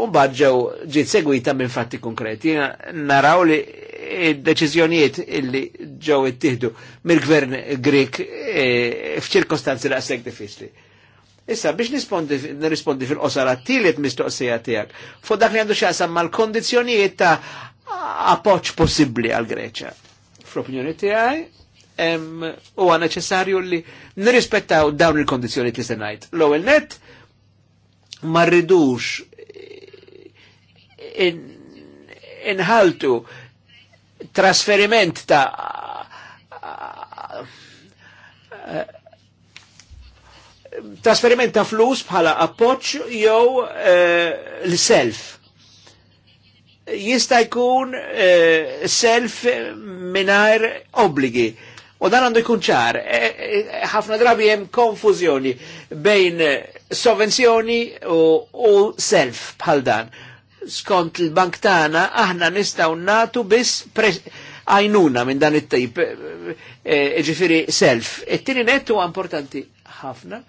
mbagħad e, ġew ġiet segwita minn fatti konkreti. Naraw li id-deċiżjonijiet illi ġew ittieħdu mill-gvern Grek e, f'ċirkostanzi daqshekk diffiċli. Issa, biex nirrispondi fil qosara t tielet mistoqsija tiegħek, fuq dak li għandu xaqsam mal-kondizzjonijiet ta' appoċ possibbli għal Greċa. Fl-opinjoni tiegħi, huwa neċessarju li nirrispettaw dawn il-kondizjoni li se ngħid. l għol net ma rridux inħaltu trasferiment ta' trasferiment ta' flus bħala appoċ jew eh, l-self. Jista' jkun eh, self minar obligi U dan għandu jkun ċar, e, e, ħafna drabi hemm konfuzjoni bejn e, sovvenzjoni u, self bħal dan. Skont il-bank tana, aħna nistaw natu bis għajnuna minn dan it-tip, ġifiri self. It-tieni importanti ħafna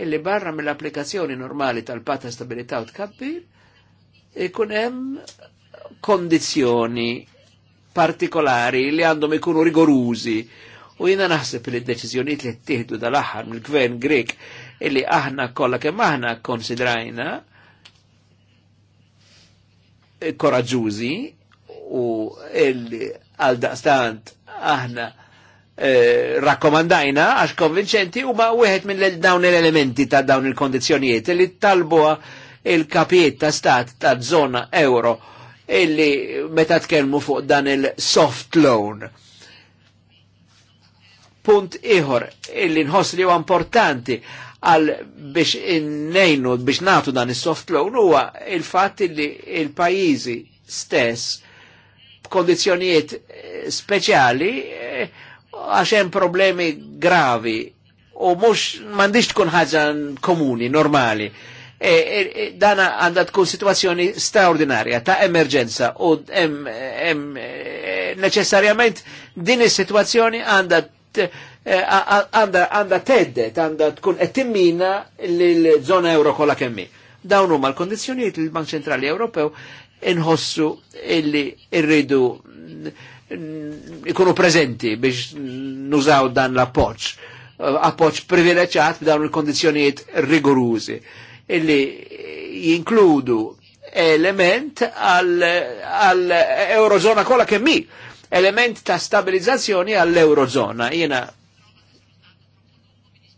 illi barra mill-applikazzjoni normali tal pata stabilità u tkabbir ikun hemm kondizjoni partikolari li għandhom ikunu rigorużi U jina naħseb li d-deċizjoniet li t-tihdu dal-axar mill-gvern Grek illi aħna kolla kemm aħna konsidrajna eh, koraġużi u illi għal daqstant aħna eh, rakkomandajna għax konvinċenti u ma wieħed minn dawn l-elementi ta' dawn il-kondizjonijiet li talboa il-kapijiet ta' stat ta' zona euro illi meta tkellmu fuq dan il-soft loan punt iħor illi nħoss li huwa importanti għal biex innejnu biex natu dan is-soft loan huwa il-fatt li il-pajjiżi stess b'kondizzjonijiet eh, speċjali eh, għax hemm problemi gravi u mhux m'għandix tkun ħaġa komuni normali. E, e, e dana għandha tkun situazzjoni straordinarja ta' emerġenza u em, em, eh, neċessarjament din is-sitwazzjoni għandha Eh, għanda teddet, għanda tkun qed timmina l zona euro kolla kemmi. Dawnu ma l kondizjoniet li l-Bank Centrali Ewropew inħossu illi irridu ikunu prezenti biex nużaw dan l-appoċ. Appoċ privileċat b'dawn il kondizjoniet rigorużi illi jinkludu element għal-Eurozona kolla kemmi element ta' stabilizzazzjoni għall-Eurozona. Jena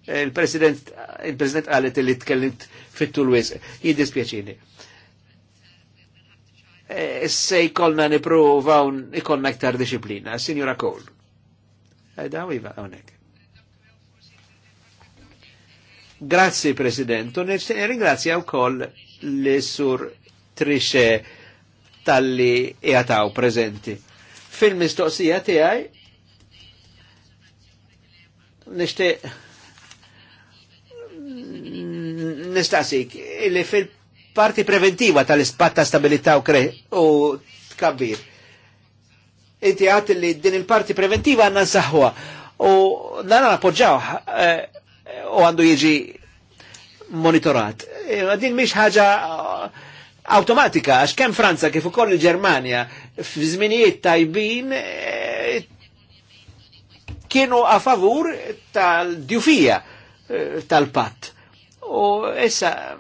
eh, il-President il-President għalet li tkellimt fit-tul wis, jiddispjaċini. E, se jkollna nipruva un ikollna iktar disciplina, Signora Cole. Edha eh, u jiva għonek. Grazzi President, u ringrazzja wkoll li sur Trisce tal-li jgħataw prezenti fil-mistoqsija tiegħi nixtieq nistaqsik li fil-parti preventiva tal-ispat ta' stabilità u, u tkabbir. Inti għat li din il-parti preventiva għanna nsaħwa u nana appoġġaw eh, u għandu jiġi monitorat. Eh, din miex ħaġa automatika għax kem Franza kif ukoll il-Ġermanja f'żminijiet tajbin e, kienu a favur tal-djufija e, tal-patt. U issa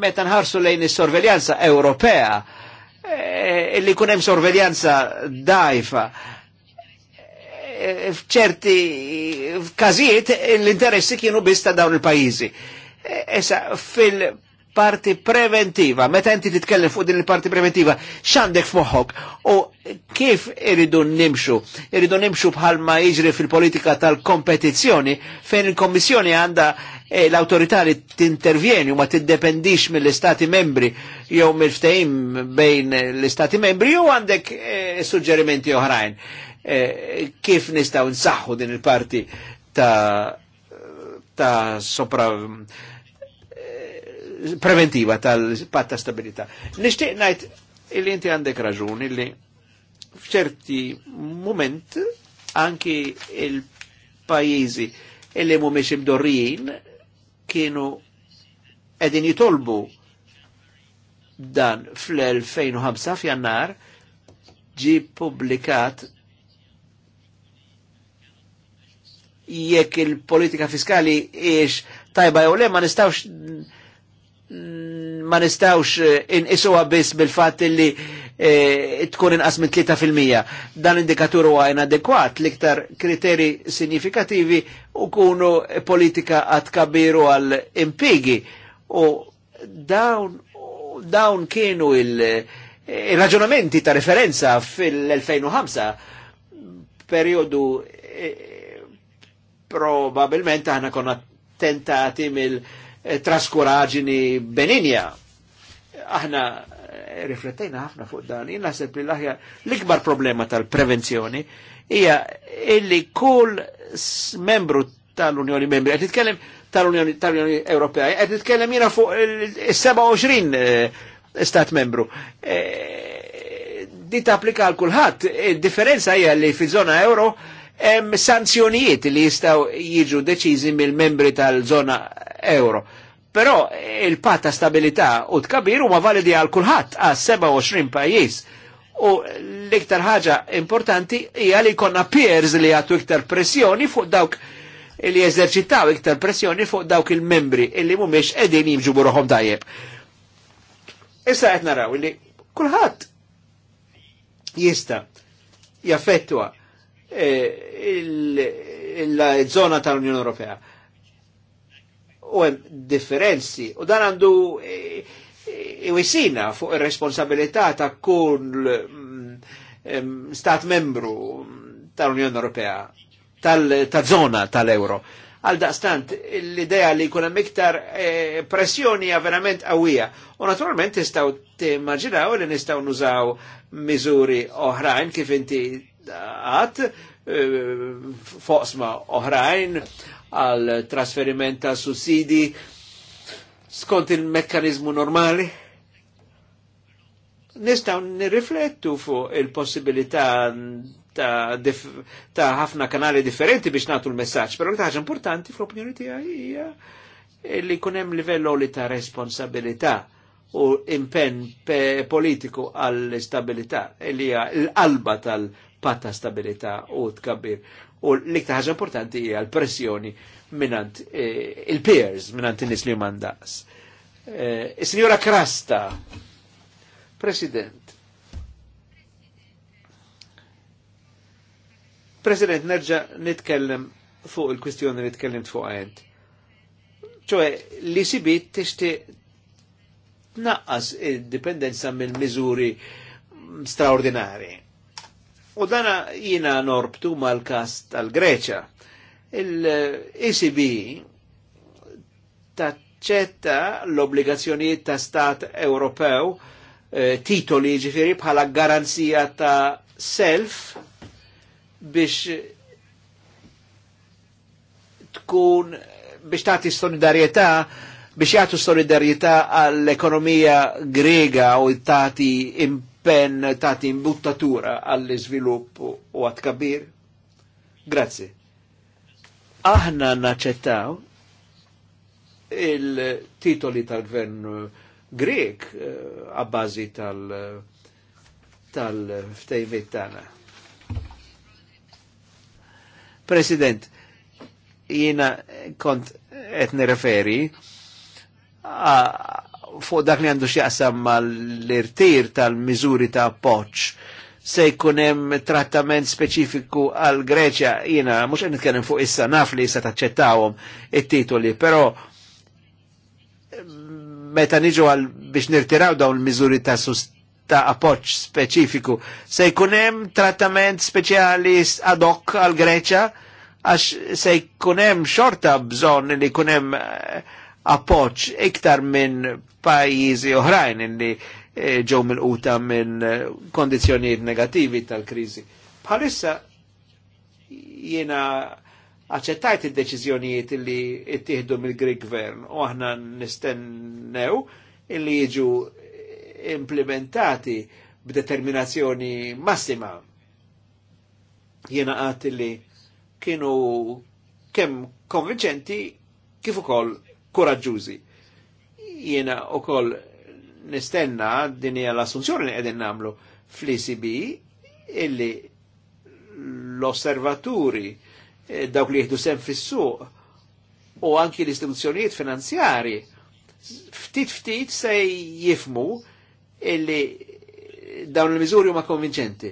meta nħarsu lejn is-sorveljanza Ewropea e, illi kun hemm sorveljanza dajfa f'ċerti kazijiet l-interessi kienu biss ta' dawn il-pajjiżi. Issa fil- parti preventiva, meta inti titkellem fuq din il-parti preventiva, x'għandek f'moħħok u kif iridu nimxu? Iridu nimxu bħalma jiġri fil-politika tal-kompetizzjoni fejn il-Kommissjoni għandha e, l-autorità li tintervjeni u ma tiddependix mill-Istati membri jew mill-ftehim bejn l-Istati membri jew għandek e, suġġerimenti oħrajn. E, kif nistaw nsaħħu din il-parti ta' ta' sopra preventiva tal-patta stabilità. Nishtiq najt illi inti għandek raġun illi fċerti moment anki il-pajizi illi mu meċi mdorrijin kienu edin jitolbu dan fl-2005 f'jannar ġi publikat jekk il-politika fiskali iex tajba jew le ma nistawx Mm, ma nistawx eh, inqisuha biss bil-fatt li eh, tkun inqas minn 3%. Dan indikatur huwa inadekwat l-iktar kriteri sinifikativi u kunu politika għad kabiru għal impigi. U dawn, dawn kienu il-raġunamenti eh, ta' referenza fil-2005 periodu probabilment aħna konna tentati mill- Eh, traskuraġini beninja. Aħna eh, riflettejna ħafna fuq dan, jina naħseb li l-aħjar l-ikbar problema tal-prevenzjoni hija illi kull membru tal-Unjoni Membri qed titkellem tal-Unjoni tal-Unjoni Ewropea qed titkellem jiena fuq il-27 eh, stat membru. Di tapplika għal kulħadd, differenza hija li fiż-żona euro hemm sanzjonijiet li jistgħu jiġu deċiżi mill-membri tal-żona euro. Però il-pat ta' stabilità u tkabir huma validi għal kulħadd għal 27 pajjiż. U l-iktar ħaġa importanti hija li jkollna peers li għatu iktar pressjoni fuq dawk li jeżerċitaw iktar pressjoni fuq dawk il-membri illi mhumiex qegħdin jimġubu ruħhom tajjeb. Issa qed naraw li kulħadd jista jaffettwa eh, il-żona tal-Unjoni Ewropea u hemm differenzi u dan għandu e, e, iwisina fuq ir-responsabilità ta' kull mm, stat membru tal-Unjoni Ewropea tal-zona tal-euro. Għal daqstant, l-idea li kuna miktar e, pressjoni hija verament qawwija. U naturalment tistaw timmaġinaw li nistaw nużaw miżuri oħrajn kif inti għat, foqsma oħrajn, għal trasferiment ta' sussidi skont il-mekkanizmu normali? Nistaw nirriflettu fuq il-possibilità ta' ħafna kanali differenti biex natu l messagġ pero l-ħagġa importanti fl-opinjoni tiegħi hija li kunem hemm livell li ta' responsabilità u impenn politiku għall-istabilità li hija l-qalba tal-patta stabilità u tkabbir u l-iktar ħaġa importanti hija l-pressjoni minant eh, il-peers, minant in-nies li mandaqs. Eh, signora Krasta, President. President, nerġa nitkellem fuq il-kwistjoni li tkellimt fuq għajnt. ċoħe, li sibit tixti tnaqqas id-dipendenza mill-mizuri straordinari. U dana jina norbtu mal-kas tal-Greċa. Il-ECB taċċetta l-obbligazzjonijiet ta' stat Ewropew eh, titoli ġifiri bħala garanzija ta' self biex tkun biex tagħti solidarietà biex jagħtu solidarietà għall-ekonomija grega u tagħti imp pen ta' timbuttatura għall-izvilupp u għat-kabir? Grazzi. Aħna naċċettaw il-titoli tal-gvern eh, Grek eh, għabbażi tal-ftejmit tal tana. President, jina kont etni referi fuq dak li għandu xjaqsam mal-irtir tal-miżuri ta' poċ se jkun hemm trattament specifiku għal Greċja, jina, mhux qed nitkenem fuq issa naf li issa taċċettawhom it-titoli, però meta niġu għal biex nirtiraw dawn il-miżuri ta' ta' appoċ speċifiku, se jkun hemm trattament speċjali ad hoc għal Greċja għax se jkun hemm xorta bżonn li jkunem hemm eh, appoġġ iktar minn pajjiżi oħrajn illi eh, ġew mill-quta minn eh, kondizzjonijiet negativi tal-kriżi. Bħalissa jiena aċċettajt id-deċiżjonijiet li ttieħdu mill-Grik Gvern u aħna nistennew illi jiġu implementati b'determinazzjoni massima. Jiena qatt li kienu kemm konvinċenti kif ukoll koraġġużi jiena u koll nistenna din hija l-assunzjoni li qegħdin namlu fl-ECB illi l-osservaturi eh, dawk li jihdu sem fis-suq u anki l-istituzzjonijiet finanzjari ftit ftit se jifmu illi eh, dawn il-miżuri huma konvinċenti.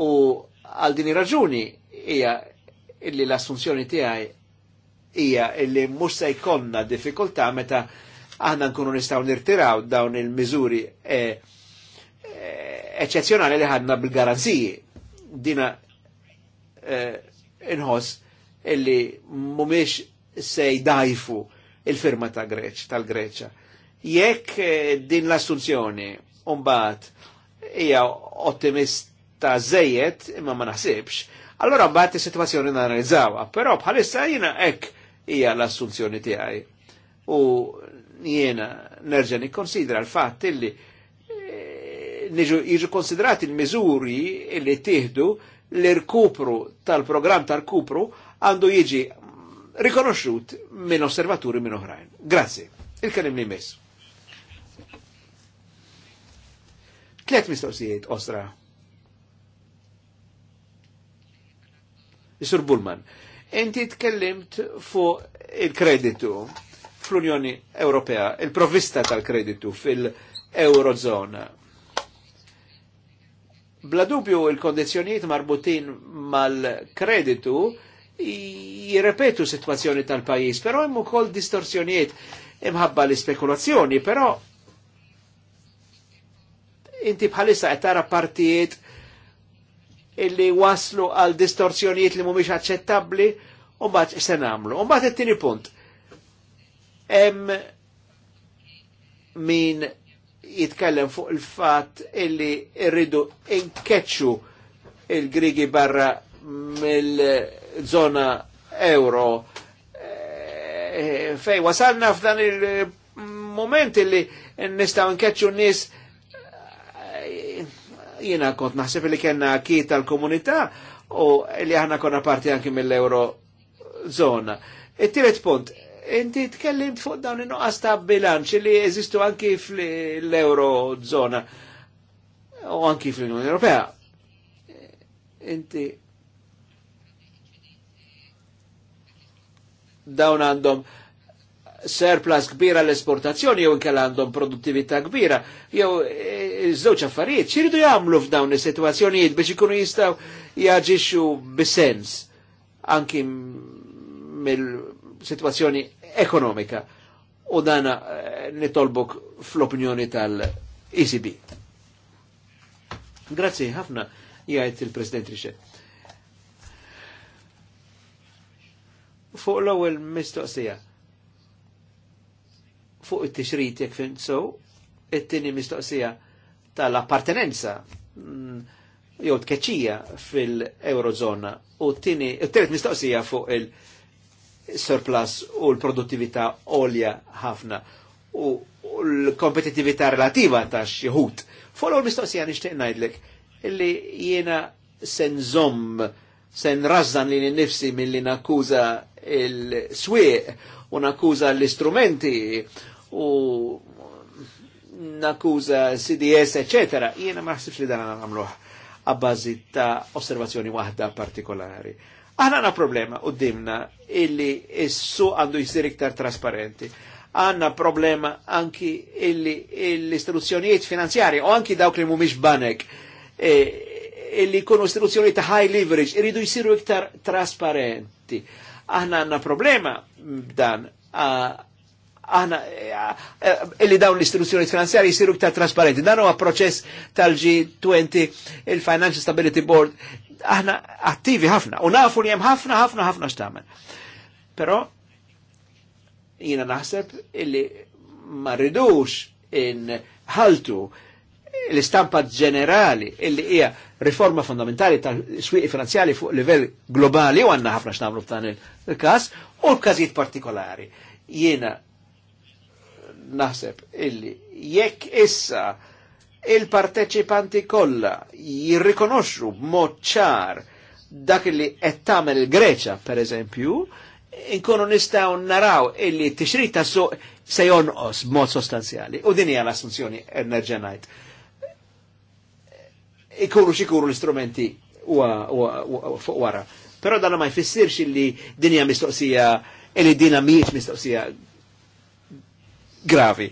U għal din raġuni hija illi l-assunzjoni tiegħi hija illi mhux se jkollna diffikultà meta aħna nkunu nistaw nirtiraw dawn il-miżuri eccezjonali li ħadna bil-garanziji. Dina e, inħoss illi mumiex se dajfu il-firma ta' Greċ, tal-Greċa. Jekk e, din l-assunzjoni umbat hija ottimista zejet, imma ma naħsibx, allora mbagħad is-sitwazzjoni nanalizzawha, però bħalissa jiena hekk hija l-assunzjoni tiegħi. U jiena nerġa' nikkonsidra l fat illi eh, jiġu konsidrati l-miżuri illi tieħdu l-irkupru tal-programm tal-kupru għandu jiġi rikonoxxut minn osservaturi minn oħrajn. Grazzi. Il-kelim li mis. Tlet mistoqsijiet, osra. Isur Bulman, inti tkellimt fuq il-kreditu fl-Unjoni Ewropea, il-provvista tal-kreditu fil-Eurozona. Bla dubju il kondizjoniet marbutin mal-kreditu jirrepetu situazzjoni tal-pajis, però hemm ukoll distorsjonijiet imħabba l-ispekulazzjoni, però inti bħalissa qed tara partijiet illi waslu għal distorsjonijiet li mhumiex aċċettabbli u mbagħad se nagħmlu. U mbagħad it-tieni punt em min jitkellem fuq il fat illi irridu inkeċu il-Grigi barra mill-zona euro eh, fej wasalna f'dan il-moment illi nistaw inkeċu nis eh, jina kont naħseb li kena ki tal-komunità u li aħna konna parti anki mill-euro zona. Il-tiret punt, Inti tkellimt fuq dawn in-nuqqas ta' bilanċ li jeżistu anki fl-Eurozona u anki fl-Unjoni Ewropea. Inti dawn għandhom surplus kbira l-esportazzjoni jew inkella għandhom produttività kbira, jew eh, iż-żewġ affarijiet xiridu jagħmlu f'dawn is-sitwazzjonijiet biex ikunu jistgħu jaġixxu bisens anki mill situazzjoni ekonomika u dana eh, nitolbok fl-opinjoni tal-ECB. Grazzi, ħafna, jgħajt il-President Richet. Fuq l ewel mistoqsija. Fuq it tixrit jek fin so, it-tieni mistoqsija tal-appartenenza mm, jew tkeċija fil-Eurozona u t tini t-tielet mistoqsija fuq il- surplus u l-produttività olja ħafna u l-kompetitività relativa ta' xieħut. Follow mistoqsija nishtiq najdlek illi jena sen zom, sen razzan li nifsi mill-li nakkuza il-swieq u nakkuza l-istrumenti u nakkuza CDS, ecc. Jena maħsibx li dan għamluħ għabbażi ta' osservazzjoni wahda partikolari. Aħna għandna problema dimna illi issu għandu jsir iktar trasparenti għanna problema anki l-istituzzjonijiet finanzjari u anki dawk li mumiex banek e, illi kunu istituzzjoni ta' high leverage iridu jisiru iktar trasparenti. Aħna għanna problema dan aħna e, e, illi dawn l-istituzzjoni finanzjari jisiru iktar trasparenti. Dan huwa proċess tal-G20 il-Financial Stability Board aħna attivi ħafna u nafu li jem ħafna ħafna ħafna xtamen. Però jina naħseb illi marridux in ħaltu l-istampa ġenerali illi hija riforma fondamentali ta' swieqi finanzjali fuq livell globali u għanna ħafna x'namlu f'dan il kas u l partikolari. Jiena naħseb illi jekk issa il-parteċipanti kollha jirrikonoxxu b'mod ċar dak li qed il-Greċa eżempju, inkunu nistaw naraw illi t tixrit ta' suq se jonqos mod sostanzjali. U din hija assunzjoni enerġenajt. Ikunu xikuru l-istrumenti fuq wara. Però dan ma jfissirx illi dinja mistoqsija illi dinja mhijiex mistoqsija gravi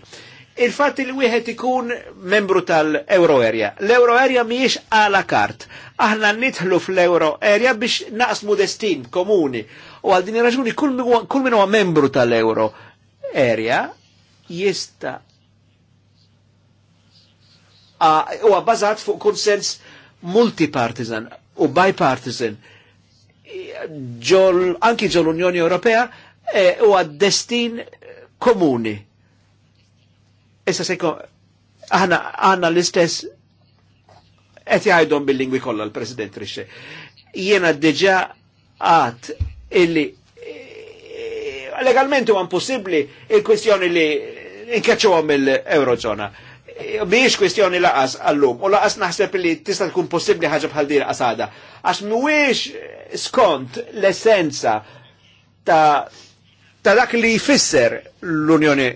il-fatt li wieħed ikun membru tal-Euro Area. L-Euro Area miex għala kart. Aħna nitħlu fl-Euro Area biex naqsmu destin komuni. U għal din raġuni kull minn huwa membru tal-Euro Area jista' U bażat fuq konsens multipartisan u bipartisan anki ġol Unjoni Ewropea eh, huwa għad destin komuni Issa seko, għana, għana l-istess qed jgħidhom bil-lingwi kolla l-President Jena d-deġa għat illi eh, legalment huwa possibli il-kwistjoni li għom mill-Eurozona. Biex kwistjoni laqas għallum, u laqas naħseb li tista' tkun possibbli ħaġa bħal dir qasada. Għax mhuwiex skont l-essenza ta' ta' dak li jfisser l-Unjoni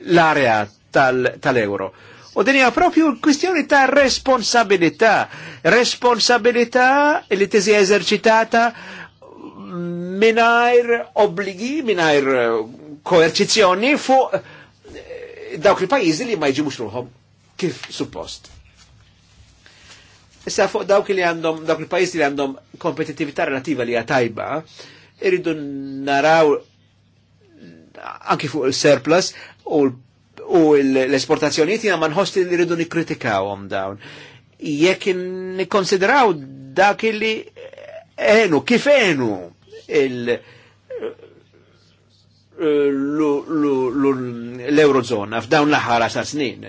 l-area tal-euro. U din hija propju kwistjoni ta' responsabilità, responsabilità li tiżi eżerċitata minajr obligi, minajr koerċizzjoni fuq eh, dawk il-pajjiżi li ma jġibux ruħom kif suppost. Issa fuq dawk li għandhom, dawk il-pajjiżi li għandhom kompetitività relativa li hija tajba, irridu naraw anki fuq il-surplus u l-esportazzjoniet jina manħost li rridu għom dawn. Jekk nikkonsidraw dak li enu, kif enu l-Eurozona f'dawn l-ħara sa' snin.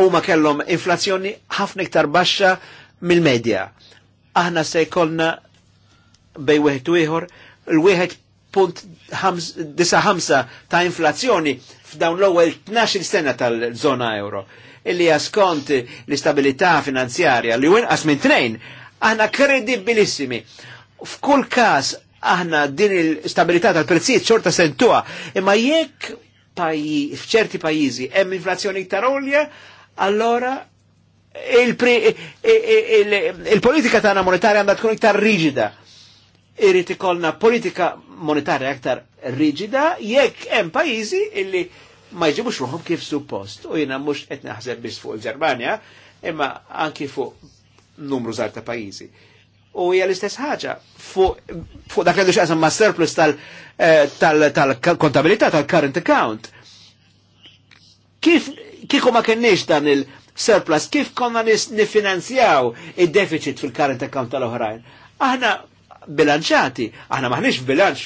U ma kellhom inflazzjoni ħafna iktar baxxa mill-medja. Aħna se jkollna bej wieħed u ieħor l-wieħed punt 95 ta' inflazzjoni f'dawn l-ewwel 12 sena tal-żona euro illi jaskont l-istabilità finanzjarja li winqas minn tnejn aħna kredibilissimi. F'kull każ aħna din l-istabilità tal-prezzijiet xorta sentuha, imma jekk f'ċerti pajjiżi hemm inflazzjoni iktar olja, allora il-politika il, il, il, il, il tagħna monetarja għandha tkun iktar riġida irrid ikollna politika monetarja aktar rigida jekk hemm pajjiżi illi ma jġibux ruħom kif suppost. U jina mux qed naħseb biss fuq il-Ġermanja, imma anki fuq numru żgħar ta' pajjiżi. U hija l-istess ħaġa fuq fuq dak li xaqsam ma' surplus tal-kontabilità eh, tal-current account. Kif kieku ma kenniex dan il-surplus, kif konna nifinanzjaw il deficit fil-current account tal-oħrajn? Aħna bilanċati. Aħna maħniex bilanċ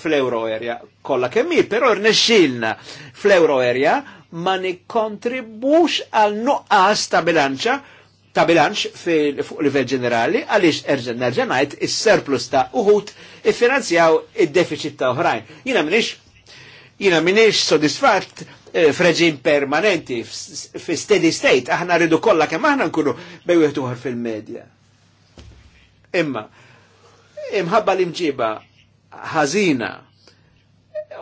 fil-euro area kolla kemmi, pero rnexxilna fl-euro area ma nikontribux għal nuqqas ta' bilanċa ta' bilanċ fuq livell ġenerali għaliex erġen nerġenajt is-surplus ta' uħut iffinanzjaw id-deficit ta' oħrajn. Jina minix jina minix sodisfatt eh, freġin permanenti fi steady state, aħna rridu kollha kemm aħna nkunu bej fil-medja. Imma, imħabba l-imġiba ħażina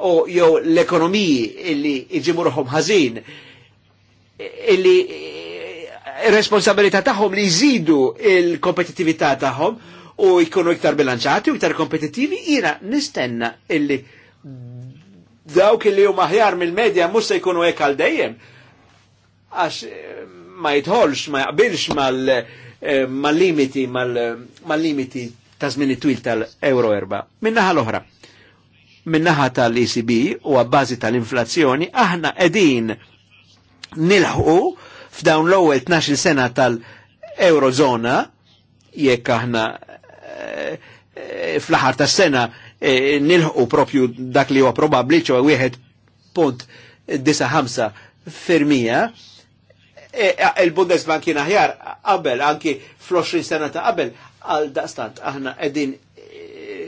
u jew l-ekonomiji illi iġimurħom ħazin ħażin illi eh, responsabilità tagħhom li jżidu il-kompetittività tagħhom u jkunu iktar bilanċati u iktar kompetittivi, jina nistenna illi dawk illi huma aħjar mill-medja mhux se jkunu hekk għal dejjem għax eh, ma jitħolx, ma jaqbilx mal- Eh, mal-limiti mal-limiti ta' żmien twil tal-euro erba. Minnaħa l-oħra. Minnaħa tal-ECB u għabbażi tal-inflazzjoni aħna qegħdin nilħu f'dawn l-ewwel 12 sena tal-Eurozona jekk aħna eh, eh, fl-aħħar tas-sena nilħu propju dak li huwa probabbli ċewa wieħed punt 95 firmija E, il-Bundesbank jina ħjar qabel, anki fl-20 sena ta' qabel, għal daqstant aħna edin e,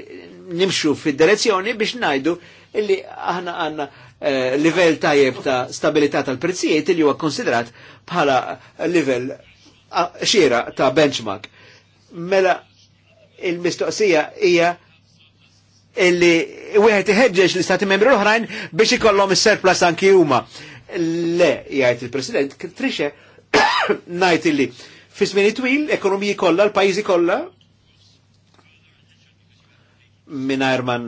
nimxu fil-direzzjoni biex najdu illi aħna għanna e, livell tajjeb ta' stabilità tal-prezzijiet li huwa konsiderat bħala livell xira ta' benchmark. Mela il-mistoqsija hija illi wieħed iħeġġeġ l-istati membri l-oħrajn biex ikollhom is-surplus anki huma Le, jgħajt il-President, trixe, najt illi, fi twil, ekonomiji kolla, l-pajizi kolla, minna man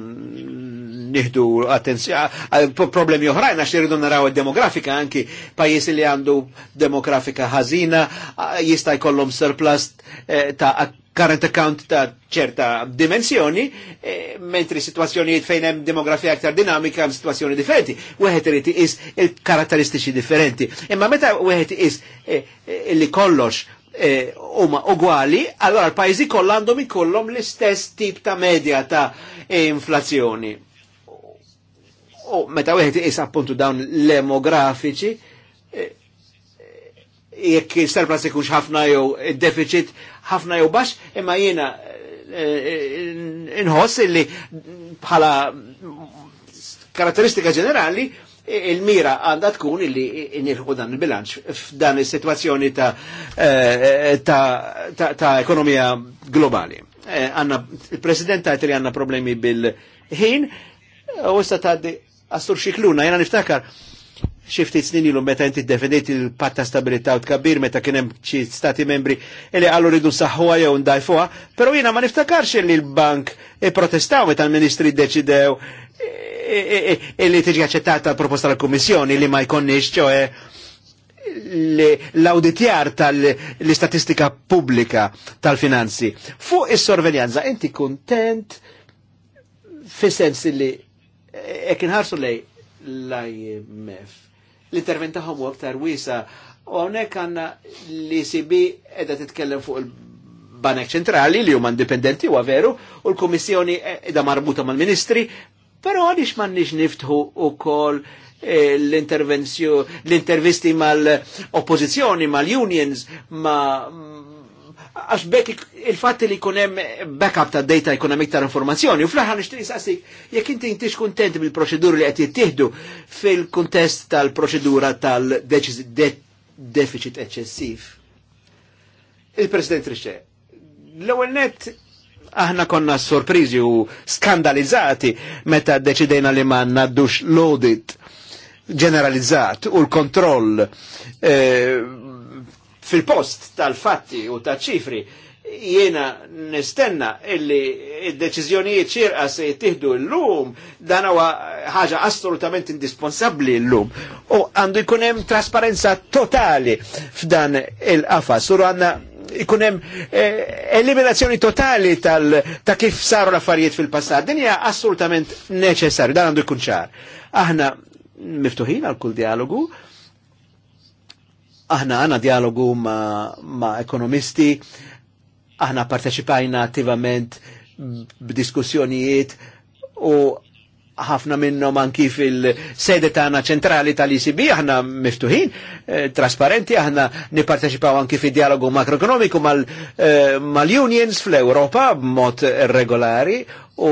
nihdu attenzjoni, problemi oħrajn għax irridu naraw demografika anki pajis li għandu demografika ħażina jista' jkollhom surplus eh, ta' current account ta' ċerta dimensjoni, e, mentri situazzjonijiet fejn hemm demografija aktar dinamika hemm situazzjoni differenti. Wieħed irid is il-karatteristiċi differenti. Imma meta wieħed is e, eh, li kollox eh, huma ugwali, allora l-pajjiżi kollha għandhom ikollhom l-istess tip ta' medja ta' inflazzjoni. U meta wieħed is appuntu dawn l-demografiċi, jekk surplus ikunx ħafna jew deficit ħafna jew baxx, imma jiena eh, eh, inħoss illi bħala karatteristika ġenerali eh, il-mira għanda tkun illi nirħu dan il-bilanċ f'dan is-sitwazzjoni ta, ta, ta, ta, ekonomija globali. Għanna, il-president għajt li għanna problemi bil-ħin, u issa tgħaddi għastur xikluna, jena niftakar xiftit snin ilu meta inti definit il-pat ta' stabilità u tkabbir meta kien hemm xi stati membri li għallu ridu saħħuha jew ndajfuha, però jiena ma niftakarx li l-bank protestaw meta l-ministri deċidew li tiġi aċċettata proposta tal-Kummissjoni li ma jkonniex ċoe l-auditjar tal-istatistika pubblika tal-finanzi. Fuq is-sorveljanza, inti kontent fi sens li ekin ħarsu lej l-IMF l-intervent tagħhom u aktar wisa. U għonek għanna li sibi qiegħda titkellem fuq il-Banek Ċentrali li huma indipendenti u veru u l komissjoni edha marbuta mal-Ministri, però għaliex m'għandniex niftħu ukoll eh, l-intervisti mal-oppozizjoni, mal-unions, ma, għax bekk il fat li kunem backup ta' data jkun hemm iktar informazzjoni u fl-aħħar nixtieq saqsik jekk inti intix kuntent bil-proċeduri li qed jittieħdu fil-kuntest tal-proċedura tal-deficit eċċessiv. Il-President Trixxe, l-ewwel net aħna konna sorpriżi u skandalizzati meta deċidejna li ma naddux l-audit ġeneralizzat u l-kontroll eh, fil-post tal-fatti u ta' ċifri jiena nistenna illi id-deċizjonijiet ċirqa se jittihdu l-lum, dan huwa ħaġa assolutament indisponsabbli l-lum. U għandu jkun hemm trasparenza totali f'dan il qafa Suru għandna jkun hemm eh, eliminazzjoni totali tal, ta' kif saru l-affarijiet fil-passat. Din hija assolutament neċessarju, dan għandu jkun ċar. Aħna miftuħin għal kull dialogu, Aħna għana dialogu ma, ma ekonomisti, aħna parteċipajna attivament b'diskussjonijiet u ħafna minnhom anki fil-sede tagħna ċentrali tal-ICB aħna miftuħin, eh, trasparenti, aħna nipparteċipaw anki fi dialogu makroekonomiku eh, mal-unions eh, mal fl-Europa b'mod regolari u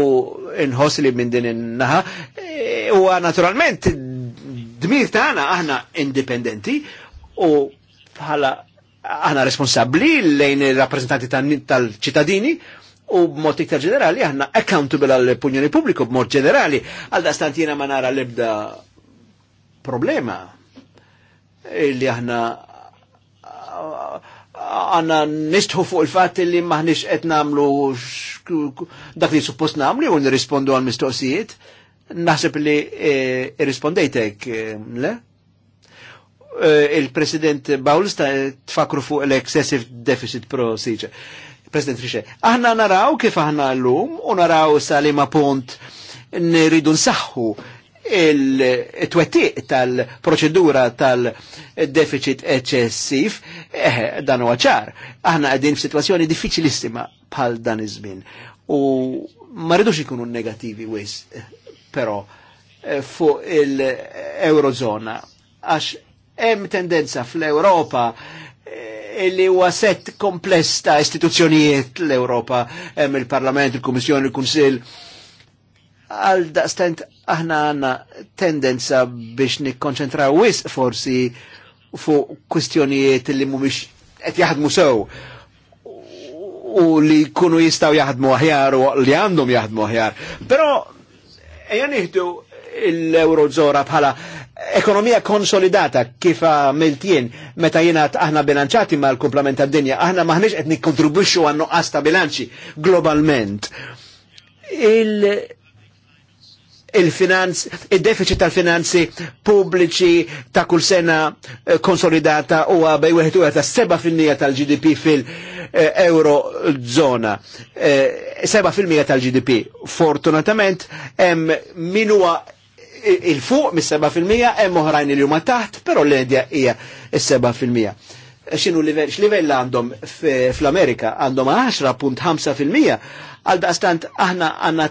inħosli minn din in-naħa. E, u naturalment dmir tagħna aħna indipendenti u bħala aħna responsabbli lejn il-rapprezentanti tal-ċittadini u b'mod iktar ġenerali aħna accountable għall-opinjoni pubbliku b'mod ġenerali għal dastant jiena ma nara l-ebda problema li aħna għanna nistħu fuq il-fat li maħnix qed namlu dak li suppost namlu u nirrispondu għal mistoqsijiet. Naħseb li eh, irrispondejtek, eh, le? Eh, il-President Bawls tfakru fuq l-excessive deficit procedure. President Rixe, aħna naraw kif aħna l-lum u naraw salima punt nridu nsaħħu il-twettiq tal-proċedura tal-deficit eccessif, eh, dan huwa ċar. Aħna qegħdin f'sitwazzjoni diffiċilissima bħal dan iż-żmien. U ma rridux ikunu negativi wis, eh, però eh, fuq il-Eurozona għax Hemm tendenza fl-Ewropa eh, illi huwa set kompless ta' istituzzjonijiet l-Ewropa, hemm il-Parlament, il-Kummissjoni, il-Kunsill. Għal daqstent aħna għanna tendenza biex nikkonċentraw wis forsi fuq kwistjonijiet li mhumiex qed jaħdmu sew u li kunu jistaw jaħdmu aħjar u li għandhom jaħdmu aħjar. Però ejja nieħdu l-Eurozora bħala ekonomija konsolidata kif għamiltien meta jena aħna bilanċati mal kumplament tad-dinja, aħna maħniex qed nikkontribwixxu għan nuqqas ta' bilanċi globalment. Il il-finanz, il-deficit tal-finanzi pubbliċi ta' kull sena eh, konsolidata u għabej u fil 7% eh, tal-GDP fil-eurozona. Eh, mija tal-GDP. Fortunatament, min huwa il-fuq mis-7% hemm oħrajn il huma taħt, però l-edja hija is-7%. X'inhu livell x'livell għandhom fl-Amerika għandhom 10.5% għal daqstant aħna għandna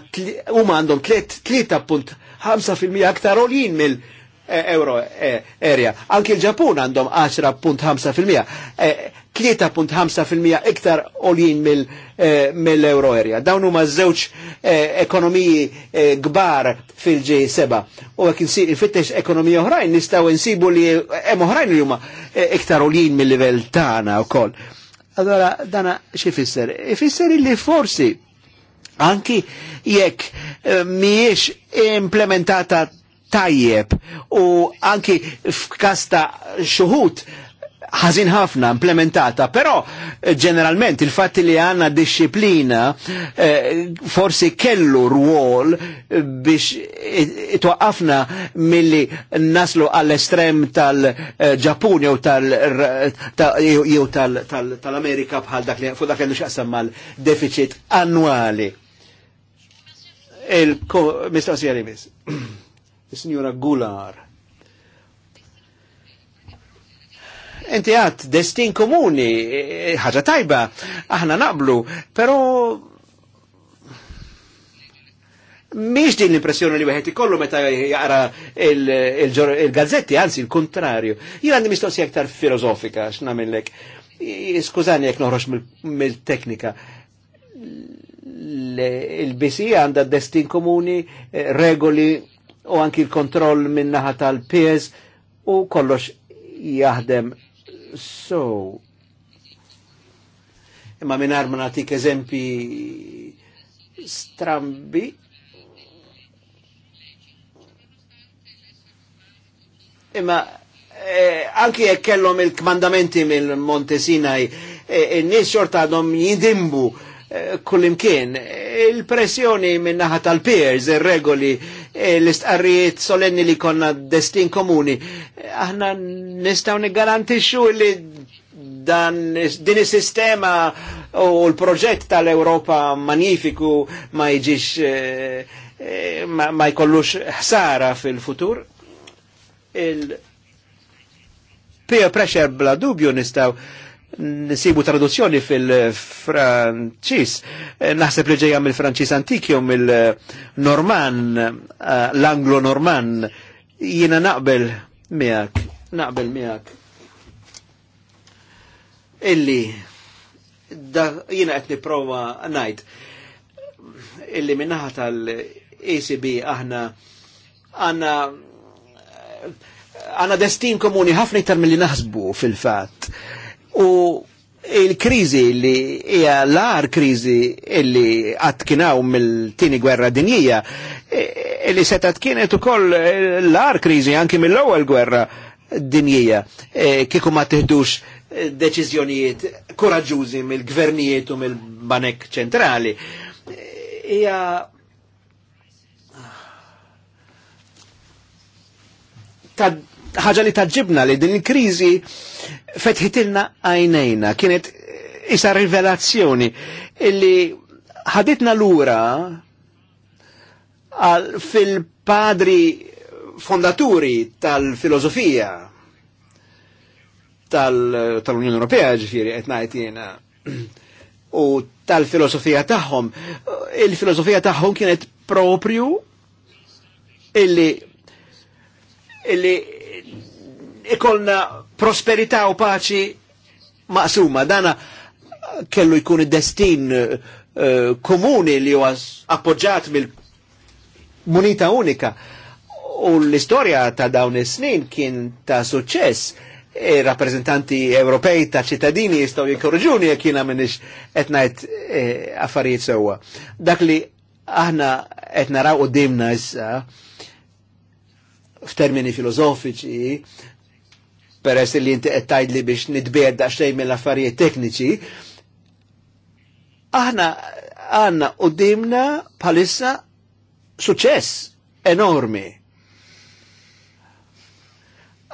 huma għandhom 3.5% aktar olin mill- eh, euro eh, area. Anki l-Ġapun għandhom 10.5%. 3.5% iktar olin eh, mill-euro area. Dawn huma żewġ eh, ekonomiji eh, gbar fil-G7. U għek nfittex ekonomija oħrajn nistgħu nsibu li hemm oħrajn li huma iktar olin mill-livell tagħna wkoll. Allora dana xifisser? Ifisser li forsi anki jekk miex implementata tajjeb u anki f'kasta xuħut ħazin ħafna implementata, però eh, ġeneralment il-fatt li għanna disċiplina eh, forsi kellu rwol eh, biex itwaqqafna milli naslu għall-estrem tal-Ġapun jew tal-Amerika bħal dak li fuq dak li xaqsam mal-deficit annwali. Il-mistoqsija li il Signora Gular. Inti għat destin komuni, e, e, ħaġa tajba, aħna naqblu, pero Miex din l-impressjoni li weħet ikollu meta jara il-gazzetti, anzi il-kontrarju. Jien għandi mistoqsija aktar filosofika x'namillek. Skużani jekk noħroġ mill-teknika. Il-bisija għandha destin komuni, e, regoli u anki l-kontroll minnaħa tal-PS u kollox jaħdem So, imma minn ma natik eżempi strambi, imma eh, anki jekk kellhom il-kmandamenti mill-Montesinaj, eh, in-nies xorta għadhom jindimbu eh, kullimkien. Il-pressjoni minnaħa tal-peers, ir-regoli il E, l-istqarrijiet solenni li konna destin komuni. Aħna nistaw nigarantixxu li dan din is-sistema u l-proġett tal ewropa magnifiku ma jiġix e, e, ma, ma jkollux ħsara fil-futur. Il-peer pressure bla dubju nistaw nsibu traduzzjoni fil-Franċis. Eh, naħseb li ġejja mill-Franċis antikju mill-Norman, eh, l-Anglo-Norman, jiena naqbel miegħek, naqbel miegħek. Illi da jiena qed nipprova ngħid illi minnaħa tal acb aħna għanna għanna destin komuni ħafna jittar mill-li naħsbu fil-fat u il-krizi li hija l-ar krizi illi għatkinaw mill-tini gwerra dinjija e, e, li għatkinet u koll l-ar krizi anki mill-ewwel gwerra dinjija e, kieku ma tiħdux deċizjonijiet koraġużi mill-gvernijiet u mill-banek ċentrali. E, hija e, tad ħaġa li taġibna li din il-kriżi fetħitilna għajnejna, kienet isa rivelazzjoni illi ħaditna lura fil-padri fondaturi tal-filosofija tal-Unjoni tal Ewropea ġifiri etnajt jena u tal-filosofija taħħom. Il-filosofija tagħhom kienet propju illi illi ikolna prosperità u paċi maqsuma. Dana kellu jkun destin uh, eh, komuni li ju appoġġat mill-munita unika. U l-istorja ta' dawn is-snin kien ta' suċċess. E rappresentanti Ewropej ta' ċittadini jistgħu jikorġuni jekk jiena m'iniex qed ngħid e, affarijiet sewwa. Dak li aħna qed naraw qudiemna issa f'termini filosofiċi peress li inti qed li biex nitbieda xejn mill-affarijiet tekniċi, aħna għanna qudiemna bħalissa suċċess enormi.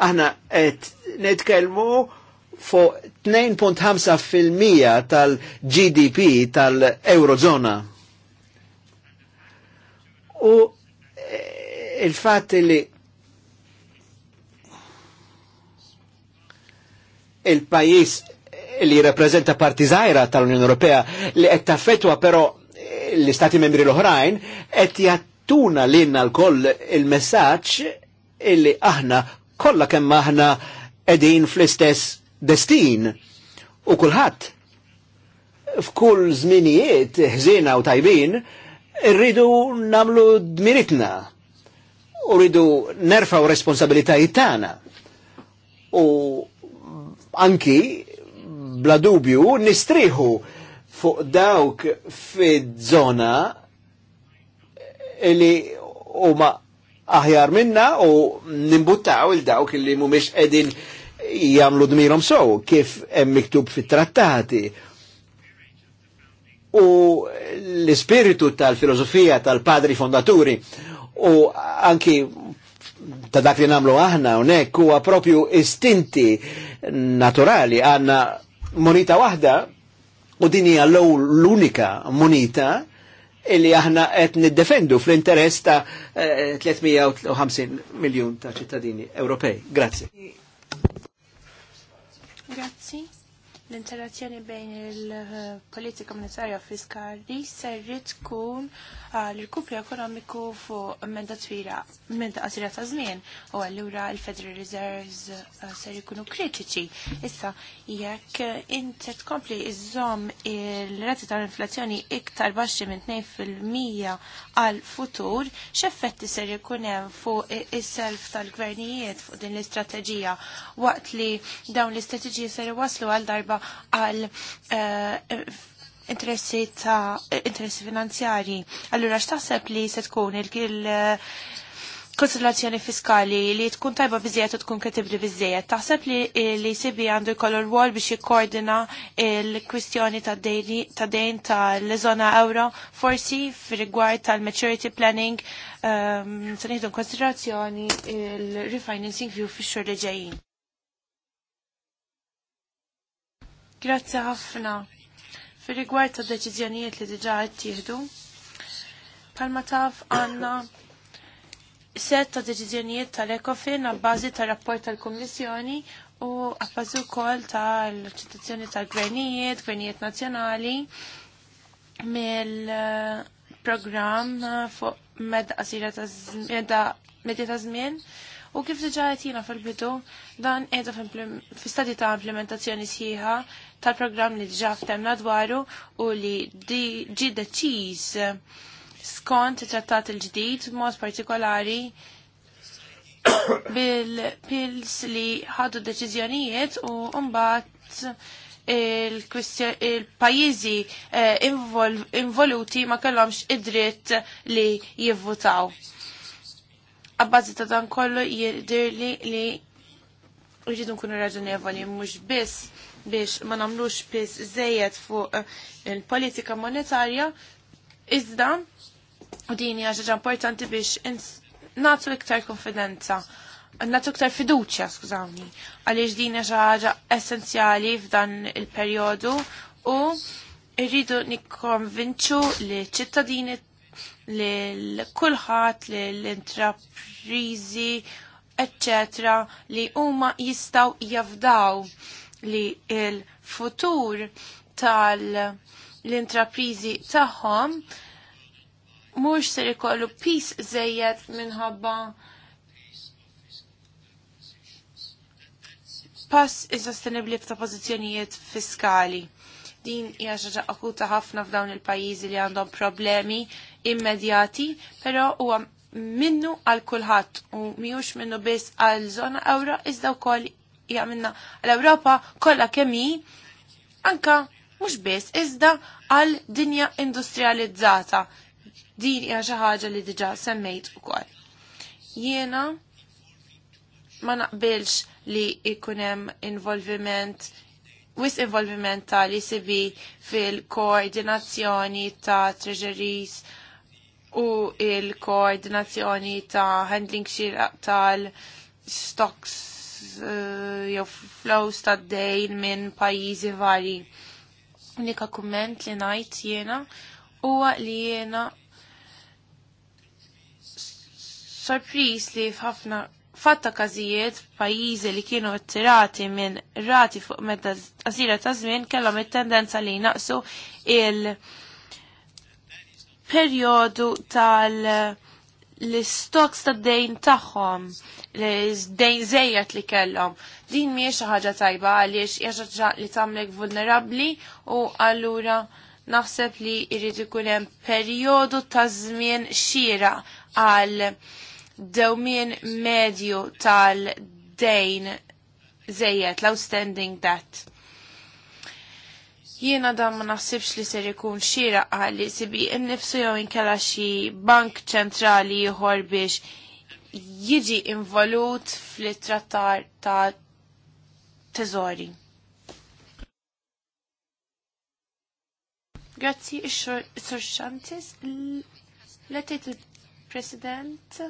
Aħna qed nitkellmu fuq 2.5% tal-GDP tal-Eurozona. U eh, il-fatt li il-pajis li rappresenta parti zaħira tal-Unjoni Ewropea li qed taffetwa però eh, l-istati membri l-oħrajn qed jattuna lilna l-koll il-messaġġ illi aħna kollha kemm aħna qegħdin fl-istess destin u kulħadd f'kull żminijiet ħżiena u tajbin irridu namlu dmiritna u rridu nerfaw responsabilitajiet tagħna u anki bla dubju nistriħu fuq dawk fid-żona li huma aħjar minna u nimbuttaw il-dawk li mhumiex qegħdin jagħmlu dmirhom sew kif hemm miktub fit-trattati. U l-ispiritu tal-filosofija tal-padri fondaturi u anki ta' dak li namlu aħna unek huwa propju istinti naturali għanna monita wahda u din hija l-unika monita illi aħna qed niddefendu fl-interess ta' 350 eh, miljun ta' ċittadini Ewropej. Grazzi. Grazzi. L-interazzjoni bejn il-politika monetarja fiskali serri tkun għal il ekonomiku fuq menda twira, menda qasira ta' żmien, u allura il-Federal Reserves uh, ser ikunu kritiċi. Issa, jekk inti tkompli iżżomm il-rati tal-inflazzjoni iktar baxxi minn 2% għal futur, x'effetti ser ikun hemm fuq is-self tal-gvernijiet fuq din l-istrateġija waqt li dawn l-istrateġiji ser iwaslu għal darba għal uh, interessi ta' eh, interessi finanzjari. Allura x'taħseb li se tkun il konsolazzjoni fiskali li tkun tajba biżejjed u tkun kredibli biżejjed. Taħseb li li sibi għandu jkollu rwol biex jikkoordina l-kwistjoni ta' dejn tal-żona euro forsi fir-rigward tal-maturity planning ehm, se nieħdu konsiderazzjoni il-refinancing view fix-xhur li ġejjin. Grazzi ħafna. Fir rigward ta' deċiżjonijiet li diġa jittieħdu, palma taf għanna set ta' deċiżjonijiet tal-ECOFIN għabbażi ta' rapport tal kummissjoni u għabbażi wkoll tal-ċitazzjoni tal-gvernijiet, gvernijiet nazzjonali mill-programm fuq medda qasira ta' medja ta' żmien. Med U kif diġa għetina fil-bidu, dan edha fil-stadi ta' implementazzjoni sħiħa tal-programm li diġa ftemna dwaru u li ġi deċiż skont trattat il-ġdid, mod partikolari bil-pils li ħadu deċiżjonijiet u mbagħad il-pajizi eh, involuti ma kellhomx id-dritt li jivvutaw għabbazi ta' dan kollu jirdirli li rridu nkunu raġunevoli mhux biss biex ma nagħmlux biss żejjed fuq eh, il-politika monetarja, iżda u din hija importanti biex nagħtu iktar konfidenza. Nagħtu iktar fiduċja, skużawni, għaliex din hija essenzjali f'dan il-perjodu u rridu nikkonvinċu li ċittadini l-kulħat, l-intraprizi, etc. li huma jistaw jafdaw li il-futur tal-intraprizi tagħhom mhux ser ikollu pis żejjed minħabba pass is-sostenibli ta' pozizjonijiet fiskali. Din hija xi ħaġa akuta ħafna f'dawn il-pajjiżi li għandhom problemi immedjati, però huwa minnu għal kulħadd u miħux minnu biss għal zona euro iżda wkoll jagħmilna għal Ewropa kollha kemm hi anka mhux biss iżda għal dinja industrializzata. Din hija xi ħaġa li diġà semmejt ukoll. Jiena ma naqbilx li jkun hemm involviment wis involviment tal-ICB fil-koordinazzjoni ta' treasuries u il-koordinazzjoni ta' handling xirqa tal-stocks eh, jew flows ta' dejn minn pajjiżi vari. Unika kumment li ngħid jiena huwa li jiena sorpris li f'ħafna fatta każijiet pajjiżi li kienu attirati minn rati fuq medda qasira ta' żmien kellhom it-tendenza li jnaqsu il- perjodu tal- l-istoks ta' dejn tagħhom, dejn zejjat li kellhom. Din mhijiex ħaġa tajba għaliex hija ħaġa li tamlek vulnerabbli u allura naħseb li jrid ikun hemm perjodu ta' żmien xira għal dewmien medju tal-dejn zejjed l-outstanding debt. Jiena dan ma naħsibx li ser ikun xira li sibi innifsu jew inkella xi bank ċentrali ieħor biex jiġi involut fl-trattar ta' teżori. Grazzi, Sir Shantis l-etit il-President.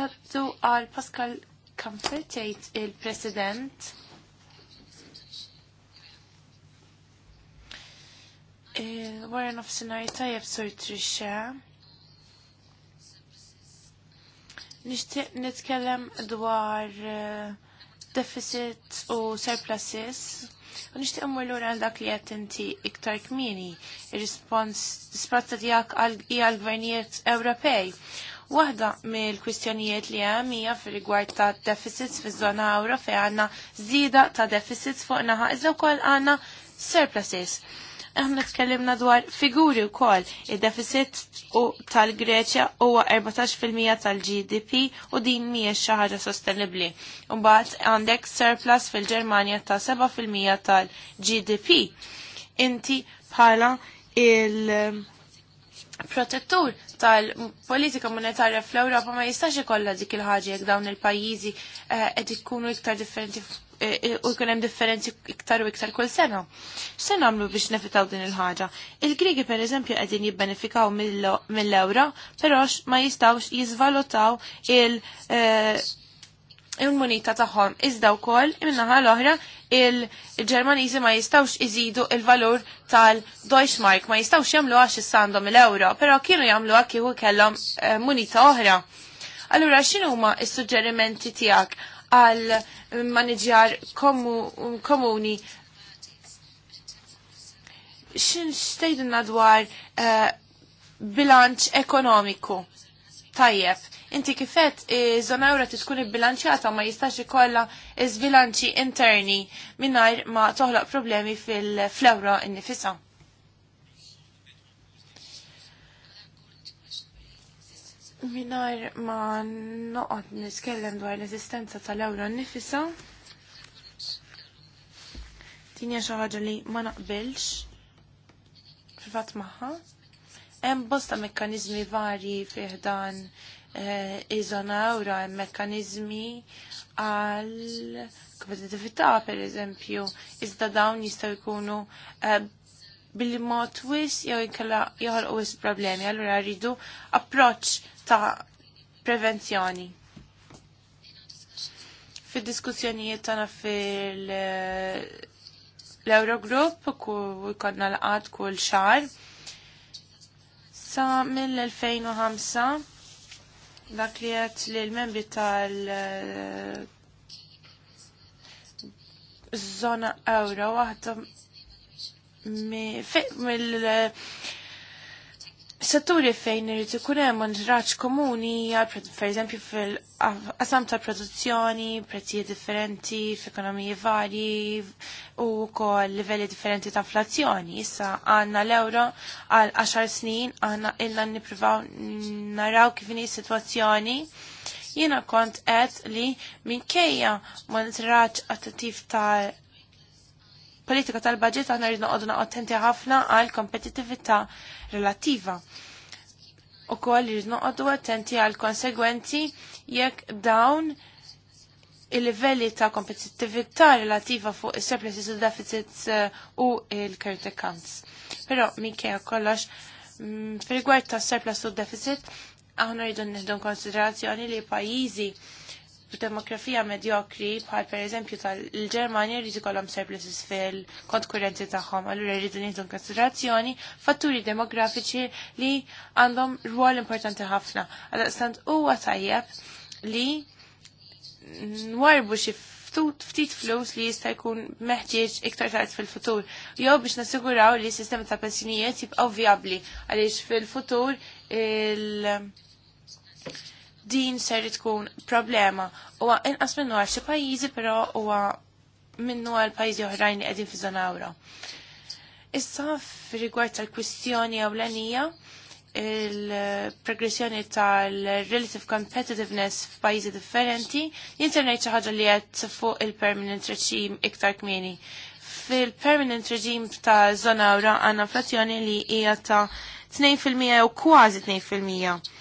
Naddu għal Pascal Comfort jgħid il-President eh, Wara nofsinhar tajjeb sur trisha. Nishtiq nitkellem dwar eh, deficit u surpluses U nishtiq mmur lura għal dak li qed iktar kmini, Il-respons, risposta tiegħek hija għal gvernijiet Ewropej. Waħda mill-kwistjonijiet li għamija hija fir-rigward ta' deficits fiż-żona euro fejn għandna zida ta' deficits fuq naħa iżda wkoll għandna surpluses. Aħna tkellimna dwar figuri wkoll i deficit tal-Greċja huwa 14% tal-GDP u din mhijiex xi ħaġa sostenibbli. Imbagħad għandek surplus fil-Ġermanja ta' 7% tal-GDP. Inti bħala il- protettur tal-politika monetarja fl-Europa ma jistax ikolla dik il-ħaġa jekk dawn il-pajjiżi eh, qed ikunu iktar differenti eh, eh, u jkun hemm differenzi iktar u iktar kull sena. Se nagħmlu biex nefitaw din il-ħaġa? Il-Griegi pereżempju qegħdin jibbenefikaw mill euro però ma jistgħux jiżvalutaw il- il-monita tagħhom iżda wkoll minnaħa l-oħra il-Ġermaniżi ma jistawx iżidu il-valur tal-Deutschmark, ma jistawx jamlu għax issa għandhom l-euro, però kienu jamlu għak kieku kellhom eh, munita oħra. Allura xinu huma s-suġġerimenti tiegħek għal maniġjar komuni x'in nadwar dwar eh, bilanċ ekonomiku? tajjeb. Inti kifet iż-żona e, ewra tkun ibbilanċjata ma jistax ikollha iż-bilanċi interni mingħajr ma toħloq problemi fil-flewra innifisa. Minar ma noqot niskellem dwar l-esistenza tal-ewra nifisa. Tinja xi ħaġa li ma naqbilx fil fat magħha. Hemm bosta mekkaniżmi varji fih dan eh, iżona ewra hemm mekkaniżmi għal kompetitività pereżempju, iżda dawn jistgħu jkunu eh, billi ma twis jew inkella joħolqu wis problemi, allura rridu approċċ ta' prevenzjoni. Fid-diskussjonijiet tagħna fil eh, l-Eurogroup konna laqat kull xar Sa mill-2005 dak li qed li l-membri tal eh, zona euro waħda mill Setturi fejn irrid ikun hemm raġ komuni pereżempju fil-qasam ta' produzzjoni, prezzijiet differenti, f'ekonomiji varji u wkoll livelli differenti ta' inflazzjoni. Issa għandna l-euro għal 10 snin għandna illa nippruvaw naraw kif inhi s-sitwazzjoni. Jiena kont qed li minkejja ma monitoraġġ attattiv tal politika tal-budget għana rridna għodna attenti ħafna għal kompetitività relativa. U koll rridna għoddu attenti għal konsegwenzi jekk dawn il-livelli ta' kompetitività relativa fuq il-surpluses uh, u deficits u il-current accounts. Pero minkejja kollox, mm, fil-gwart ta' surplus u deficit, aħna rridu nħeddu konsiderazzjoni li pajizi b'demografija medjokri bħal pereżempju tal-Ġermanja jrid ikollhom surpluses fil-kont kurrenti tagħhom, allura jridu nieħdu konsiderazzjoni fatturi demografiċi li għandhom rwol importanti ħafna. Għadaqstant huwa tajjeb li nwarbu xi ftit flus li jista' jkun meħtieġ iktar tard fil-futur. Jew biex nassiguraw li s-sistema ta' pensjonijiet jibqgħu vjabbli għaliex fil-futur il- din ser tkun problema. U inqas minnu għal xi pajjiżi però huwa minnu għal pajjiżi oħrajn li qegħdin fi żona ewro. Issa f'rigward tal-kwistjoni ewlenija, il-progressjoni tal-relative competitiveness f'pajjiżi differenti, jinternejt xi ħaġa li qed fuq il-permanent regime iktar kmieni. Fil-permanent regime ta' żona ewra għandna inflazzjoni li hija ta' 2% u kważi 2%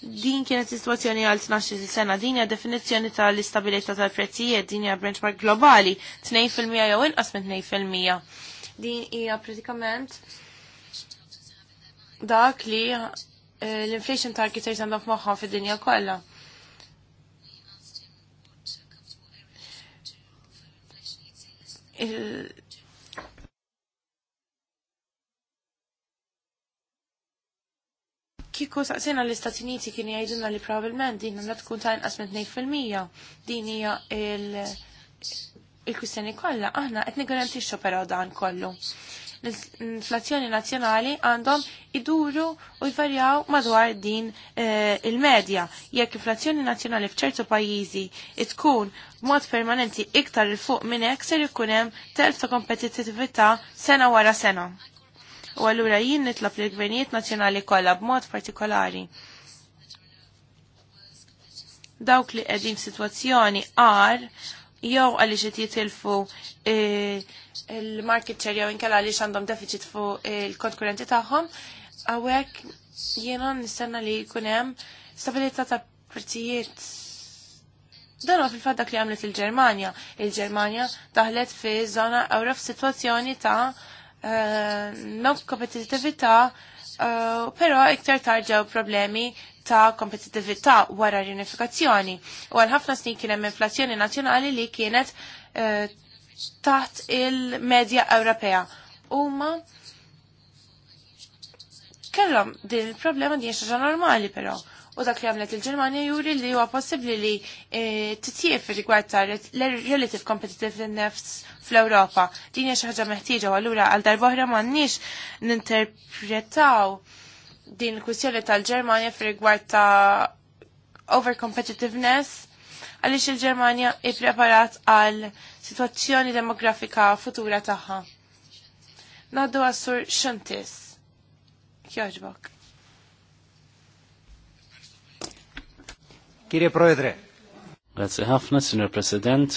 Din kienet situazzjoni għal 12 sena, din hija definizzjoni tal-istabilità tal-prezzijiet, din hija benchmark globali, 2% jew inqas minn 2%. Din hija pratikament dak li eh, l-inflation target se jsemma f'moħħa fid-dinja kollha. Il Kiku saqsina l-Istati Uniti kien jgħidulna li probabbilment din għandha tkun ta' inqas minn 2% din hija il-kwistjoni kollha aħna qed nigarantixxu però dan kollu. L-inflazzjoni nazzjonali għandhom iduru u jvarjaw madwar din eh, il-medja. Jekk inflazzjoni nazzjonali f'ċertu pajjiżi tkun b'mod permanenti iktar il fuq minn hekk ser ikun hemm telf ta' kompetittività sena wara sena u allura jien nitlob li l-gvernijiet nazzjonali kollha b'mod partikolari dawk li qegħdin f'sitwazzjoni għar jew għaliex qed jitilfu e, il-market share jew inkella għaliex għandhom deficit fuq e, il konkurenti tagħhom, hawnhekk jiena nistenna li jkun hemm stabilità ta' prezzijiet Dan huwa fil-fatt dak li għamlet il-Ġermanja. Il-Ġermanja daħlet fi żona ewra f'sitwazzjoni ta' Eh, non kompetitività uh, però iktar tarġaw problemi ta' kompetitività wara l-unifikazzjoni. U għal ħafna snin kien hemm inflazzjoni nazzjonali li kienet uh, taħt il-medja Ewropea. Huma kellhom din il-problema din xi normali però u dak li għamlet il-Ġermanja juri li huwa possibbli li e, titjief rigward ta' relative competitiveness fl-Ewropa. Din hija xi ħaġa meħtieġa u allura għal darb'oħra m'għandniex ninterpretaw din il-kwistjoni tal-Ġermanja f'rigward ta' over competitiveness għaliex il-Ġermanja preparat għal situazzjoni demografika futura tagħha. Naddu għas-sur Kjoġbok. Kire Proedre. Grazie ħafna, Signor President.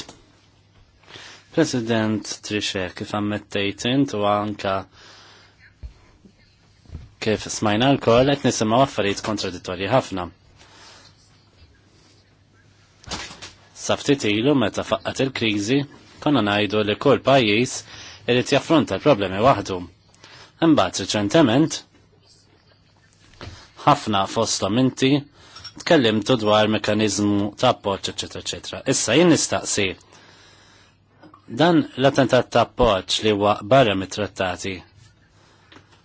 President Trisha, kif ammettejt int u anka kif smajna l-koll, għet nisema affarijiet kontradittorji ħafna. Saftit ilu meta faqqat il-krizi, konna najdu li kull pajis irrit jaffronta l-problemi wahdu. Imbagħad riċentement, ħafna fostom inti tkellimtu dwar mekanizmu ta' appoġġ, eċetera, eċetera. Issa jien nistaqsi dan l-attentat ta' appoġġ li huwa barra mit-trattati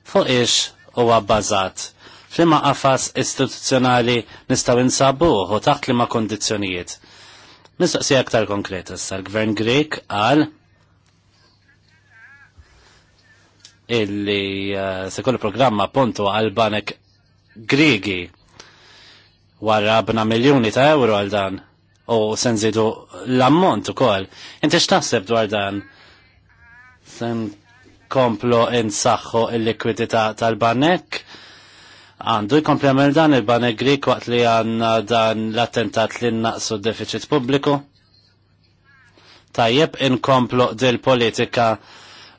fuq ix huwa bbażat f'liema qafas istituzzjonali nistgħu insabuh u taħt liema kondizzjonijiet. Nistaqsi aktar konkret issa l-Gvern Grek qal illi uh, eh, se kollu programma appuntu għal banek Grigi warrabna miljoni ta' euro għal dan u senzidu l-ammont ukoll. Inti x'taħseb dwar dan? Sen komplu insaħħu il-likwidità tal-banek? Għandu għamil dan il-banek Grik waqt li għanna dan l-attentat li naqsu d-deficit pubbliku? Tajjeb inkomplu dil-politika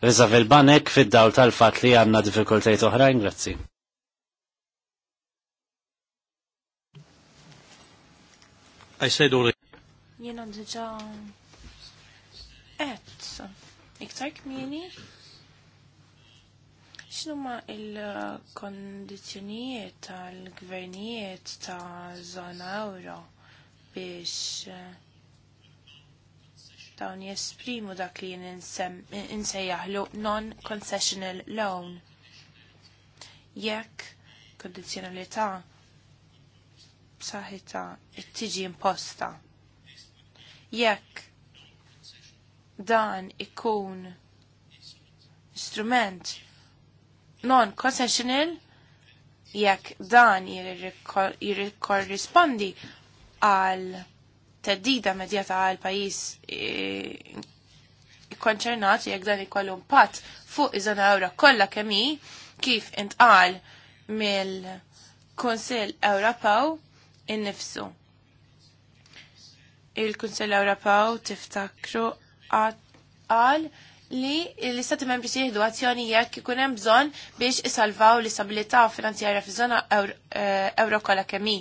rizav il-banek fid-dawl tal-fat li għanna diffikultajt oħrajn, grazzi. I said already. Jena diġa et iktar kmini ma il-kondizzjonijiet tal-gvernijiet ta' żona euro biex eh, dawn jesprimu dak li insejjaħlu non-concessional loan. Jekk kondizzjonalità b'saħħitha tiġi imposta. Jekk dan ikun strument non concessional jekk dan jirrikorrispondi għal teddida medjata għal pajis e, konċernat jekk dan ikollu impatt fuq iż-żona ewra kollha kemm kif intqal mill-Kunsill Ewropew innifsu. Il-Kunsell Ewropew tiftakru għal li l-istati membri si jihdu azzjoni jekk ikun hemm bżonn biex isalvaw l-istabilità finanzjarja fiż-żona Ewrokola eh, kollha kemmi.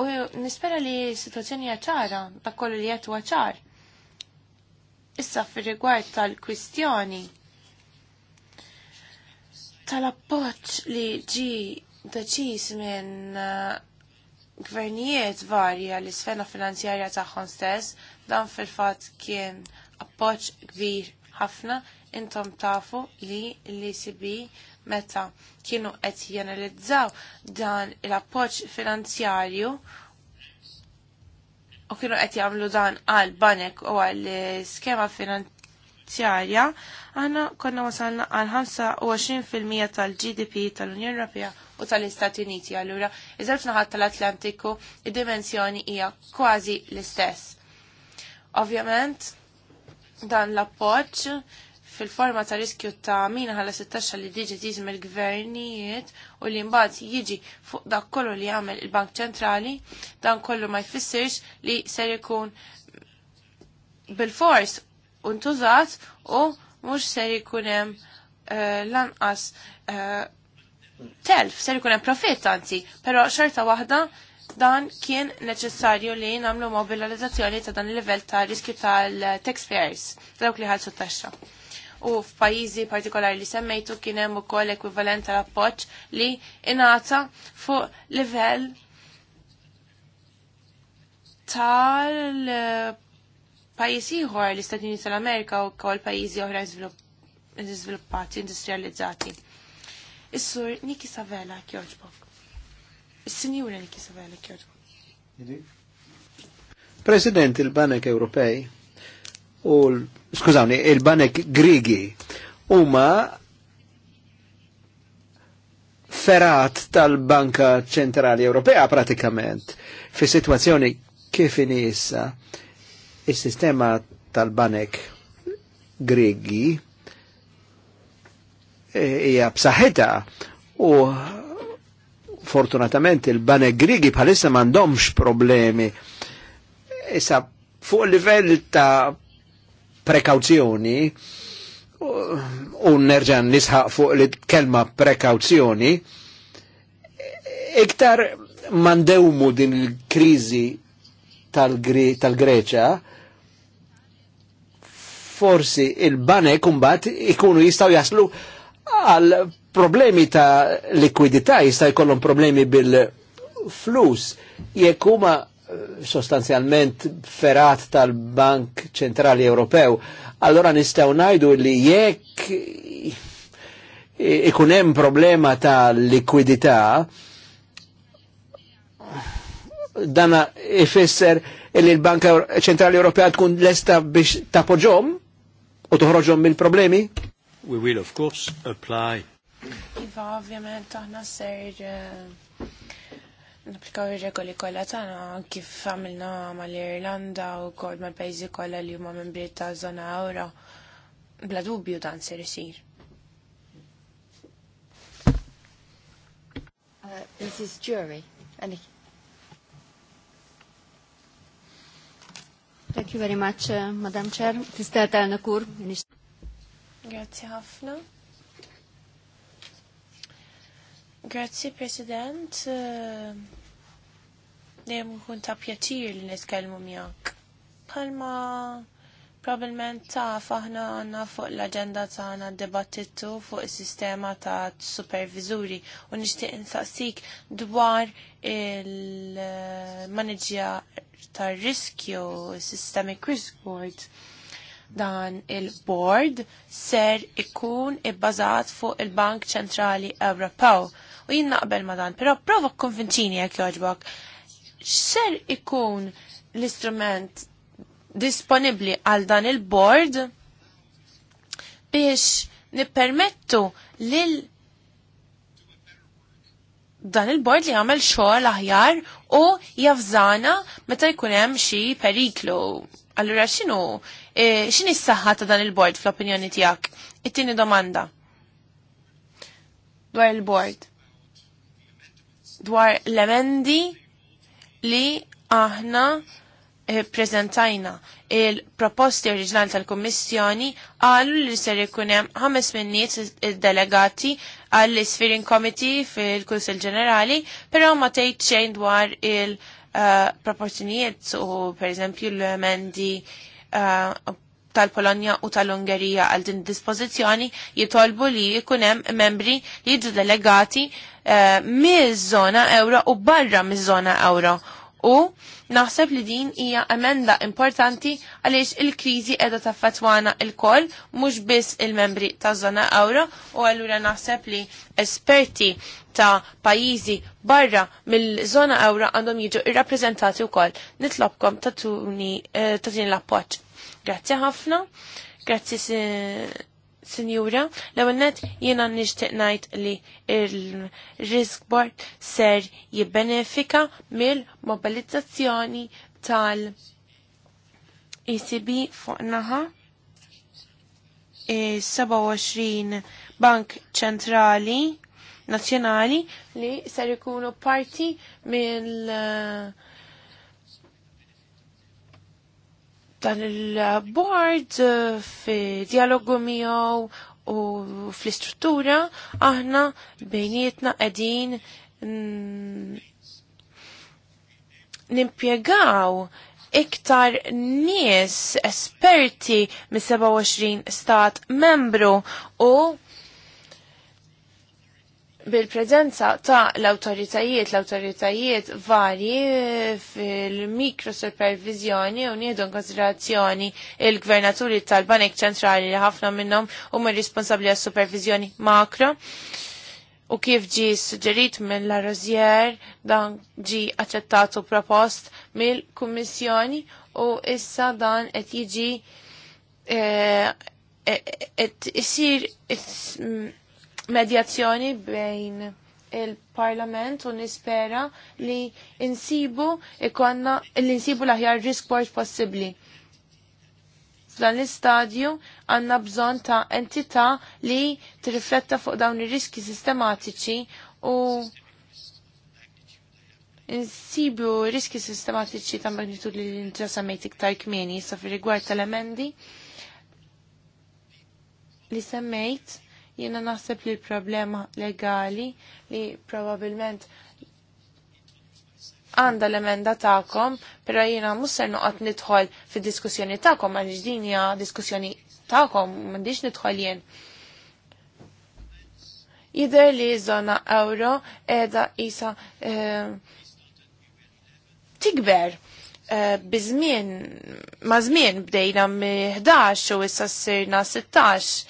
U nispera li situazzjoni ċara, dak kollu li qed huwa ċar. Issa fir rigward tal-kwistjoni tal-appoċ li ġi deċis minn uh, gvernijiet varja li sfena finanzjarja tagħhom stess, dan fil-fatt kien appoċ kbir ħafna intom tafu li l-ECB meta kienu qed jenalizzaw dan l-appoġġ finanzjarju u kienu qed jagħmlu dan għal banek u għal skema finan finanzjarja, aħna konna wasalna għal 25% tal-GDP tal-Unjoni Ewropea u tal-Istati Uniti. Allura, iżel fnaħat tal-Atlantiku, id-dimensjoni hija kważi l-istess. Ovvjament, dan l-appoġġ fil-forma ta' riskju ta' min ħalla 16 li diġi tiż il gvernijiet u li mbagħad jiġi fuq dak kollu li jagħmel il-Bank Ċentrali, dan kollu ma jfissirx li ser ikun bil-fors untużat u mhux ser jkun hemm uh, lanqas uh, telf, ser jkun hemm profitt anzi, però xorta waħda dan kien neċessarju li namlu mobilizzazzjoni ta' dan il-level ta' riskju tal-taxpayers, dawk li ħalsu taxxa. U f'pajjiżi partikolari li semmejtu kien hemm ukoll ekwivalent tal-appoġġ li ingħata fuq livell tal pajis ieħor l-Istati Uniti tal-Amerika u kol pajjiżi oħra iżviluppati, industrializzati. Is-sur Niki Savela kjoġbok. Is-sinjura Niki Savela kjoġbok. President il-Banek Ewropej u skużawni, il-Banek Grigi huma ferat tal-Banka Ċentrali Ewropea pratikament fi situazzjoni kif inissa. issa il sistema tal-banek Gregi eh, hija b'saħħitha u fortunatament il-banek Gregi bħalissa m'għandhomx problemi. Issa fuq livell ta' prekawzjoni u nerġa' nisħaq fuq il kelma prekawzjoni, iktar mandewmu din il-krizi tal-Greċa tal forsi il-banek kumbat ikunu jistaw jaslu għal problemi ta' likwidità, jistaw jkollhom problemi bil-flus, jekk huma eh, sostanzjalment ferat tal-Bank Ċentrali Ewropew, allora nistaw najdu li jekk ikun hemm problema ta' likwidità, dana ifisser li l-Banka Ċentrali Ewropea tkun lesta biex tapoġom u toħroġhom mill-problemi? We will of course apply. Iva, ovvjament aħna ser eh, Naplikaw ir-regoli kollha tagħna kif għamilna mal-Irlanda u kol mal-pajjiżi kollha li huma membri ta' żona ewro. Bla dubju dan ser isir. Uh, Mrs. Jury, any Thank you very much, uh, Madam Chair. Tisztelt elnök úr. Grazie Hafna. Grazie, President. Uh, dejjem kun ta' pjaċir li nitkellmu miak. Palma Probabilment taf aħna għandna fuq l-aġenda tagħna debattitu fuq is-sistema ta' supervizuri u nixtieq insaqsik dwar il-manager ta' riskju systemic risk board dan il-board ser ikun ibbażat fuq il-Bank Ċentrali Ewropew. U jien naqbel ma dan, però prova konvinċini jekk jogħġbok. X'ser ikun l-istrument disponibli għal dan il-board biex nippermettu lil dan il-bord li għamel xogħol aħjar u jafżana meta jkun hemm xi periklu. Allura x'inhu e, x'in issaħħa saħħa ta' dan il-bord fl-opinjoni tiegħek? It-tieni domanda. Dwar il-bord. Dwar l-emendi li aħna Eh, prezentajna il-proposti oriġinali tal-Kommissjoni għallu li ser ikun hemm ħames minniet id-delegati għall sfiring Committee fil-Kunsil Ġenerali, però ma tgħid xejn dwar il-proporzjonijiet eh, u pereżempju l-emendi eh, tal-Polonja u tal-Ungerija għal din dispożizzjoni jitolbu li jkun hemm membri li jiġu delegati miż-żona euro u barra miż-żona euro u naħseb li din hija emenda importanti għaliex il-kriżi qiegħda taffatwana il koll mhux biss il-membri ta' zona euro u allura naħseb li esperti ta' pajjiżi barra mill-żona euro għandhom jiġu u wkoll. Nitlobkom ta' tuni eh, ta' din l-appoġġ. Grazzi ħafna. Grazzi Sinjura, l net jiena nixtieq ngħid li il-risk board ser jibbenefika mill-mobilizzazzjoni tal-ECB fuq naħa 27 e, bank ċentrali nazzjonali li ser ikunu parti mill- uh, dan il-board eh, fi dialogu miħu u fl-istruttura aħna bejnietna qegħdin mm, nimpjegaw iktar nies esperti mis-27 stat membru u bil-prezenza ta' l-autoritajiet, l-autoritajiet varji fil-mikro supervizjoni u nieħdu konsiderazzjoni il-gvernaturi tal-Banek ċentrali li ħafna minnhom huma responsabbli għas supervizjoni makro. U kif ġi suġġerit minn la Rozier dan ġi aċċettatu propost mill-Kummissjoni u issa dan qed jiġi eh, qed isir medjazzjoni bejn il-parlament u nispera li insibu ikonna li insibu l-aħjar port possibli. F'dan l-istadju għanna bżon ta' entità li tirrifletta fuq dawn ir-riski sistematiċi u Insibu riski sistematiċi ta' magnitud li l-intrasamejt iktar kmieni sa' fi rigward tal-emendi li semmejt Jiena naħseb li l-problema legali li probabilment għanda l-emenda ta'kom, pero jiena musser nuqat nidħol fi diskussjoni ta'kom, għan din hija diskussjoni ta'kom, m'għandix nidħol jien. Jider li zona euro edha isa eh, tikber eh, bizmien, ma' bdejna mi 11 u issa sirna 16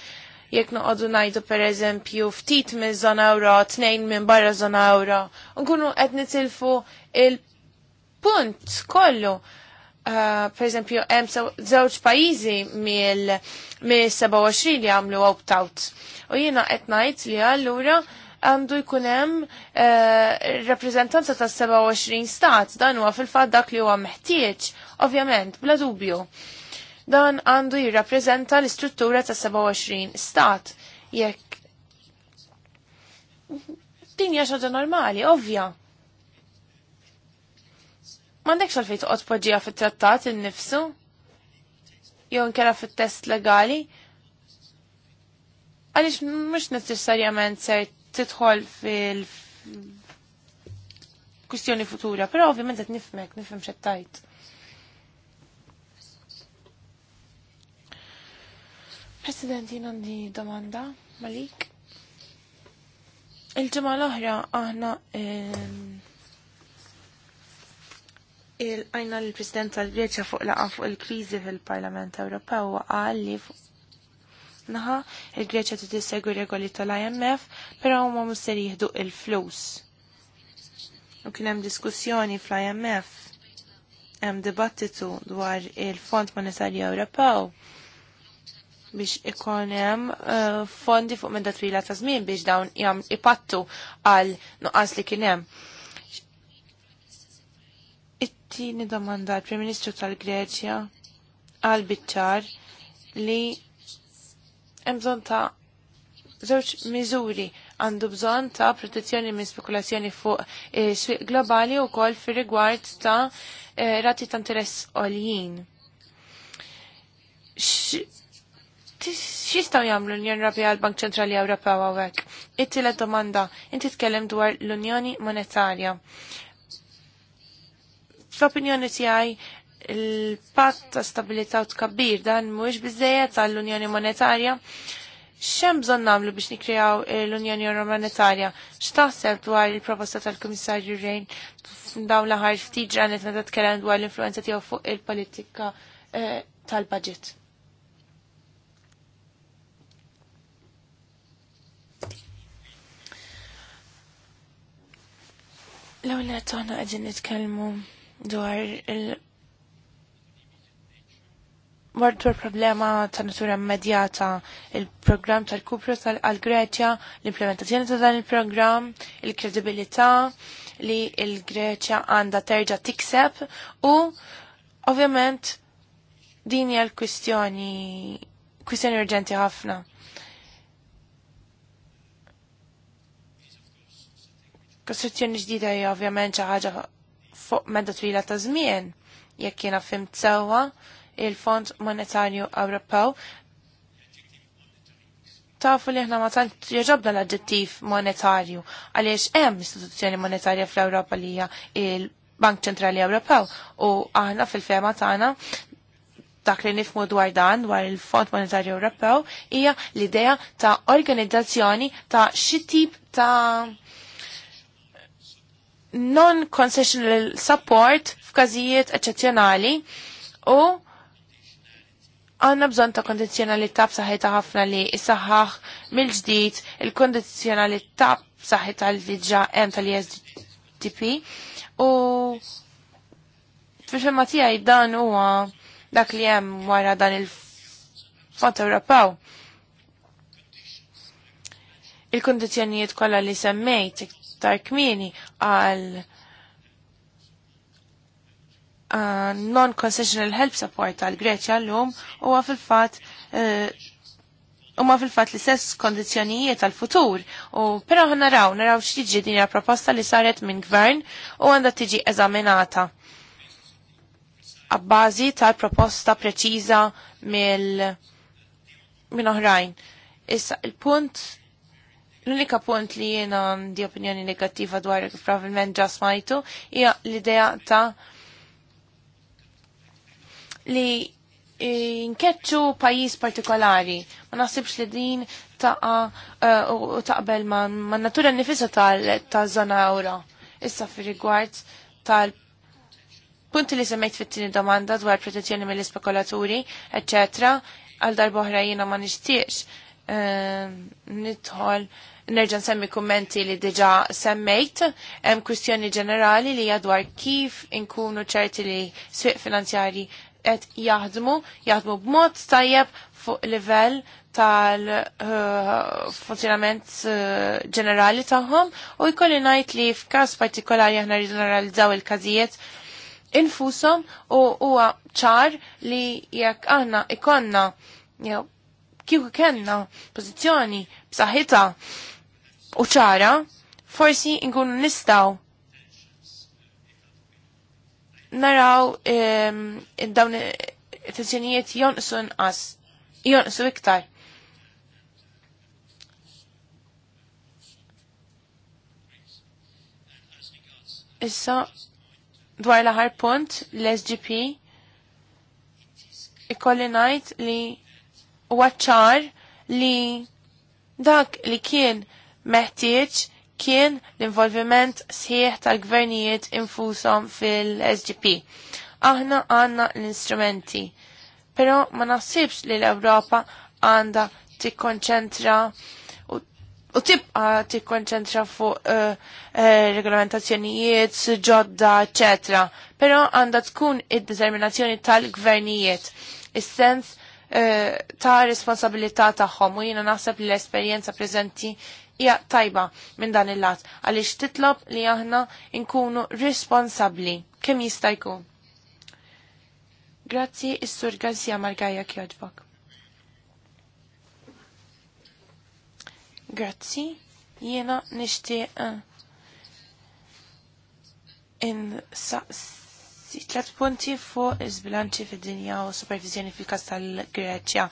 jekk noqogħdu ngħidu pereżempju ftit minn żona euro, tnejn minn barra żona euro, nkunu qed nitilfu il-punt kollu. Uh, per eżempju, hemm żewġ pajjiżi mill-27 li għamlu opt-out. U jiena qed ngħid li allura għandu jkun hemm uh, rappreżentanza ta' 27 stat dan huwa fil-fatt dak li huwa meħtieġ, ovvjament, bla dubju dan għandu jirrappreżenta l-istruttura ta' 27 stat. Jekk din hija xaġa normali, ovvja. M'għandekx għalfejn toqgħod poġġija fit-trattat innifsu jew nkera fit-test legali. Għaliex mhux necessarjament ser tidħol fil kwistjoni futura, però ovvjament qed nifmek, nifhem x'qed tajt. President, jien għandi domanda malik. Il-ġimgħa l-oħra aħna il-għajna l-President tal-Greċja fuq laqa fuq il-kriżi fil-Parlament Ewropew waqal li naħa il-Greċja titissegwi regoli tal-IMF, però huma mister jieħdu il-flus. U kien hemm diskussjoni fl-IMF hemm dibattitu dwar il-Fond Monetarju Ewropew biex ikun hemm uh, fondi fuq minn twila ta' żmien biex dawn jam ipattu għal nuqqas li kien hemm. it domanda l-Prim Ministru tal-Greċja għal biċċar li hemm bżonn ta' żewġ miżuri għandu bżon ta' protezzjoni minn spekulazzjoni fuq eh, swieq globali u kol fir rigward ta' eh, rati ta' interess oljin xistaw jamlu l-Unjoni Ewropea għal-Bank Ċentrali Ewropew għawek? It-tielet domanda, inti tkellem dwar l-Unjoni Monetarja. Fl-opinjoni tiegħi il-patt ta' stabilità u tkabbir dan mhuwiex biżejjed għall-Unjoni Monetarja. X'hemm bżonn nagħmlu biex nikkrew l-Unjoni Monetarja? X'taħseb dwar il-proposta tal-Kummissarju Rejn f'dawn l-aħħar ftit ġranet meta tkellem dwar l-influenza tiegħu fuq il-politika eh, tal-budget? L-għuna t-għana għadin nitkelmu dwar il- Martu problema ta' natura immedjata, il-program tal-Kupru tal-Greċja, l-implementazzjoni ta' dan il-program, il-kredibilità li il-Greċja għanda terġa tikseb u ovvjament din hija l-kwistjoni kwistjoni urġenti ħafna. Kostruzzjoni ġdida hija ovvjament xi ħaġa fuq medda twila ta' żmien jekk jiena fimt sewwa il-Fond Monetarju Ewropew tafu li aħna ma tant jogħġobna l aġġettiv monetarju għaliex hemm istituzzjoni monetarja fl-Ewropa li hija il-Bank Ċentrali Ewropew u aħna fil-fema tagħna dak li nifmu dwar dan dwar il-Fond Monetarju Ewropew hija l-idea ta' organizzazzjoni ta' xi tip ta' non-concessional support f'każijiet eċċezzjonali u għanna bżon ta' kondizjonalità b'saħħitha ħafna li isaħħaħ mill-ġdid il-kondizjonalità b'saħħitha li diġà hemm tal-ISDP u fil-fema tiegħi dan huwa dak li hemm wara dan il-Fond Ewropew. Il-kondizjonijiet kollha li semmejt iktar kmieni għal uh, non-concessional help support għal Greċja l-lum huwa fil-fatt uh, huma fil-fatt l-istess kondizzjonijiet għal futur u però naraw naraw x'tiġi din proposta li saret minn gvern u għandha tiġi eżaminata għabbażi tal-proposta preċiża mill minn oħrajn. Issa il-punt L-unika punt li jena di opinjoni negattiva dwar kif probabbilment ġa smajtu hija l-idea ta' li e, nkeċċu pajjiż partikolari. Ma naħsibx li din taqa e, u taqbel ma' natura nifisa tal-żona ewro. Issa fi rigward tal- punti li semmejt fit-tieni domanda dwar protezzjoni mill-ispekulaturi, eccetera, għal darba oħra jiena ma nixtiex e, nidħol nerġa' nsemmi kummenti li diġà semmejt, hemm kwistjoni ġenerali li jadwar kif inkunu ċerti li swieq finanzjari qed jaħdmu, jaħdmu b'mod tajjeb fuq livell tal-funzjonament eh, eh, ġenerali tagħhom u jkolli ngħid li f'każ partikolari aħna rridu naralizzaw il-każijiet infushom u huwa ċar li jekk aħna ikonna jew kieku kellna pożizzjoni b'saħħitha u ċara, forsi nkunu nistaw naraw dawn it-tensjonijiet jonqsu nqas, jonqsu iktar. Issa, dwar l-aħar punt, l-SGP, ikolli najt li waċċar li dak li kien meħtieġ kien l-involviment sħiħ tal-gvernijiet infusom fil-SGP. Aħna għanna l-instrumenti, pero ma naħsibx li l-Ewropa għanda tikkonċentra u tibqa tikkonċentra fuq uh, uh, regolamentazzjonijiet, ġodda, etc. Pero għanda tkun id-determinazzjoni tal-gvernijiet. Is-sens uh, ta' responsabilità tagħhom u jiena naħseb li l-esperjenza preżenti hija tajba minn dan il-lat għaliex titlob li aħna nkunu responsabbli kemm jista' jkun. Grazzi is-Sur Garzija Margaja Kjodbok. Grazzi, jiena nixtieq uh, eh, si tlet punti fuq iż-bilanċi fid-dinja u supervizjoni fil-kas tal-Greċja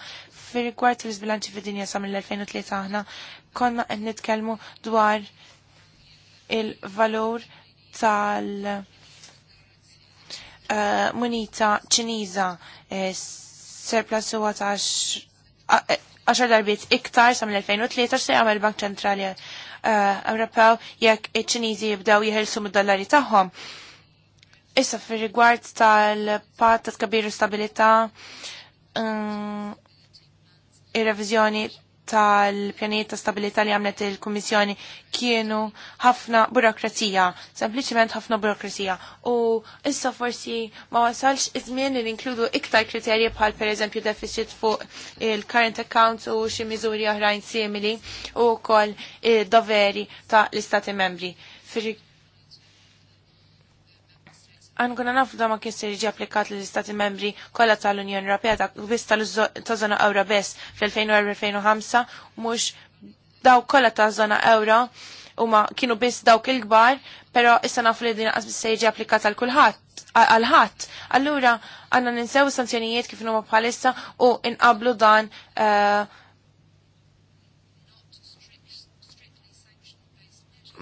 fi rigward il-bilanċi fid-dinja sa mill-2003 aħna konna qed nitkellmu dwar il-valur tal- Uh, munita ċiniża eh, surplus huwa ta' 10 darbiet iktar sa mill 2003 se jagħmel Bank Ċentrali eh, Ewropew jekk iċ-Ċiniżi jibdew jeħilsu mid-dollari tagħhom. Issa fir rigward tal-pat ta' tkabbir u stabilità um, ir-reviżjoni tal-pjanijiet ta' stabilità li għamlet il-Kummissjoni kienu ħafna burokrazija, sempliciment ħafna burokrazija. U issa forsi ma wasalx iż-żmien li inkludu iktar kriterji bħal pereżempju deficit fuq il-current accounts u xi miżuri oħrajn simili u wkoll doveri ta' l-Istati membri. Għankuna da ma kien jiġi applikat l-Istati membri kollha tal-Unjoni Europea ta' biss tal-żona ewra biss fil 2004 2005 mhux daw kollha ta' żona u huma kienu biss dawk il-kbar, però issa nafu li dina għasbis se jiġi applikat għal kulħadd għal ħadd. Allura għandna ninsew sanzjonijiet kif huma bħalissa u inqablu dan uh,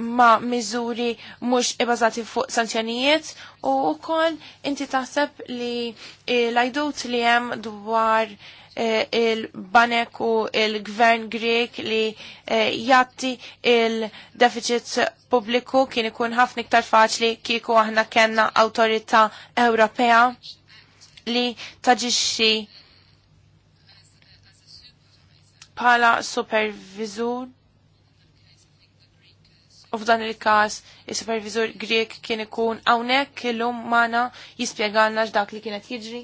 ma' miżuri mhux ibbażati fuq sanzjonijiet u wkoll inti taħseb li eh, l-ajdut li hemm dwar eh, il-banek u il-gvern Grek li eh, jatti il-deficit publiku kien ikun ħafna iktar faċli kieku aħna kenna autorita Ewropea li taġixxi bħala supervizur U f'dan il-każ is supervisor Grek kien ikun hawnhekk illum magħna jispjegalna x'dak li kienet jiġri.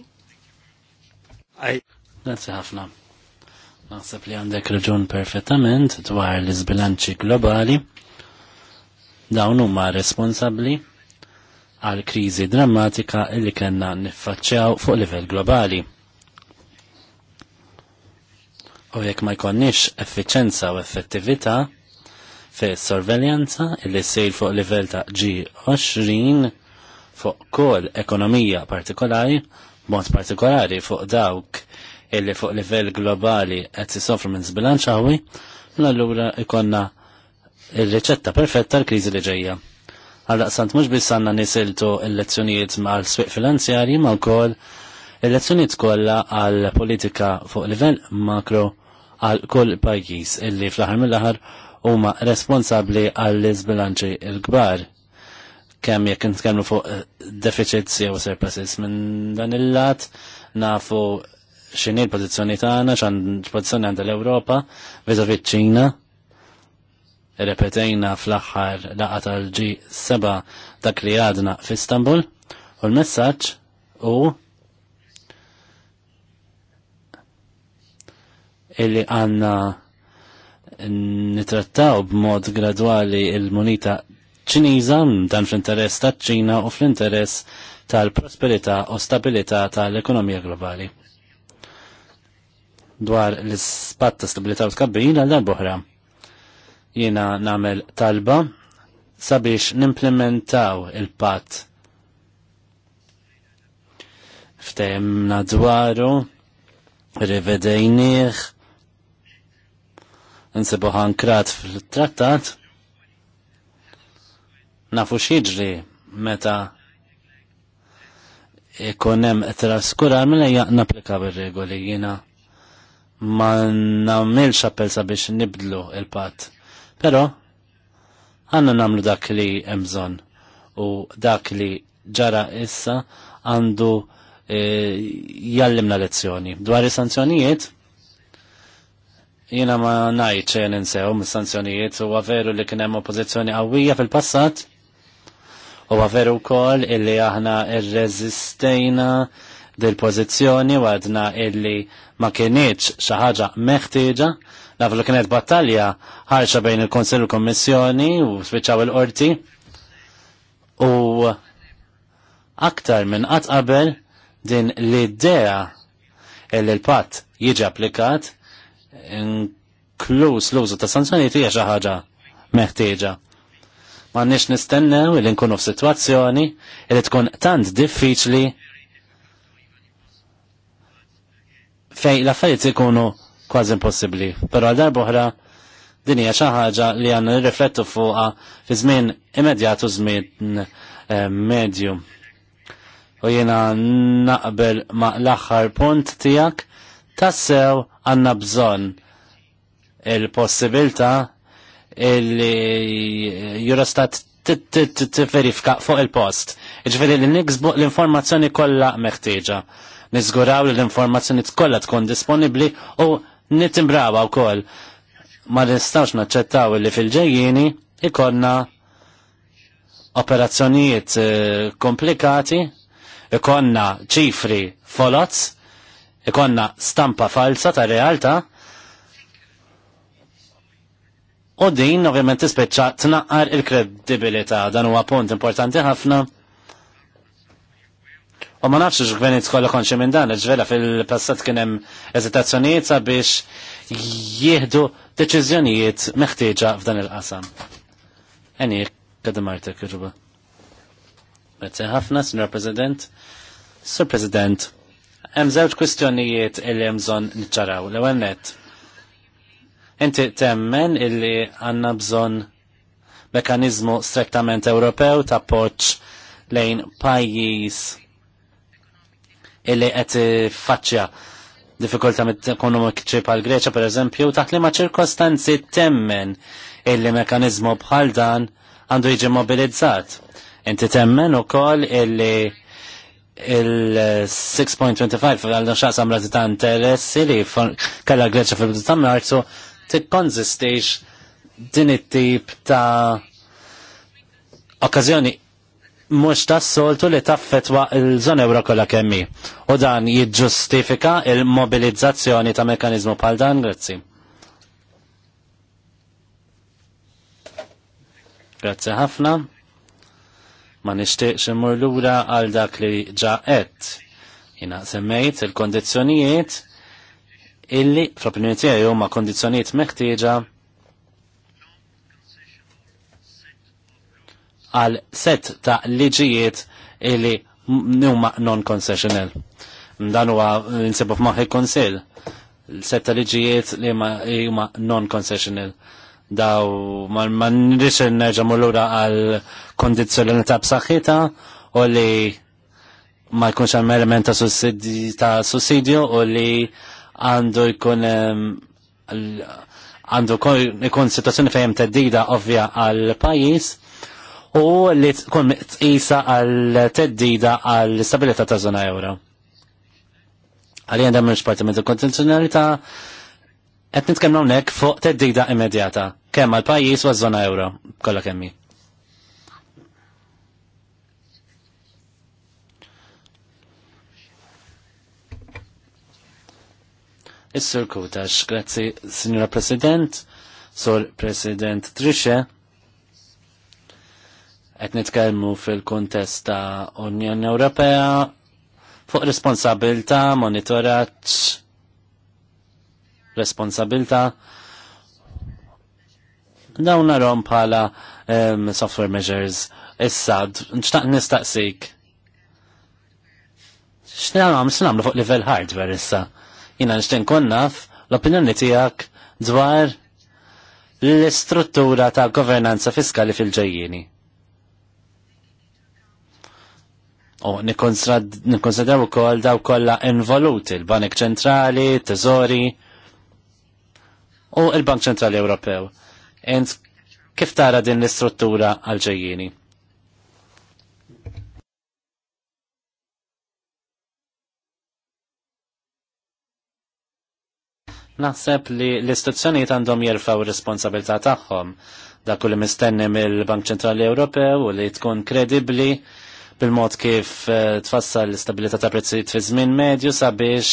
Grazzi ħafna. Naħseb li għandek raġun perfettament dwar l-izbilanċi globali. Dawn huma responsabbli għal kriżi drammatika li kellna niffaċċjaw fuq livell globali. U jekk ma jkollniex effiċenza u effettività, fi sorveljanza illi sejl fuq livell ta' G20 fuq kol ekonomija partikolari, mod partikolari fuq dawk illi fuq livell globali qed isofru minn zbilanċ l allura ikonna il-riċetta perfetta l-kriżi li ġejja. Għal-daqsant mux biss għanna nisiltu il-lezzjonijiet ma' l-swiq finanzjari ma' kol il-lezzjonijiet kolla għal-politika fuq livell makro għal kull pajjiż illi fl-aħħar mill-aħħar huma responsabbli għall sbilanċi l-kbar kemm jekk nitkellmu fuq eh, deficits jew surpluses minn dan il-lat nafu x'inhi l-pożizzjoni tagħna x'għand l-pożizzjoni għand l-Ewropa viżavi ċ-Ċina repetejna fl-aħħar laqgħa tal-G7 dak li għadna f'Istanbul u l-messaġġ u illi għandna nitrattaw b'mod gradwali il-munita ċiniża dan fl-interess taċ-Ċina u fl-interess tal-prosperità u stabilità tal-ekonomija globali. Dwar l-ispat ta' stabilità u tkabbin għal darbohra. Jiena namel talba sabiex nimplementaw il-pat ftemna dwaru rivedejnieħ nsibu ħankrat fil-trattat, nafu xieġri meta ikonem traskurar mill jgħan naplika bil-regoli jina ma namilx appell sabiex nibdlu il-pat. Pero, għanna namlu dak li emżon u dak li ġara issa għandu e, jallimna lezzjoni. Dwar i sanzjonijiet, Jina ma najt xejn insew mis-sanzjonijiet u veru li kien hemm oppożizzjoni qawwija fil-passat u veru wkoll illi aħna rreżistejna dil pożizzjoni u għadna illi ma kienieċ xi ħaġa meħtieġa naf li kienet battalja ħarxa bejn il-Konsil u Kommissjoni u spiċċaw il-qorti u aktar minn qatt qabel din l-idea illi l-patt jiġi applikat inkluż l-użu ta' sanzjonijiet hija xi ħaġa meħtieġa. M'għandniex nistennew li nkunu f'sitwazzjoni li tkun tant diffiċli fej l-affarijiet ikunu kważi impossibbli. Però għal darboħra din hija xi ħaġa li għandna nirriflettu fuqha fi żmien immedjat u żmien eh, medju. U jiena naqbel ma' l-aħħar punt tiegħek tassew għanna bżon il-possibilta il-Eurostat t-verifika fuq il-post. Iġveri li niksbu l-informazzjoni kollha meħtieġa. Nizguraw li l-informazzjoni kollha tkun disponibli u nitimbrawa wkoll. Ma nistawx naċċettaw li fil-ġejjini ikonna operazzjonijiet eh, komplikati, ikonna ċifri folots, ikonna stampa falsa ta' realtà u din ovvjament tispeċċa tnaqqar il-kredibilità dan huwa punt importanti ħafna U ma nafx ġgvenit kollha konxi minn dan, ġvela fil-passat kien hemm eżitazzjonijiet sabiex jieħdu deċiżjonijiet meħtieġa f'dan il-qasam. Eni, kadem martek, ġuba. Grazie ħafna, Sr. President. Sir President, Hemm żewġ kwistjonijiet illi hemm bżonn niċċaraw. L-ewwel nett. Inti temmen illi għandna bżonn mekanizmu strettament Ewropew ta' poċ lejn pajjiż illi qed faċċja diffikultà ekonomiċi bħal Greċja pereżempju taħt liema ċirkostanzi temmen illi mekanizmu bħal dan għandu jiġi mobilizzat. Inti temmen ukoll illi il-6.25 għal xaqsa samra ta' interessi li kalla Greċa fil-bidu ta' marzu tikkonzistix din it-tip ta' okkazjoni mux ta' soltu li fetwa il-żon euro kolla kemmi. U dan jiġġustifika il-mobilizzazzjoni ta' mekanizmu pal dan, grazzi. Grazzi ħafna ma nixtieqx imur lura għal dak li ġa Jina semmejt il-kondizzjonijiet illi fl-opinjoni tiegħi huma kondizjonijiet meħtieġa għal set ta' liġijiet illi huma non-concessional. Dan huwa nsibu f'maħi konsil. Set ta' liġijiet li huma non-concessional daw ma nrix nerġa' lura għal ta' b'saħħitha u li ma jkunx hemm element ta' sussidju ta' sussidju u li għandu jkun għandu jkun situazzjoni fejn teddida ovvja għal pajjiż u li tkun tqisa għal teddida għal stabilità ta' żona euro. Għalli għandha mhux parti minn kontenzjonalità qed nitkellmu hawnhekk fuq teddida immedjata kemm għal pajjiż u żona euro kollha kemmi. Is-Sur Kutax, grazzi Signora President, Sur President Trisce, qed nitkellmu fil-kuntest ta' Unjoni Ewropea fuq responsabilta, monitoraġġ, responsabilta' Dawn rom bħala um, software measures issa nixtaq nistaqsik. X'nagħmlu x'nagħmlu fuq livell hardware issa. Jiena nċtaq nkun naf l-opinjoni tiegħek dwar l-istruttura ta' governanza fiskali fil-ġejjini. U nikkonsidraw ukoll daw kollha involuti l-Banek Ċentrali, Teżori u l-Bank Ċentrali Ewropew. And kif tara din l-istruttura għal-ġejjini? Naħseb li l-istituzzjonijiet għandhom jirfaw responsabilità tagħhom dak li mistenni mill-Bank Ċentrali Ewropew u li tkun kredibbli bil-mod kif eh, tfassal l-istabilità ta' prezzijiet fi żmien medju sabiex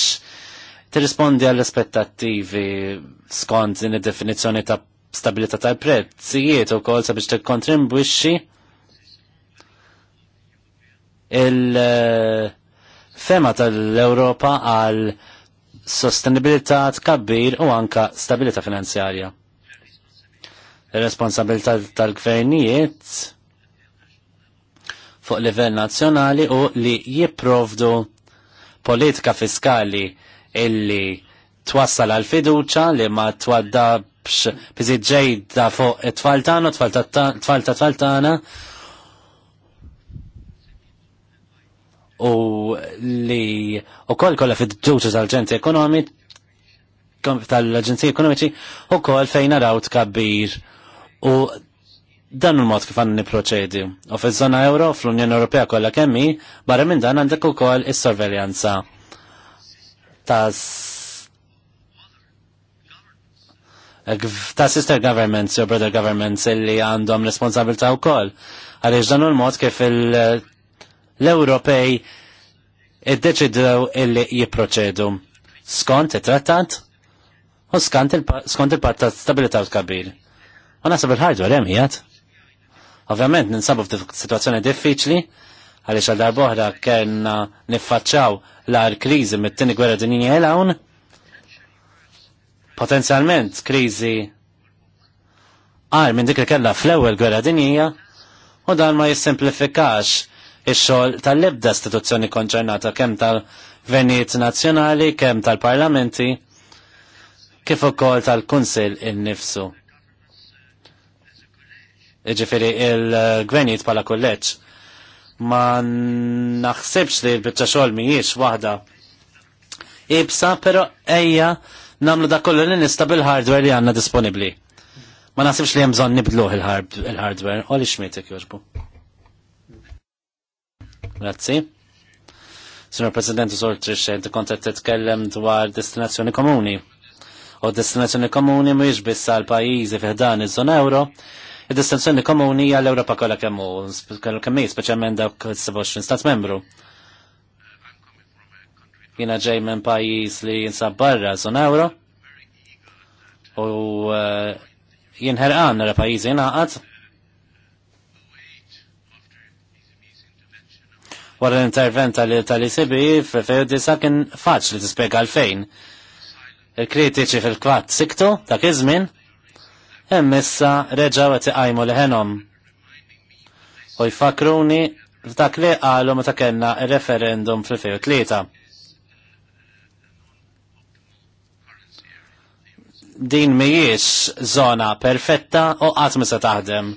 tirrispondi għall-aspettattivi skont din id-definizzjoni ta' stabilità tal-prezzijiet u kol sabiex t-kontribwixi il-fema tal-Europa għal sostenibilità tkabbir u anka stabilità finanzjarja. Il-responsabilità tal-gvernijiet fuq livell nazzjonali u li jipprovdu politika fiskali illi twassal għal fiduċa li ma twadda nitolbx biżid ġejda fuq it-tfal tagħna, tfal ta' tfal tagħna. U li u koll kollha fid-ġuġu tal-ġenti ekonomi tal-Aġenzija Ekonomiċi u koll fejn naraw tkabbir u dan il-mod kif għanni proċedi. U fiż-żona euro fl-Unjoni Ewropea kollha kemmi barra minn dan għandek ukoll is-sorveljanza tas Eh, ta' sister governments jew brother governments illi għandhom responsabilta' wkoll. Għaliex dan il-mod kif l-Ewropej id-deċidu illi jipproċedu skont it-trattat u skont il part ta' stabilita' u tkabbir. U nasab il-ħardwar hemm qiegħed. Ovvjament ninsabu f'sitwazzjoni diffiċli għaliex għal darboħra kellna niffaċċaw l-ar kriżi mit-tieni gwerra dinjini hawn potenzjalment kriżi għar minn dik li kellha fl-ewwel gwerra dinjija u dan ma jissimplifikax ix-xogħol tal-ebda istituzzjoni konċernata kemm tal-gvernijiet nazzjonali, kemm tal-parlamenti, kif ukoll tal-Kunsill innifsu. Iġifieri il-gvernijiet bħala kulleġġ ma naħsibx li l-biċċa xogħol mhijiex waħda ibsa, però ejja namlu da kollu li nista bil-hardware li għanna disponibli. Ma nasibx li jemżon nibdluħ il-hardware. li xmietek joġbu. Grazzi. Signor President, Sor ti kontet titkellem dwar destinazzjoni komuni. U destinazzjoni komuni mux biss għal pajjiżi fiħdan iż żon euro, id-destinazzjoni komuni għall europa kollha kemm hu, kemm dawk 27 stat membru. Jina ġej minn pajis li jinsab barra zon euro u eh, jinħerqan nara pajis jinaqat. Wara l-intervent tal isibi fil-fejn disa kien faċ li tispjega għalfejn. Il-kritiċi fil-kwatt siktu ta' kizmin, emmissa reġaw għati għajmu liħenom. U jfakruni f'dak li għalu ma ta' kena referendum fil-fejn tlieta. din mhijiex żona perfetta u qatt ma se taħdem.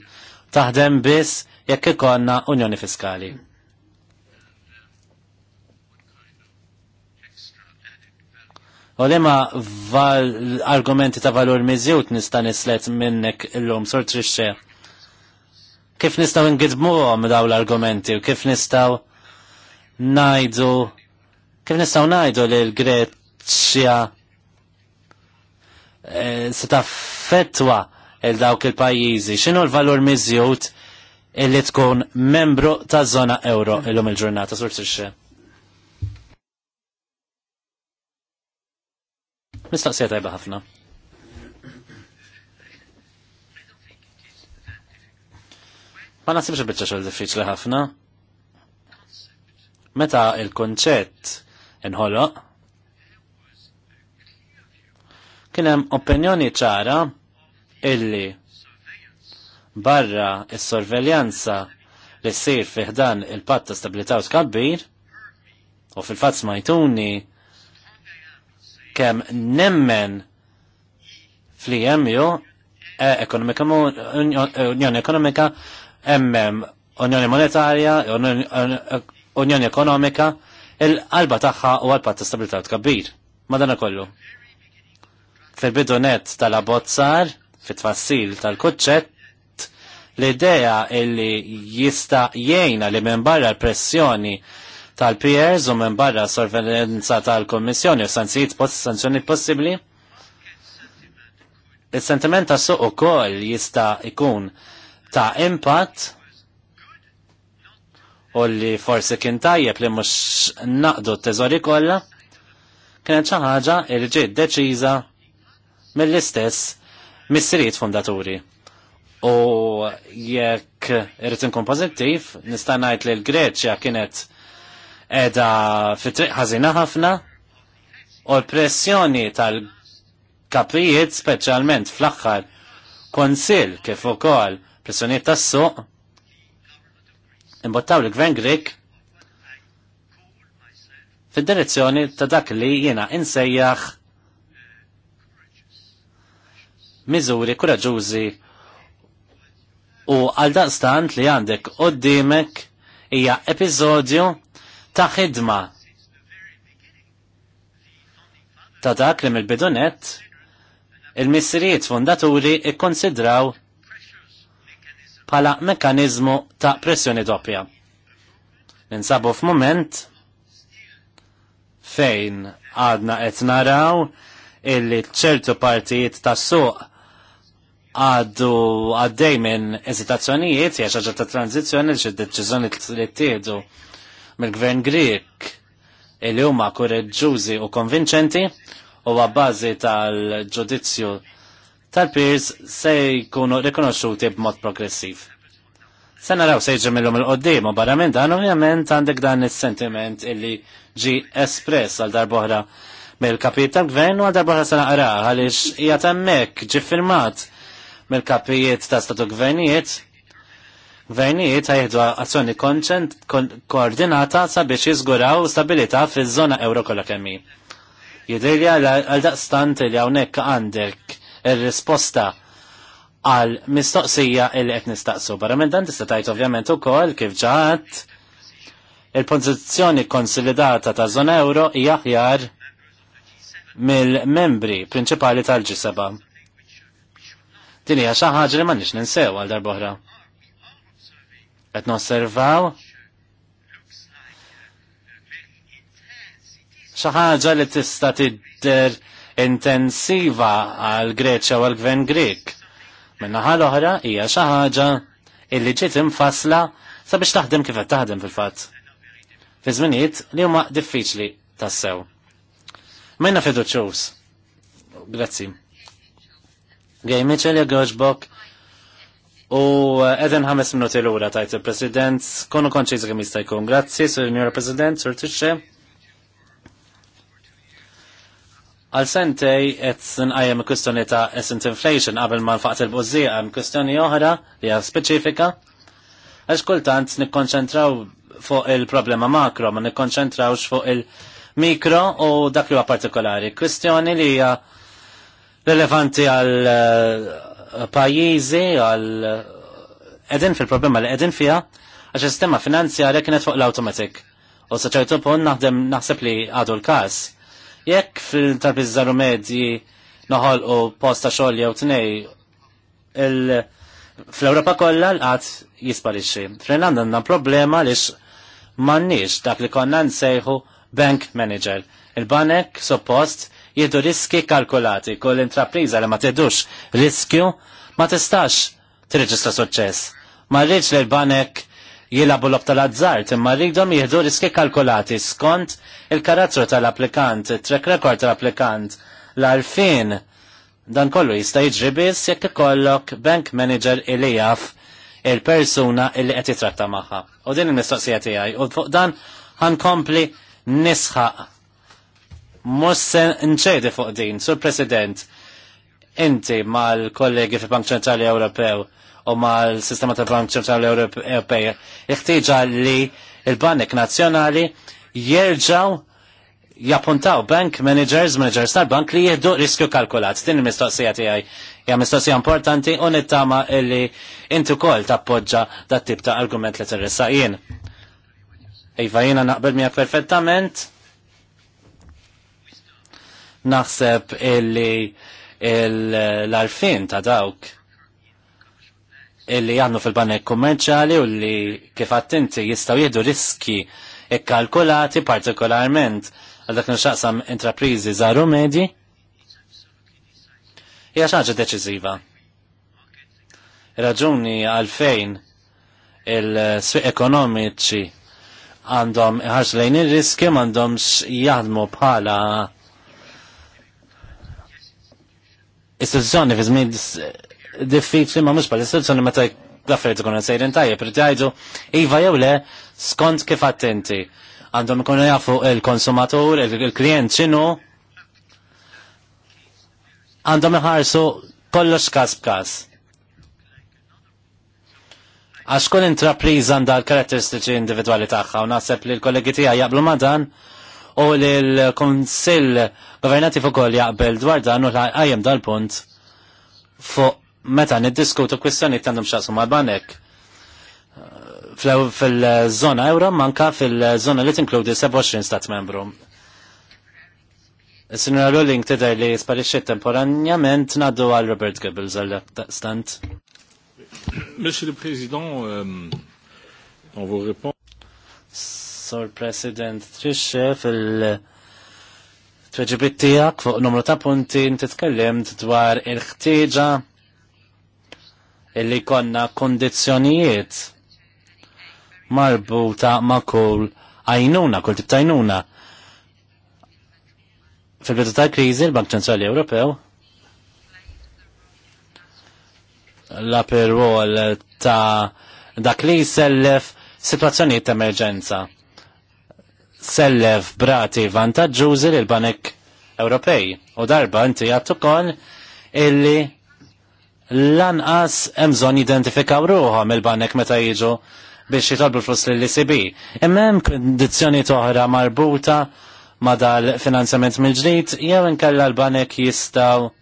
Taħdem biss jekk ikonna Unjoni Fiskali. U ma argumenti ta' valur miżjut nista' nislet minnek illum sur trixxe. Kif nistaw ngidmuhom daw l-argumenti u kif nistaw najdu kif nistaw najdu li l-Greċja Eh, se fetwa il-dawk il-pajjiżi. X'inhu l-valur miżjud illi tkun membru ta' zona euro illum il-ġurnata, sur tixxe. Mistaqsija tajba ħafna. Ma nasibx bieċa xogħol diffiċli ħafna. Meta il-konċett inħoloq, Kienem opinjoni ċara illi barra il sorveljanza li ssir fiħdan il-patta stabilita u skabbir u fil fat smajtuni kem nemmen fl-EMU e ekonomika Unjoni Ekonomika emmem Unjoni Monetarja, Unjoni Ekonomika, il-qalba tagħha u għal-patta stabilità kabbir. Madana kollu, Fil-bidunet tal-abbozzar, fit-tfassil tal-kuċċett, l-idea illi jista jgħina li minn barra l-pressjoni tal-peers u minn barra s-sorvenenza tal-kommissjoni u sanzijiet sanzjoni possibli? Il-sentiment ta' suq u koll jista ikun ta' impatt u li forsi kien tajjeb li mux naqdu t-teżori kolla kienet xaħġa ġiet deċiża mill-istess missiriet fundaturi. U jekk irrid inkun pożittiv, nista' ngħid li l-Greċja kienet qiegħda fi triq ħażina ħafna u l-pressjoni tal-kapijiet speċjalment fl-aħħar konsil kif ukoll pressjonijiet tas-suq imbottaw l-Gvern Grik fid-direzzjoni ta' dak li jiena insejjaħ miżuri kuraġużi u għal daqstant li għandek qoddimek hija episodju ta' ħidma ta' dak li mill-bidunet il missiriet fundaturi ikkonsidraw bħala mekanizmu ta' pressjoni doppja. Ninsabu f'moment fejn għadna qed naraw illi ċertu partijiet tas suq għaddu għaddej minn eżitazzjonijiet, hija xaġa ta' tranzizjoni li xi deċiżjoni li ttieħdu mill-gvern Grik li huma kureġġużi u konvinċenti u għabbażi tal-ġudizzju tal-peers se jkunu rikonoxxuti b'mod progressiv. Se naraw se jġemilhom il-qoddim u barra minn dan ovvjament għandek dan is-sentiment illi ġi espress għal darbohra mill-kapit tal-gvern u għal darbohra se għara għaliex hija temmek ġi firmat mill-kapijiet ta' statu gvernijiet, gvernijiet ħajħdu azzjoni koordinata sabiex jiżguraw stabilità fiż-żona euro kollha kemm hi. għal daqstant li hawnhekk għandek ir-risposta għal mistoqsija il qed nistaqsu. Barra minn dan tista' tajt ovvjament ukoll kif ġaħat il-pożizzjoni konsolidata ta' żona euro hija mill-membri prinċipali tal-G7. Din hija xi ħaġa li m'għandniex ninsew għal darb'oħra. Qed nosservaw xi ħaġa li tista' tidder intensiva għal Greċja u għal gvern Grek. Minna l-oħra hija xi ħaġa illi ġiet imfassla sabiex taħdem kif qed taħdem fil-fatt. Fi żminijiet li huma diffiċli tassew. Minna fiduċjuż. Grazzi. Gej Mitchell jgħagħġbok u eh, edin ħames minuti l-ura tajt il-President, konu konċiż għem jista' jkun. Grazzi, Sur President, Sur Tisce. Għal sentej et nqajjem kustoni ta' essent inflation qabel ma faqt il-bużija hemm kustoni oħra li hija speċifika. Għax kultant nikkonċentraw fuq il-problema makro, ma nikkonċentrawx fuq il-mikro u dak li huwa partikolari. Kwistjoni li hija l-elefanti għal eh, pajjiżi għal edin fil-problema li edin fija għax sistema finanzjarja kienet fuq l automatik U saċajtu pun naħdem naħseb li għadu l-kas. Jekk fil-tarpizzaru medji noħol u posta xogħol jew tnej fl-Ewropa kollha l-qatt jisparixxi. Fl-Irlanda għandna problema lix m'għandniex dak li konna nsejħu bank manager. Il-banek suppost jiddu riski kalkulati. Kull intrapriza li ma tiddux riskju ma tistax tirreġistra suċċess. Ma rridx li l-banek jilabu l-ob tal-azzart, imma rridhom jieħdu riski kalkulati skont il-karattru tal-applikant, track record tal-applikant, l-arfin. Dan kollu jista' jiġri biss jekk ikollok bank manager ilijaf jaf il-persuna illi qed jitratta magħha. U din il-mistoqsija tiegħi u fuq dan ħankompli nisħaq mhux se nċejdi fuq din, sur President, inti mal-kollegi fil Bank Ċentrali Ewropew u mal-sistema tal Bank Ċentrali Ewropej, iħtieġa li il-Banek Nazzjonali jirġaw jappuntaw bank managers, managers tal-bank li jihdu riskju kalkulat. Din il-mistoqsija tiegħi hija mistoqsija importanti u nittama illi inti wkoll tappoġġa dat tip ta' argument li t-rissa jien. Iva jiena naqbel mija perfettament naħseb illi l-arfin ta' dawk illi għannu fil-banek kummerċali u li kif attenti jistaw jihdu riski ikkalkulati partikolarment għal dak nxaqsam intraprizi zaru medji hija xaġa deċiżiva. Raġuni għalfejn il-sfiq ekonomiċi għandhom ħarġ lejn ir-riski m'għandhomx jaħdmu bħala istituzzjoni fi żmien diffiċli ma mhux bħal-istituzzjoni meta l-affarijiet ikunu sejrin tajjeb irid jgħidu iva jew le skont kif attenti. Għandhom ikunu jafu il-konsumatur, il-klient x'inhu għandhom iħarsu kollox kas b'kas. Għax kull intrapriż għandha l-karatteristiċi individwali tagħha u naħseb li l-kollegi tiegħi jaqblu ma' dan u l-Konsil konsill Governattiv ukoll jaqbel dwar dan u għajem dal-punt fuq meta niddiskutu kwistjoni tandum xaqsu mal-banek fil-zona euro manka fil-zona li tinkludi 27 stat membru. Sinura Rulling tidher li sparixxiet temporanjament ngħaddu għal Robert Goebbels għal stant. Monsieur le Président, on euh, vous répond. Sur President Trisce fil- tweġibit tijak fuq numru ta' punti titkellimt dwar il-ħtieġa illi konna kondizjonijiet marbuta ma' kull għajnuna, kull tip tajnuna. Fil-bidu ta' krizi, l-Bank Ċentrali Ewropew la per ta' dak li jsellef situazzjonijiet ta' emerġenza tsellef brati vantagġużi lil banek Ewropej. U darba inti għattu kol illi lanqas emżon identifikaw ruħom il-banek meta jiġu biex jitolbu flus l-ECB. Imma hemm toħra marbuta ma dal-finanzjament mill-ġdid jew inkella l-banek jistgħu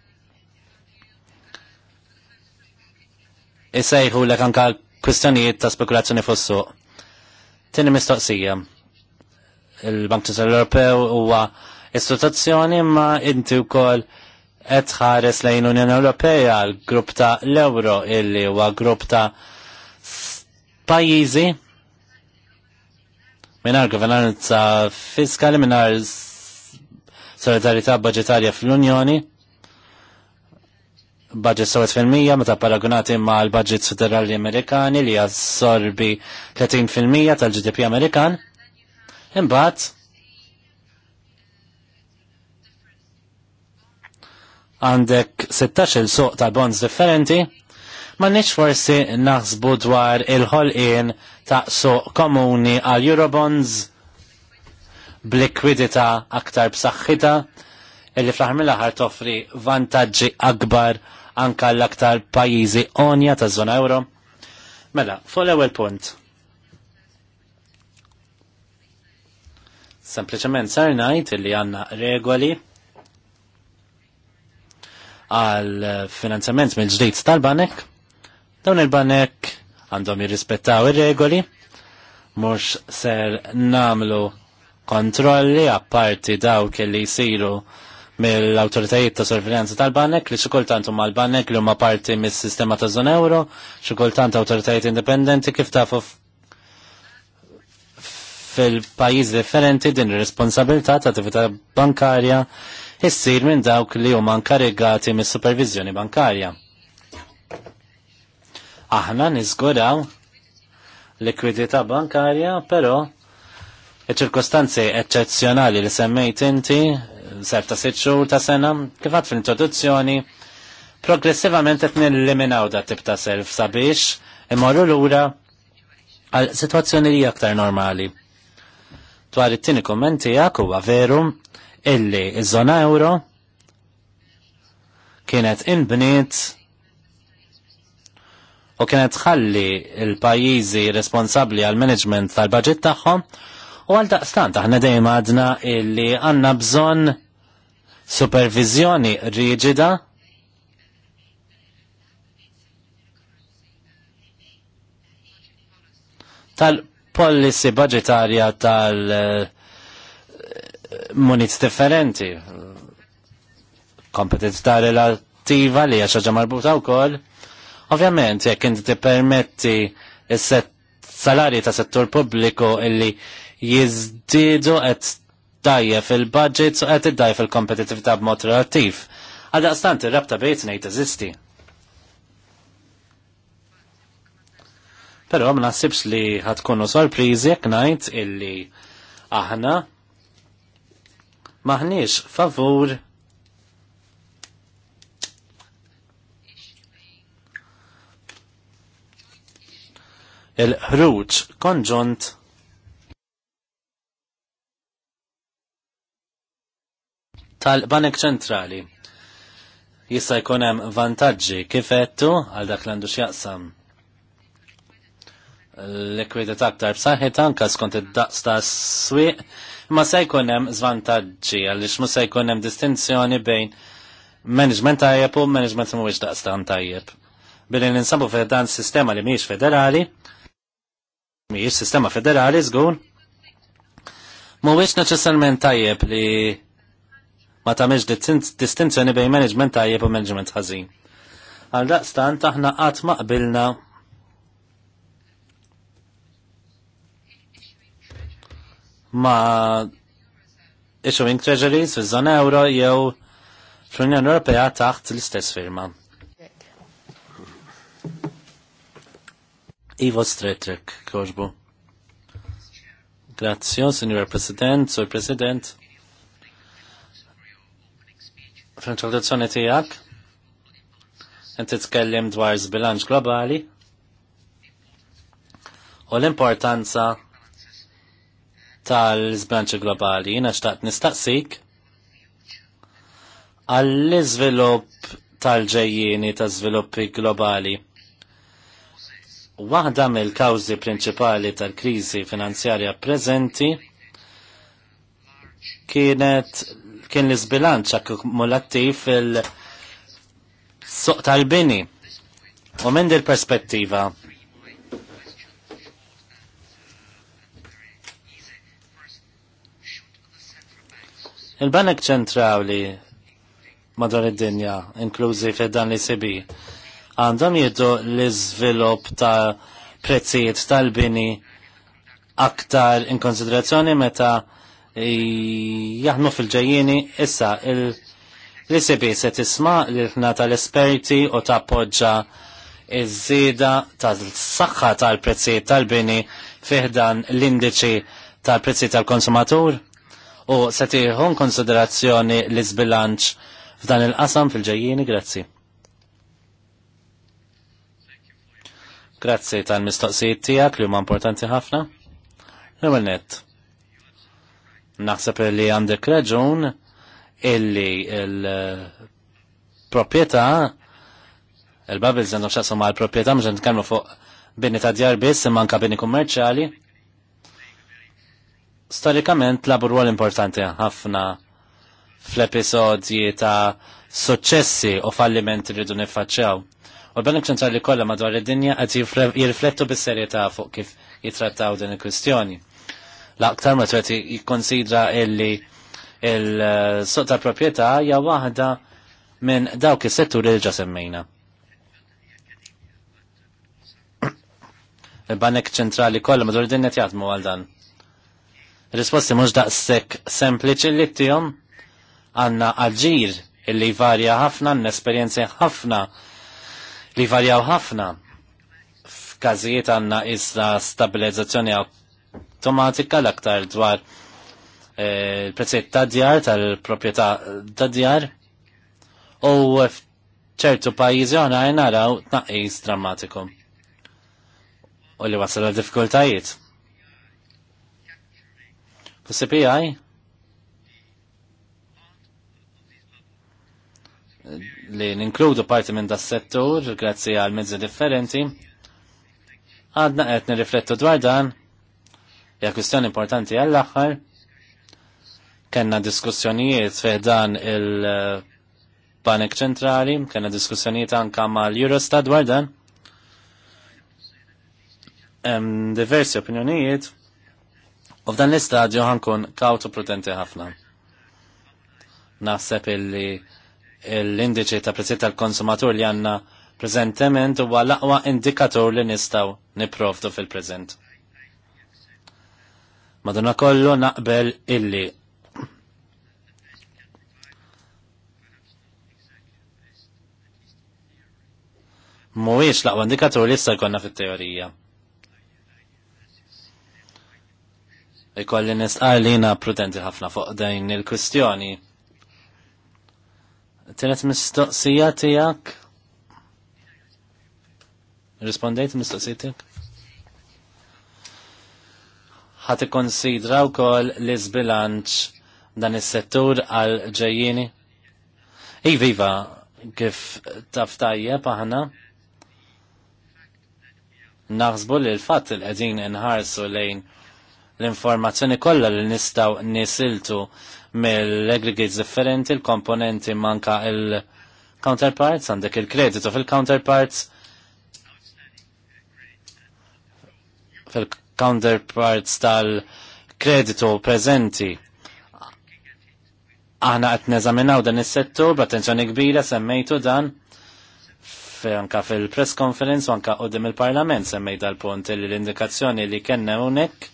isejħu l anka kwistjonijiet ta' spekulazzjoni fuq suq. Tieni mistoqsija il-Bank Ċentrali Ewropew huwa istituzzjoni ma inti wkoll qed ħares lejn Unjoni Ewropea l-grupp ta' l-Euro illi huwa grupp ta' pajjiżi minar governanza fiskali minar solidarità budgetarja fl-Unjoni budget sowet fil-mija meta paragunati ma l-budget federali Amerikani li jassorbi 30% tal-GDP Amerikan Imbagħad għandek 16 il suq ta' bonds differenti, ma nix forsi naħsbu dwar il-ħolqien ta' suq komuni għal Eurobonds b'likwidità aktar b'saħħita illi fl-aħħar mill-aħħar toffri vantaġġi akbar anka l-aktar pajjiżi onja ta' żona euro. Mela, fuq l-ewwel punt. Sempliċement sar ngħid li għandna regoli għal finanzjament mill-ġdid tal-banek. Dawn il-banek għandhom jirrispettaw ir-regoli, mhux ser namlu kontrolli apparti dawk li jsiru mill-autoritajiet ta' sorveljanza tal-banek li xikultant huma l-banek li huma parti mis-sistema ta' zon euro, xikultant autoritajiet indipendenti kif tafu fil pajiz differenti din ir-responsabilità ta' attività bankarja issir minn dawk li huma nkarigati mis-supervizjoni bankarja. Aħna niżguraw likwidità bankarja, però iċ-ċirkostanzi eccezzjonali li semmejt inti ser ta' sitt xhur ta' sena kif għad fil-introduzzjoni progressivament qed nilliminaw dat tip ta' self sabiex imorru lura għal situazzjoni li aktar normali. Dwar it-tieni kumment tiegħek huwa veru illi iż-żona euro kienet inbniet u kienet ħalli il-pajjiżi responsabbli għal management tal baġit tagħhom u għal daqstant aħna dejjem għadna illi għandna bżonn supervizjoni riġida tal policy budgetarja tal eh, muniz differenti. ta' relattiva li għaxa ġa marbuta u koll. Ovvjament, jekk inti permetti il-set salari ta' settur pubbliku illi jizdidu għed dajja fil-budget u għed id fil-kompetitività b'mod relattiv. Għadda stant, rabta bejt nejt eżisti. Pero għam nasibs li ħatkunu sorprizi jekk ngħid illi aħna maħniex favur il-ħruġ konġunt tal-Banek Ċentrali. Jista' jkun hemm vantaġġi kif kifettu għal dak l-għandu x'jaqsam l-likwidità aktar b'saħħit anka skont id-daqs ta' swieq ma se jkun hemm żvantaġġi għaliex mhux se jkun hemm distinzjoni bejn management tajjeb u management mhuwiex daqs ta' tajjeb. Billi ninsabu f'dan sistema li mhijiex federali, mhijiex sistema federali żgur, mhuwiex neċessarment tajjeb li ma tagħmilx distinzjoni bejn management tajjeb u management ħażin. Għal daqstant aħna qatt ma qbilna ma' issuing treasuries fi zona euro jew fl-Unjoni Ewropea taħt l-istess firma. Ivo Stretrek, Koġbu. Grazie, Signor President, signor President. Fl-introduzzjoni tijak, jent titkellem dwar z-bilanċ globali u l-importanza tal-izbranċi globali. Jina xtaqt nistaqsik għall-izvilup tal-ġejjini ta' sviluppi globali. Waħda mill-kawzi prinċipali tal-krizi finanzjarja preżenti kienet kien l-izbilanċ akkumulattiv fil-suq tal-bini. U minn dil perspettiva Il-Banek ċentrali madwar id-dinja, inklużi fid-dan li sibi, għandhom jiddu l-izvilup ta' prezzijiet tal-bini aktar in konsiderazzjoni meta jaħnu fil-ġajjini issa l-ICB se tisma l-ħna tal-esperti u tappoġġa iż-żieda tal-saħħa tal-prezzijiet tal-bini fiħdan l-indiċi tal-prezzijiet tal-konsumatur? u se konsiderazzjoni l zbilanċ f'dan il-qasam fil ġajjini grazzi. Grazzi tal-mistoqsijiet tiegħek li huma importanti ħafna. Ewwel Naħseb li għandek raġun illi il-proprjetà il babil għandhom xaqsu ma' l-proprjetà mhux nitkellmu fuq bini ta' djar biss imma anke bini kummerċjali storikament labur għal importanti ħafna fl-episodji ta' successi u fallimenti rridu nifacċaw. U l-Bank ċentrali kollha madwar id-dinja qed jirriflettu bis-serjetà fuq kif jitrattaw din il-kwistjoni. L-aktar ma t-għati jikkonsidra illi il-suq ta' proprjetà hija waħda minn dawk is-setturi li ġa semmejna. Il-Banek ċentrali kollha madwar id-dinja jaħdmu għal dan Risposti mhux daqshekk sempliċi li tihom għandna aġir illi varja ħafna, għanna esperjenzi ħafna li varjaw ħafna. F'każijiet għandna issa stabilizzazzjoni automatika l-aktar dwar eh, il-prezzijiet ta' djar tal-proprjetà ta' djar u ċertu pajjiżi għana naraw tnaqqis drammatiku u li wasal għal diffikultajiet Fis-CPI li ninkludu parti minn das settur grazzi għal mezzi differenti għadna qed nirriflettu dwar dan hija kustjoni importanti għall aħħar kenna diskussjonijiet fih dan il-Banek Ċentrali, kenna diskussjonijiet anka mal-Eurostat dwar dan. Hemm diversi opinjonijiet U f'dan l-istadju ħankun kawtu prudenti ħafna. Naħseb illi l-indiċi ta' prezzi tal-konsumatur li għanna prezentement huwa l-aqwa indikator li nistaw niprofdu fil-prezent. Madonna kollu naqbel illi Mwix laqwa indikator li jista' jkollna fit-teorija. Ikolli nistqar li jina prudenti ħafna fuq dajn il-kustjoni. Tenet mistoqsija tijak? Rispondejt mistoqsija tijak? konsidra u wkoll li zbilanċ dan is-settur għal ġejjini? Iviva, kif taf tajjeb aħna? Naħsbu li l-fatt il qegħdin inħarsu lejn l-informazzjoni kollha li nistgħu nisiltu mill-aggregates differenti, l-komponenti manka il-counterparts, għandek il-kreditu fil-counterparts, fil-counterparts tal-kreditu prezenti. Aħna qed neżaminaw dan is-settur b'attenzjoni kbira semmejtu dan anka fil-press conference u anka qudiem il-Parlament semmejt dal-punt li l-indikazzjoni li kenna hawnhekk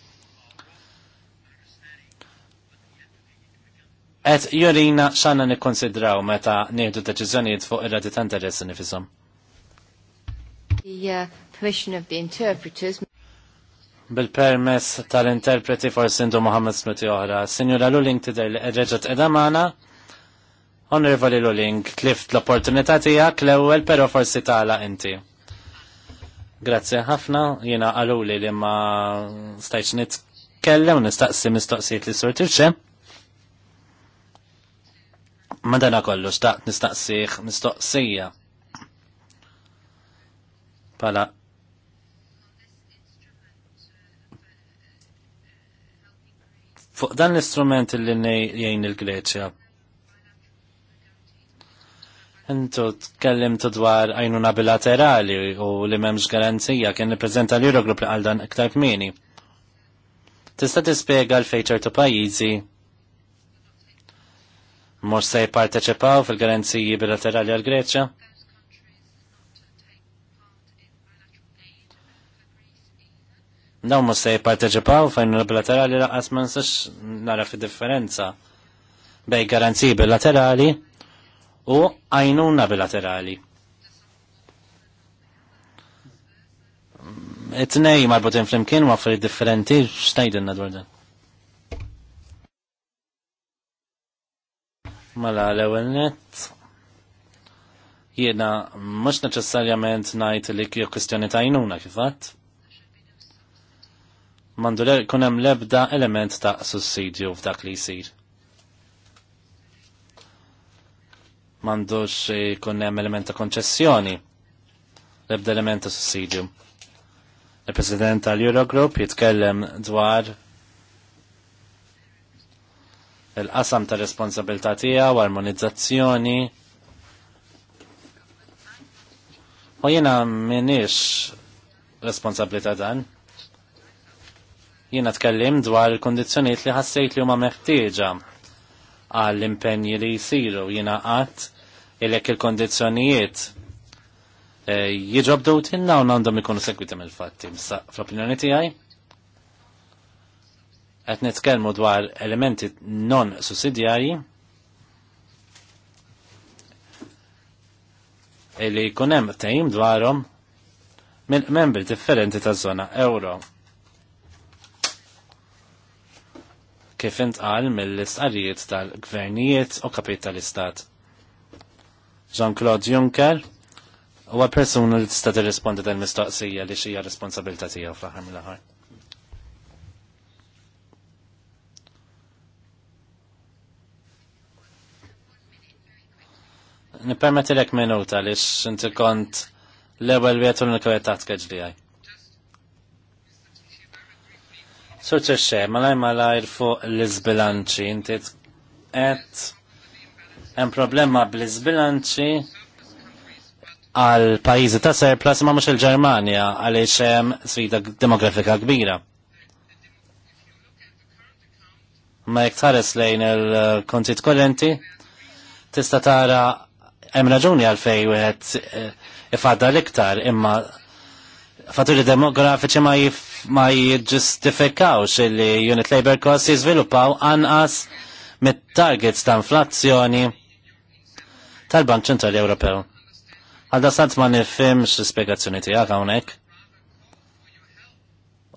Et jorina xanna nikkonsidraw meta nieħdu deċiżjonijiet fuq ir-rati ta' interess nifisom. Uh, Bil-permess tal-interpreti forsi indu Muhammad Smuti oħra. Sinjura Luling tidher li reġgħet edamana. magħna. Onorevoli Luling, tlift l-opportunità tiegħek l-ewwel però forsi tagħlaq inti. Grazie ħafna, jiena għaluli li ma stajċ nitkellem, nistaqsi mistoqsijiet li sortirċe. Madana kollu xtaqt nistaqsiħ mistoqsija. Pala fuq dan l-istrument li jgħin il-Greċja. Intu tkellimtu dwar għajnuna bilaterali u li memx garanzija kien nippreżenta l-Eurogroup li għaldan dan iktar kmini. Tista' tispjega l-fejċer ta' pajjiżi mhux se jipparteċipaw fil-garanziji bilaterali għal Greċja. Daw mhux se jipparteċipaw fejn bilaterali laqas ma nistax nara fi differenza bej garanziji bilaterali u għajnuna bilaterali. It-nej marbutin fl-imkien ma' differenti x'tajdinna dwar Mala l-ewwel nett jiena mhux neċessarjament ngħid li kjo kwistjoni ta' jnuna kifat. Mandu kun hemm l-ebda element ta' sussidju f'dak li jsir. mandux e, kun hemm element ta' konċessjoni. L-ebda element ta' sussidju. Il-President tal-Eurogroup jitkellem dwar il-qasam ta' responsabilità tiegħu armonizzazzjoni. U jiena m'iniex responsabilità dan. Jiena tkellim dwar il kundizzjonijiet li ħassejt li huma meħtieġa għall impenji li jisiru jiena qatt il-ek il kundizzjonijiet eh, jiġobdu tinna u għandhom ikunu segwiti mill-fatti. fl-opinjoni tiegħi? qed nitkellmu dwar elementi non sussidjarji illi jkun hemm tejjim dwarhom minn membri differenti taż-żona euro. Kif intqal mill-istqarrijiet tal-gvernijiet u kapit tal-istat. Jean-Claude Juncker huwa persuna li tista' tirrispondi tal-mistoqsija li xija responsabilità tiegħu fl-aħħar mill-aħħar. l-ek minuta li xinti kont l-ewel vietu l-nikoletat għaj. Surċi xe, malaj malaj fuq l-izbilanċi, inti et hemm problema bl-izbilanċi għal pajizi ta' surplus ma' mux il-Germania għaliex hemm sfida demografika kbira. Ma jek tħares lejn il-kontit korrenti, tista' tara hemm raġuni għalfej wieħed eh, ifadda l-iktar imma fatturi demografiċi ma, ma jġustifikawx li unit labor cost jiżviluppaw anqas mit-targets ta' inflazzjoni tal-Bank Ċentrali Ewropew. Għalda sant ma nifhimx l ispjegazzjoni tiegħek hawnhekk.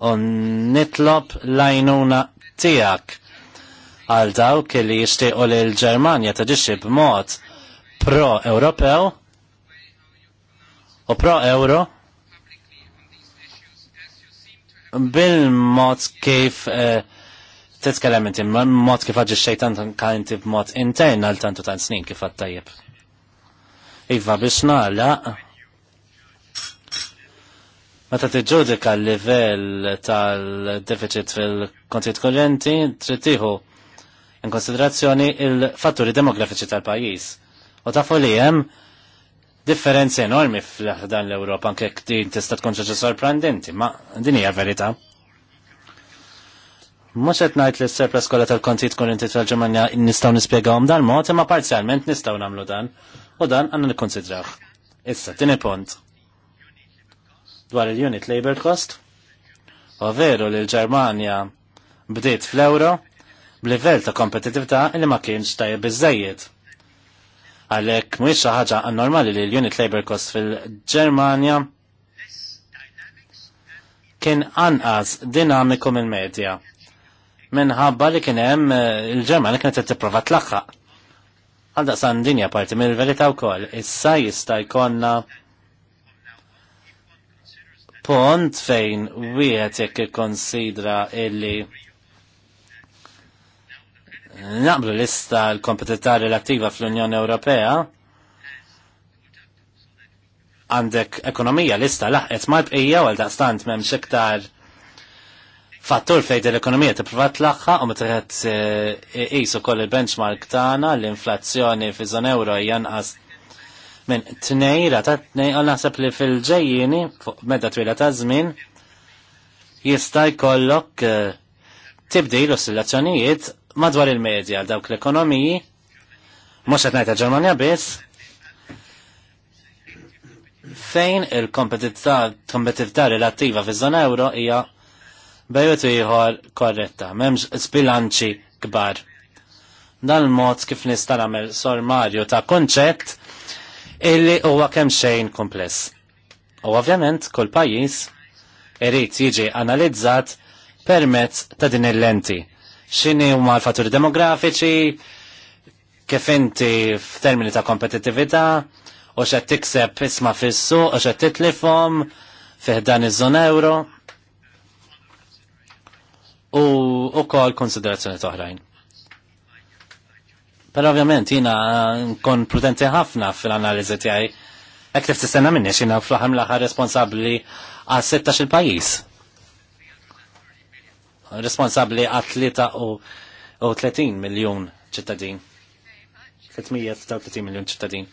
U nitlob lajnuna tiegħek għal dawk li jixtiequ lil Ġermanja taġixxi b'mod pro-Ewropew u pro-Euro bil-mod kif eh, titkellem inti, mod kif għagġi xejtan kan inti b'mod intern għal tantu tant snin kif għattajib. Iva biex nagħlaq. Meta tiġġudika l-livell tal-deficit fil-kontijiet kurrenti, trid in konsiderazzjoni il-fatturi demografiċi tal-pajjiż U tafu li hemm differenzi enormi f'dan l-Ewropa anke din tista' tkun xaġa sorprendenti, ma din hija verità. Mhux qed ngħid li s-serpla skola tal-konti tkun inti tal-Ġermanja nistgħu nispjegawhom dan mod, imma parzjalment nistgħu nagħmlu dan u dan għandna nikkonsidrawh. Issa, tieni punt. Dwar il-unit labor cost, u veru li l-Ġermanja bdiet fl-euro b'livell ta' kompetitività li ma kienx tajjeb biżejjed Għalhekk mhuwiex xi ħaġa anormali li l-Unit Labor Cost fil-Ġermanja kien anqas dinamiku mill-medja. Minħabba li kien hemm eh, il-Ġermanja kienet qed tipprova tlaħħaq. Għaldaq san dinja parti mill-verità wkoll, issa jista' jkollna pont fejn wieħed jekk ikkonsidra illi naqblu lista l kompetitari relattiva fl-Unjoni Ewropea għandek ekonomija lista laħqet ma bqija għal daqstant memx iktar fattur fejn l-ekonomija tipprova laħħa u meta qed eh, koll il-benchmark tagħna l-inflazzjoni fi żon euro janqas nqas minn tnejra ta' tnej u naħseb li fil-ġejjini fuq medda twila ta' żmien jista' jkollok eh, tibdil oscillazzjonijiet madwar il-medja dawk l-ekonomiji, mhux qed ngħid Ġermanja biss, fejn il-kompetitività relattiva fiż-żona euro hija bejwet ieħor korretta, m'hemmx spilanċi kbar. Dan il-mod kif nista' nagħmel sormarju ta' konċett illi huwa kemm xejn kompless. U ovvjament kull pajjiż irid jiġi analizzat permezz ta' din il-lenti x'inhi huma l-fatturi demografiċi, kif inti f'termini ta' kompetitività, u xa tikseb isma fissu, u xa titlifom fiħdan iż-żon euro u u kol konsiderazzjoni toħrajn. Pero ovvjament jina nkun prudenti ħafna fil-analizi tiegħi. t tiftistenna minni xina fl-aħħar l-aħħar responsabbli għal 16 il-pajjiż responsabli għat u 30 miljon ċittadin. 330 miljon ċittadin.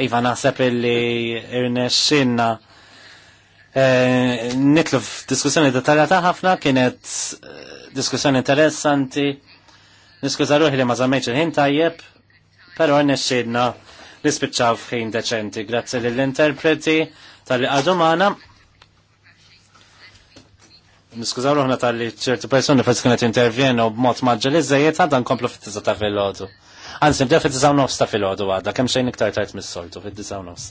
Iva naħseb li irnexxinna e, nitlu f'diskussjoni dettaljata ħafna kienet eh, diskussjoni interessanti. Niskuża ruħi li ma il-ħin tajjeb, però rnexxinna nispiċċaw f'ħin deċenti. Grazzi lill-interpreti tal-li għadu maħna. Niskużaw ruħna tal-li ċertu personi fess kienet intervjenu b'mod maġġel iżżejjed għadha nkomplu fit-tisa ta' fil-ħodu. Għansi, bdew fit-tisa nofs ta' fil-ħodu għadha, kemm xejn iktar tajt mis-soltu fit-tisa nofs.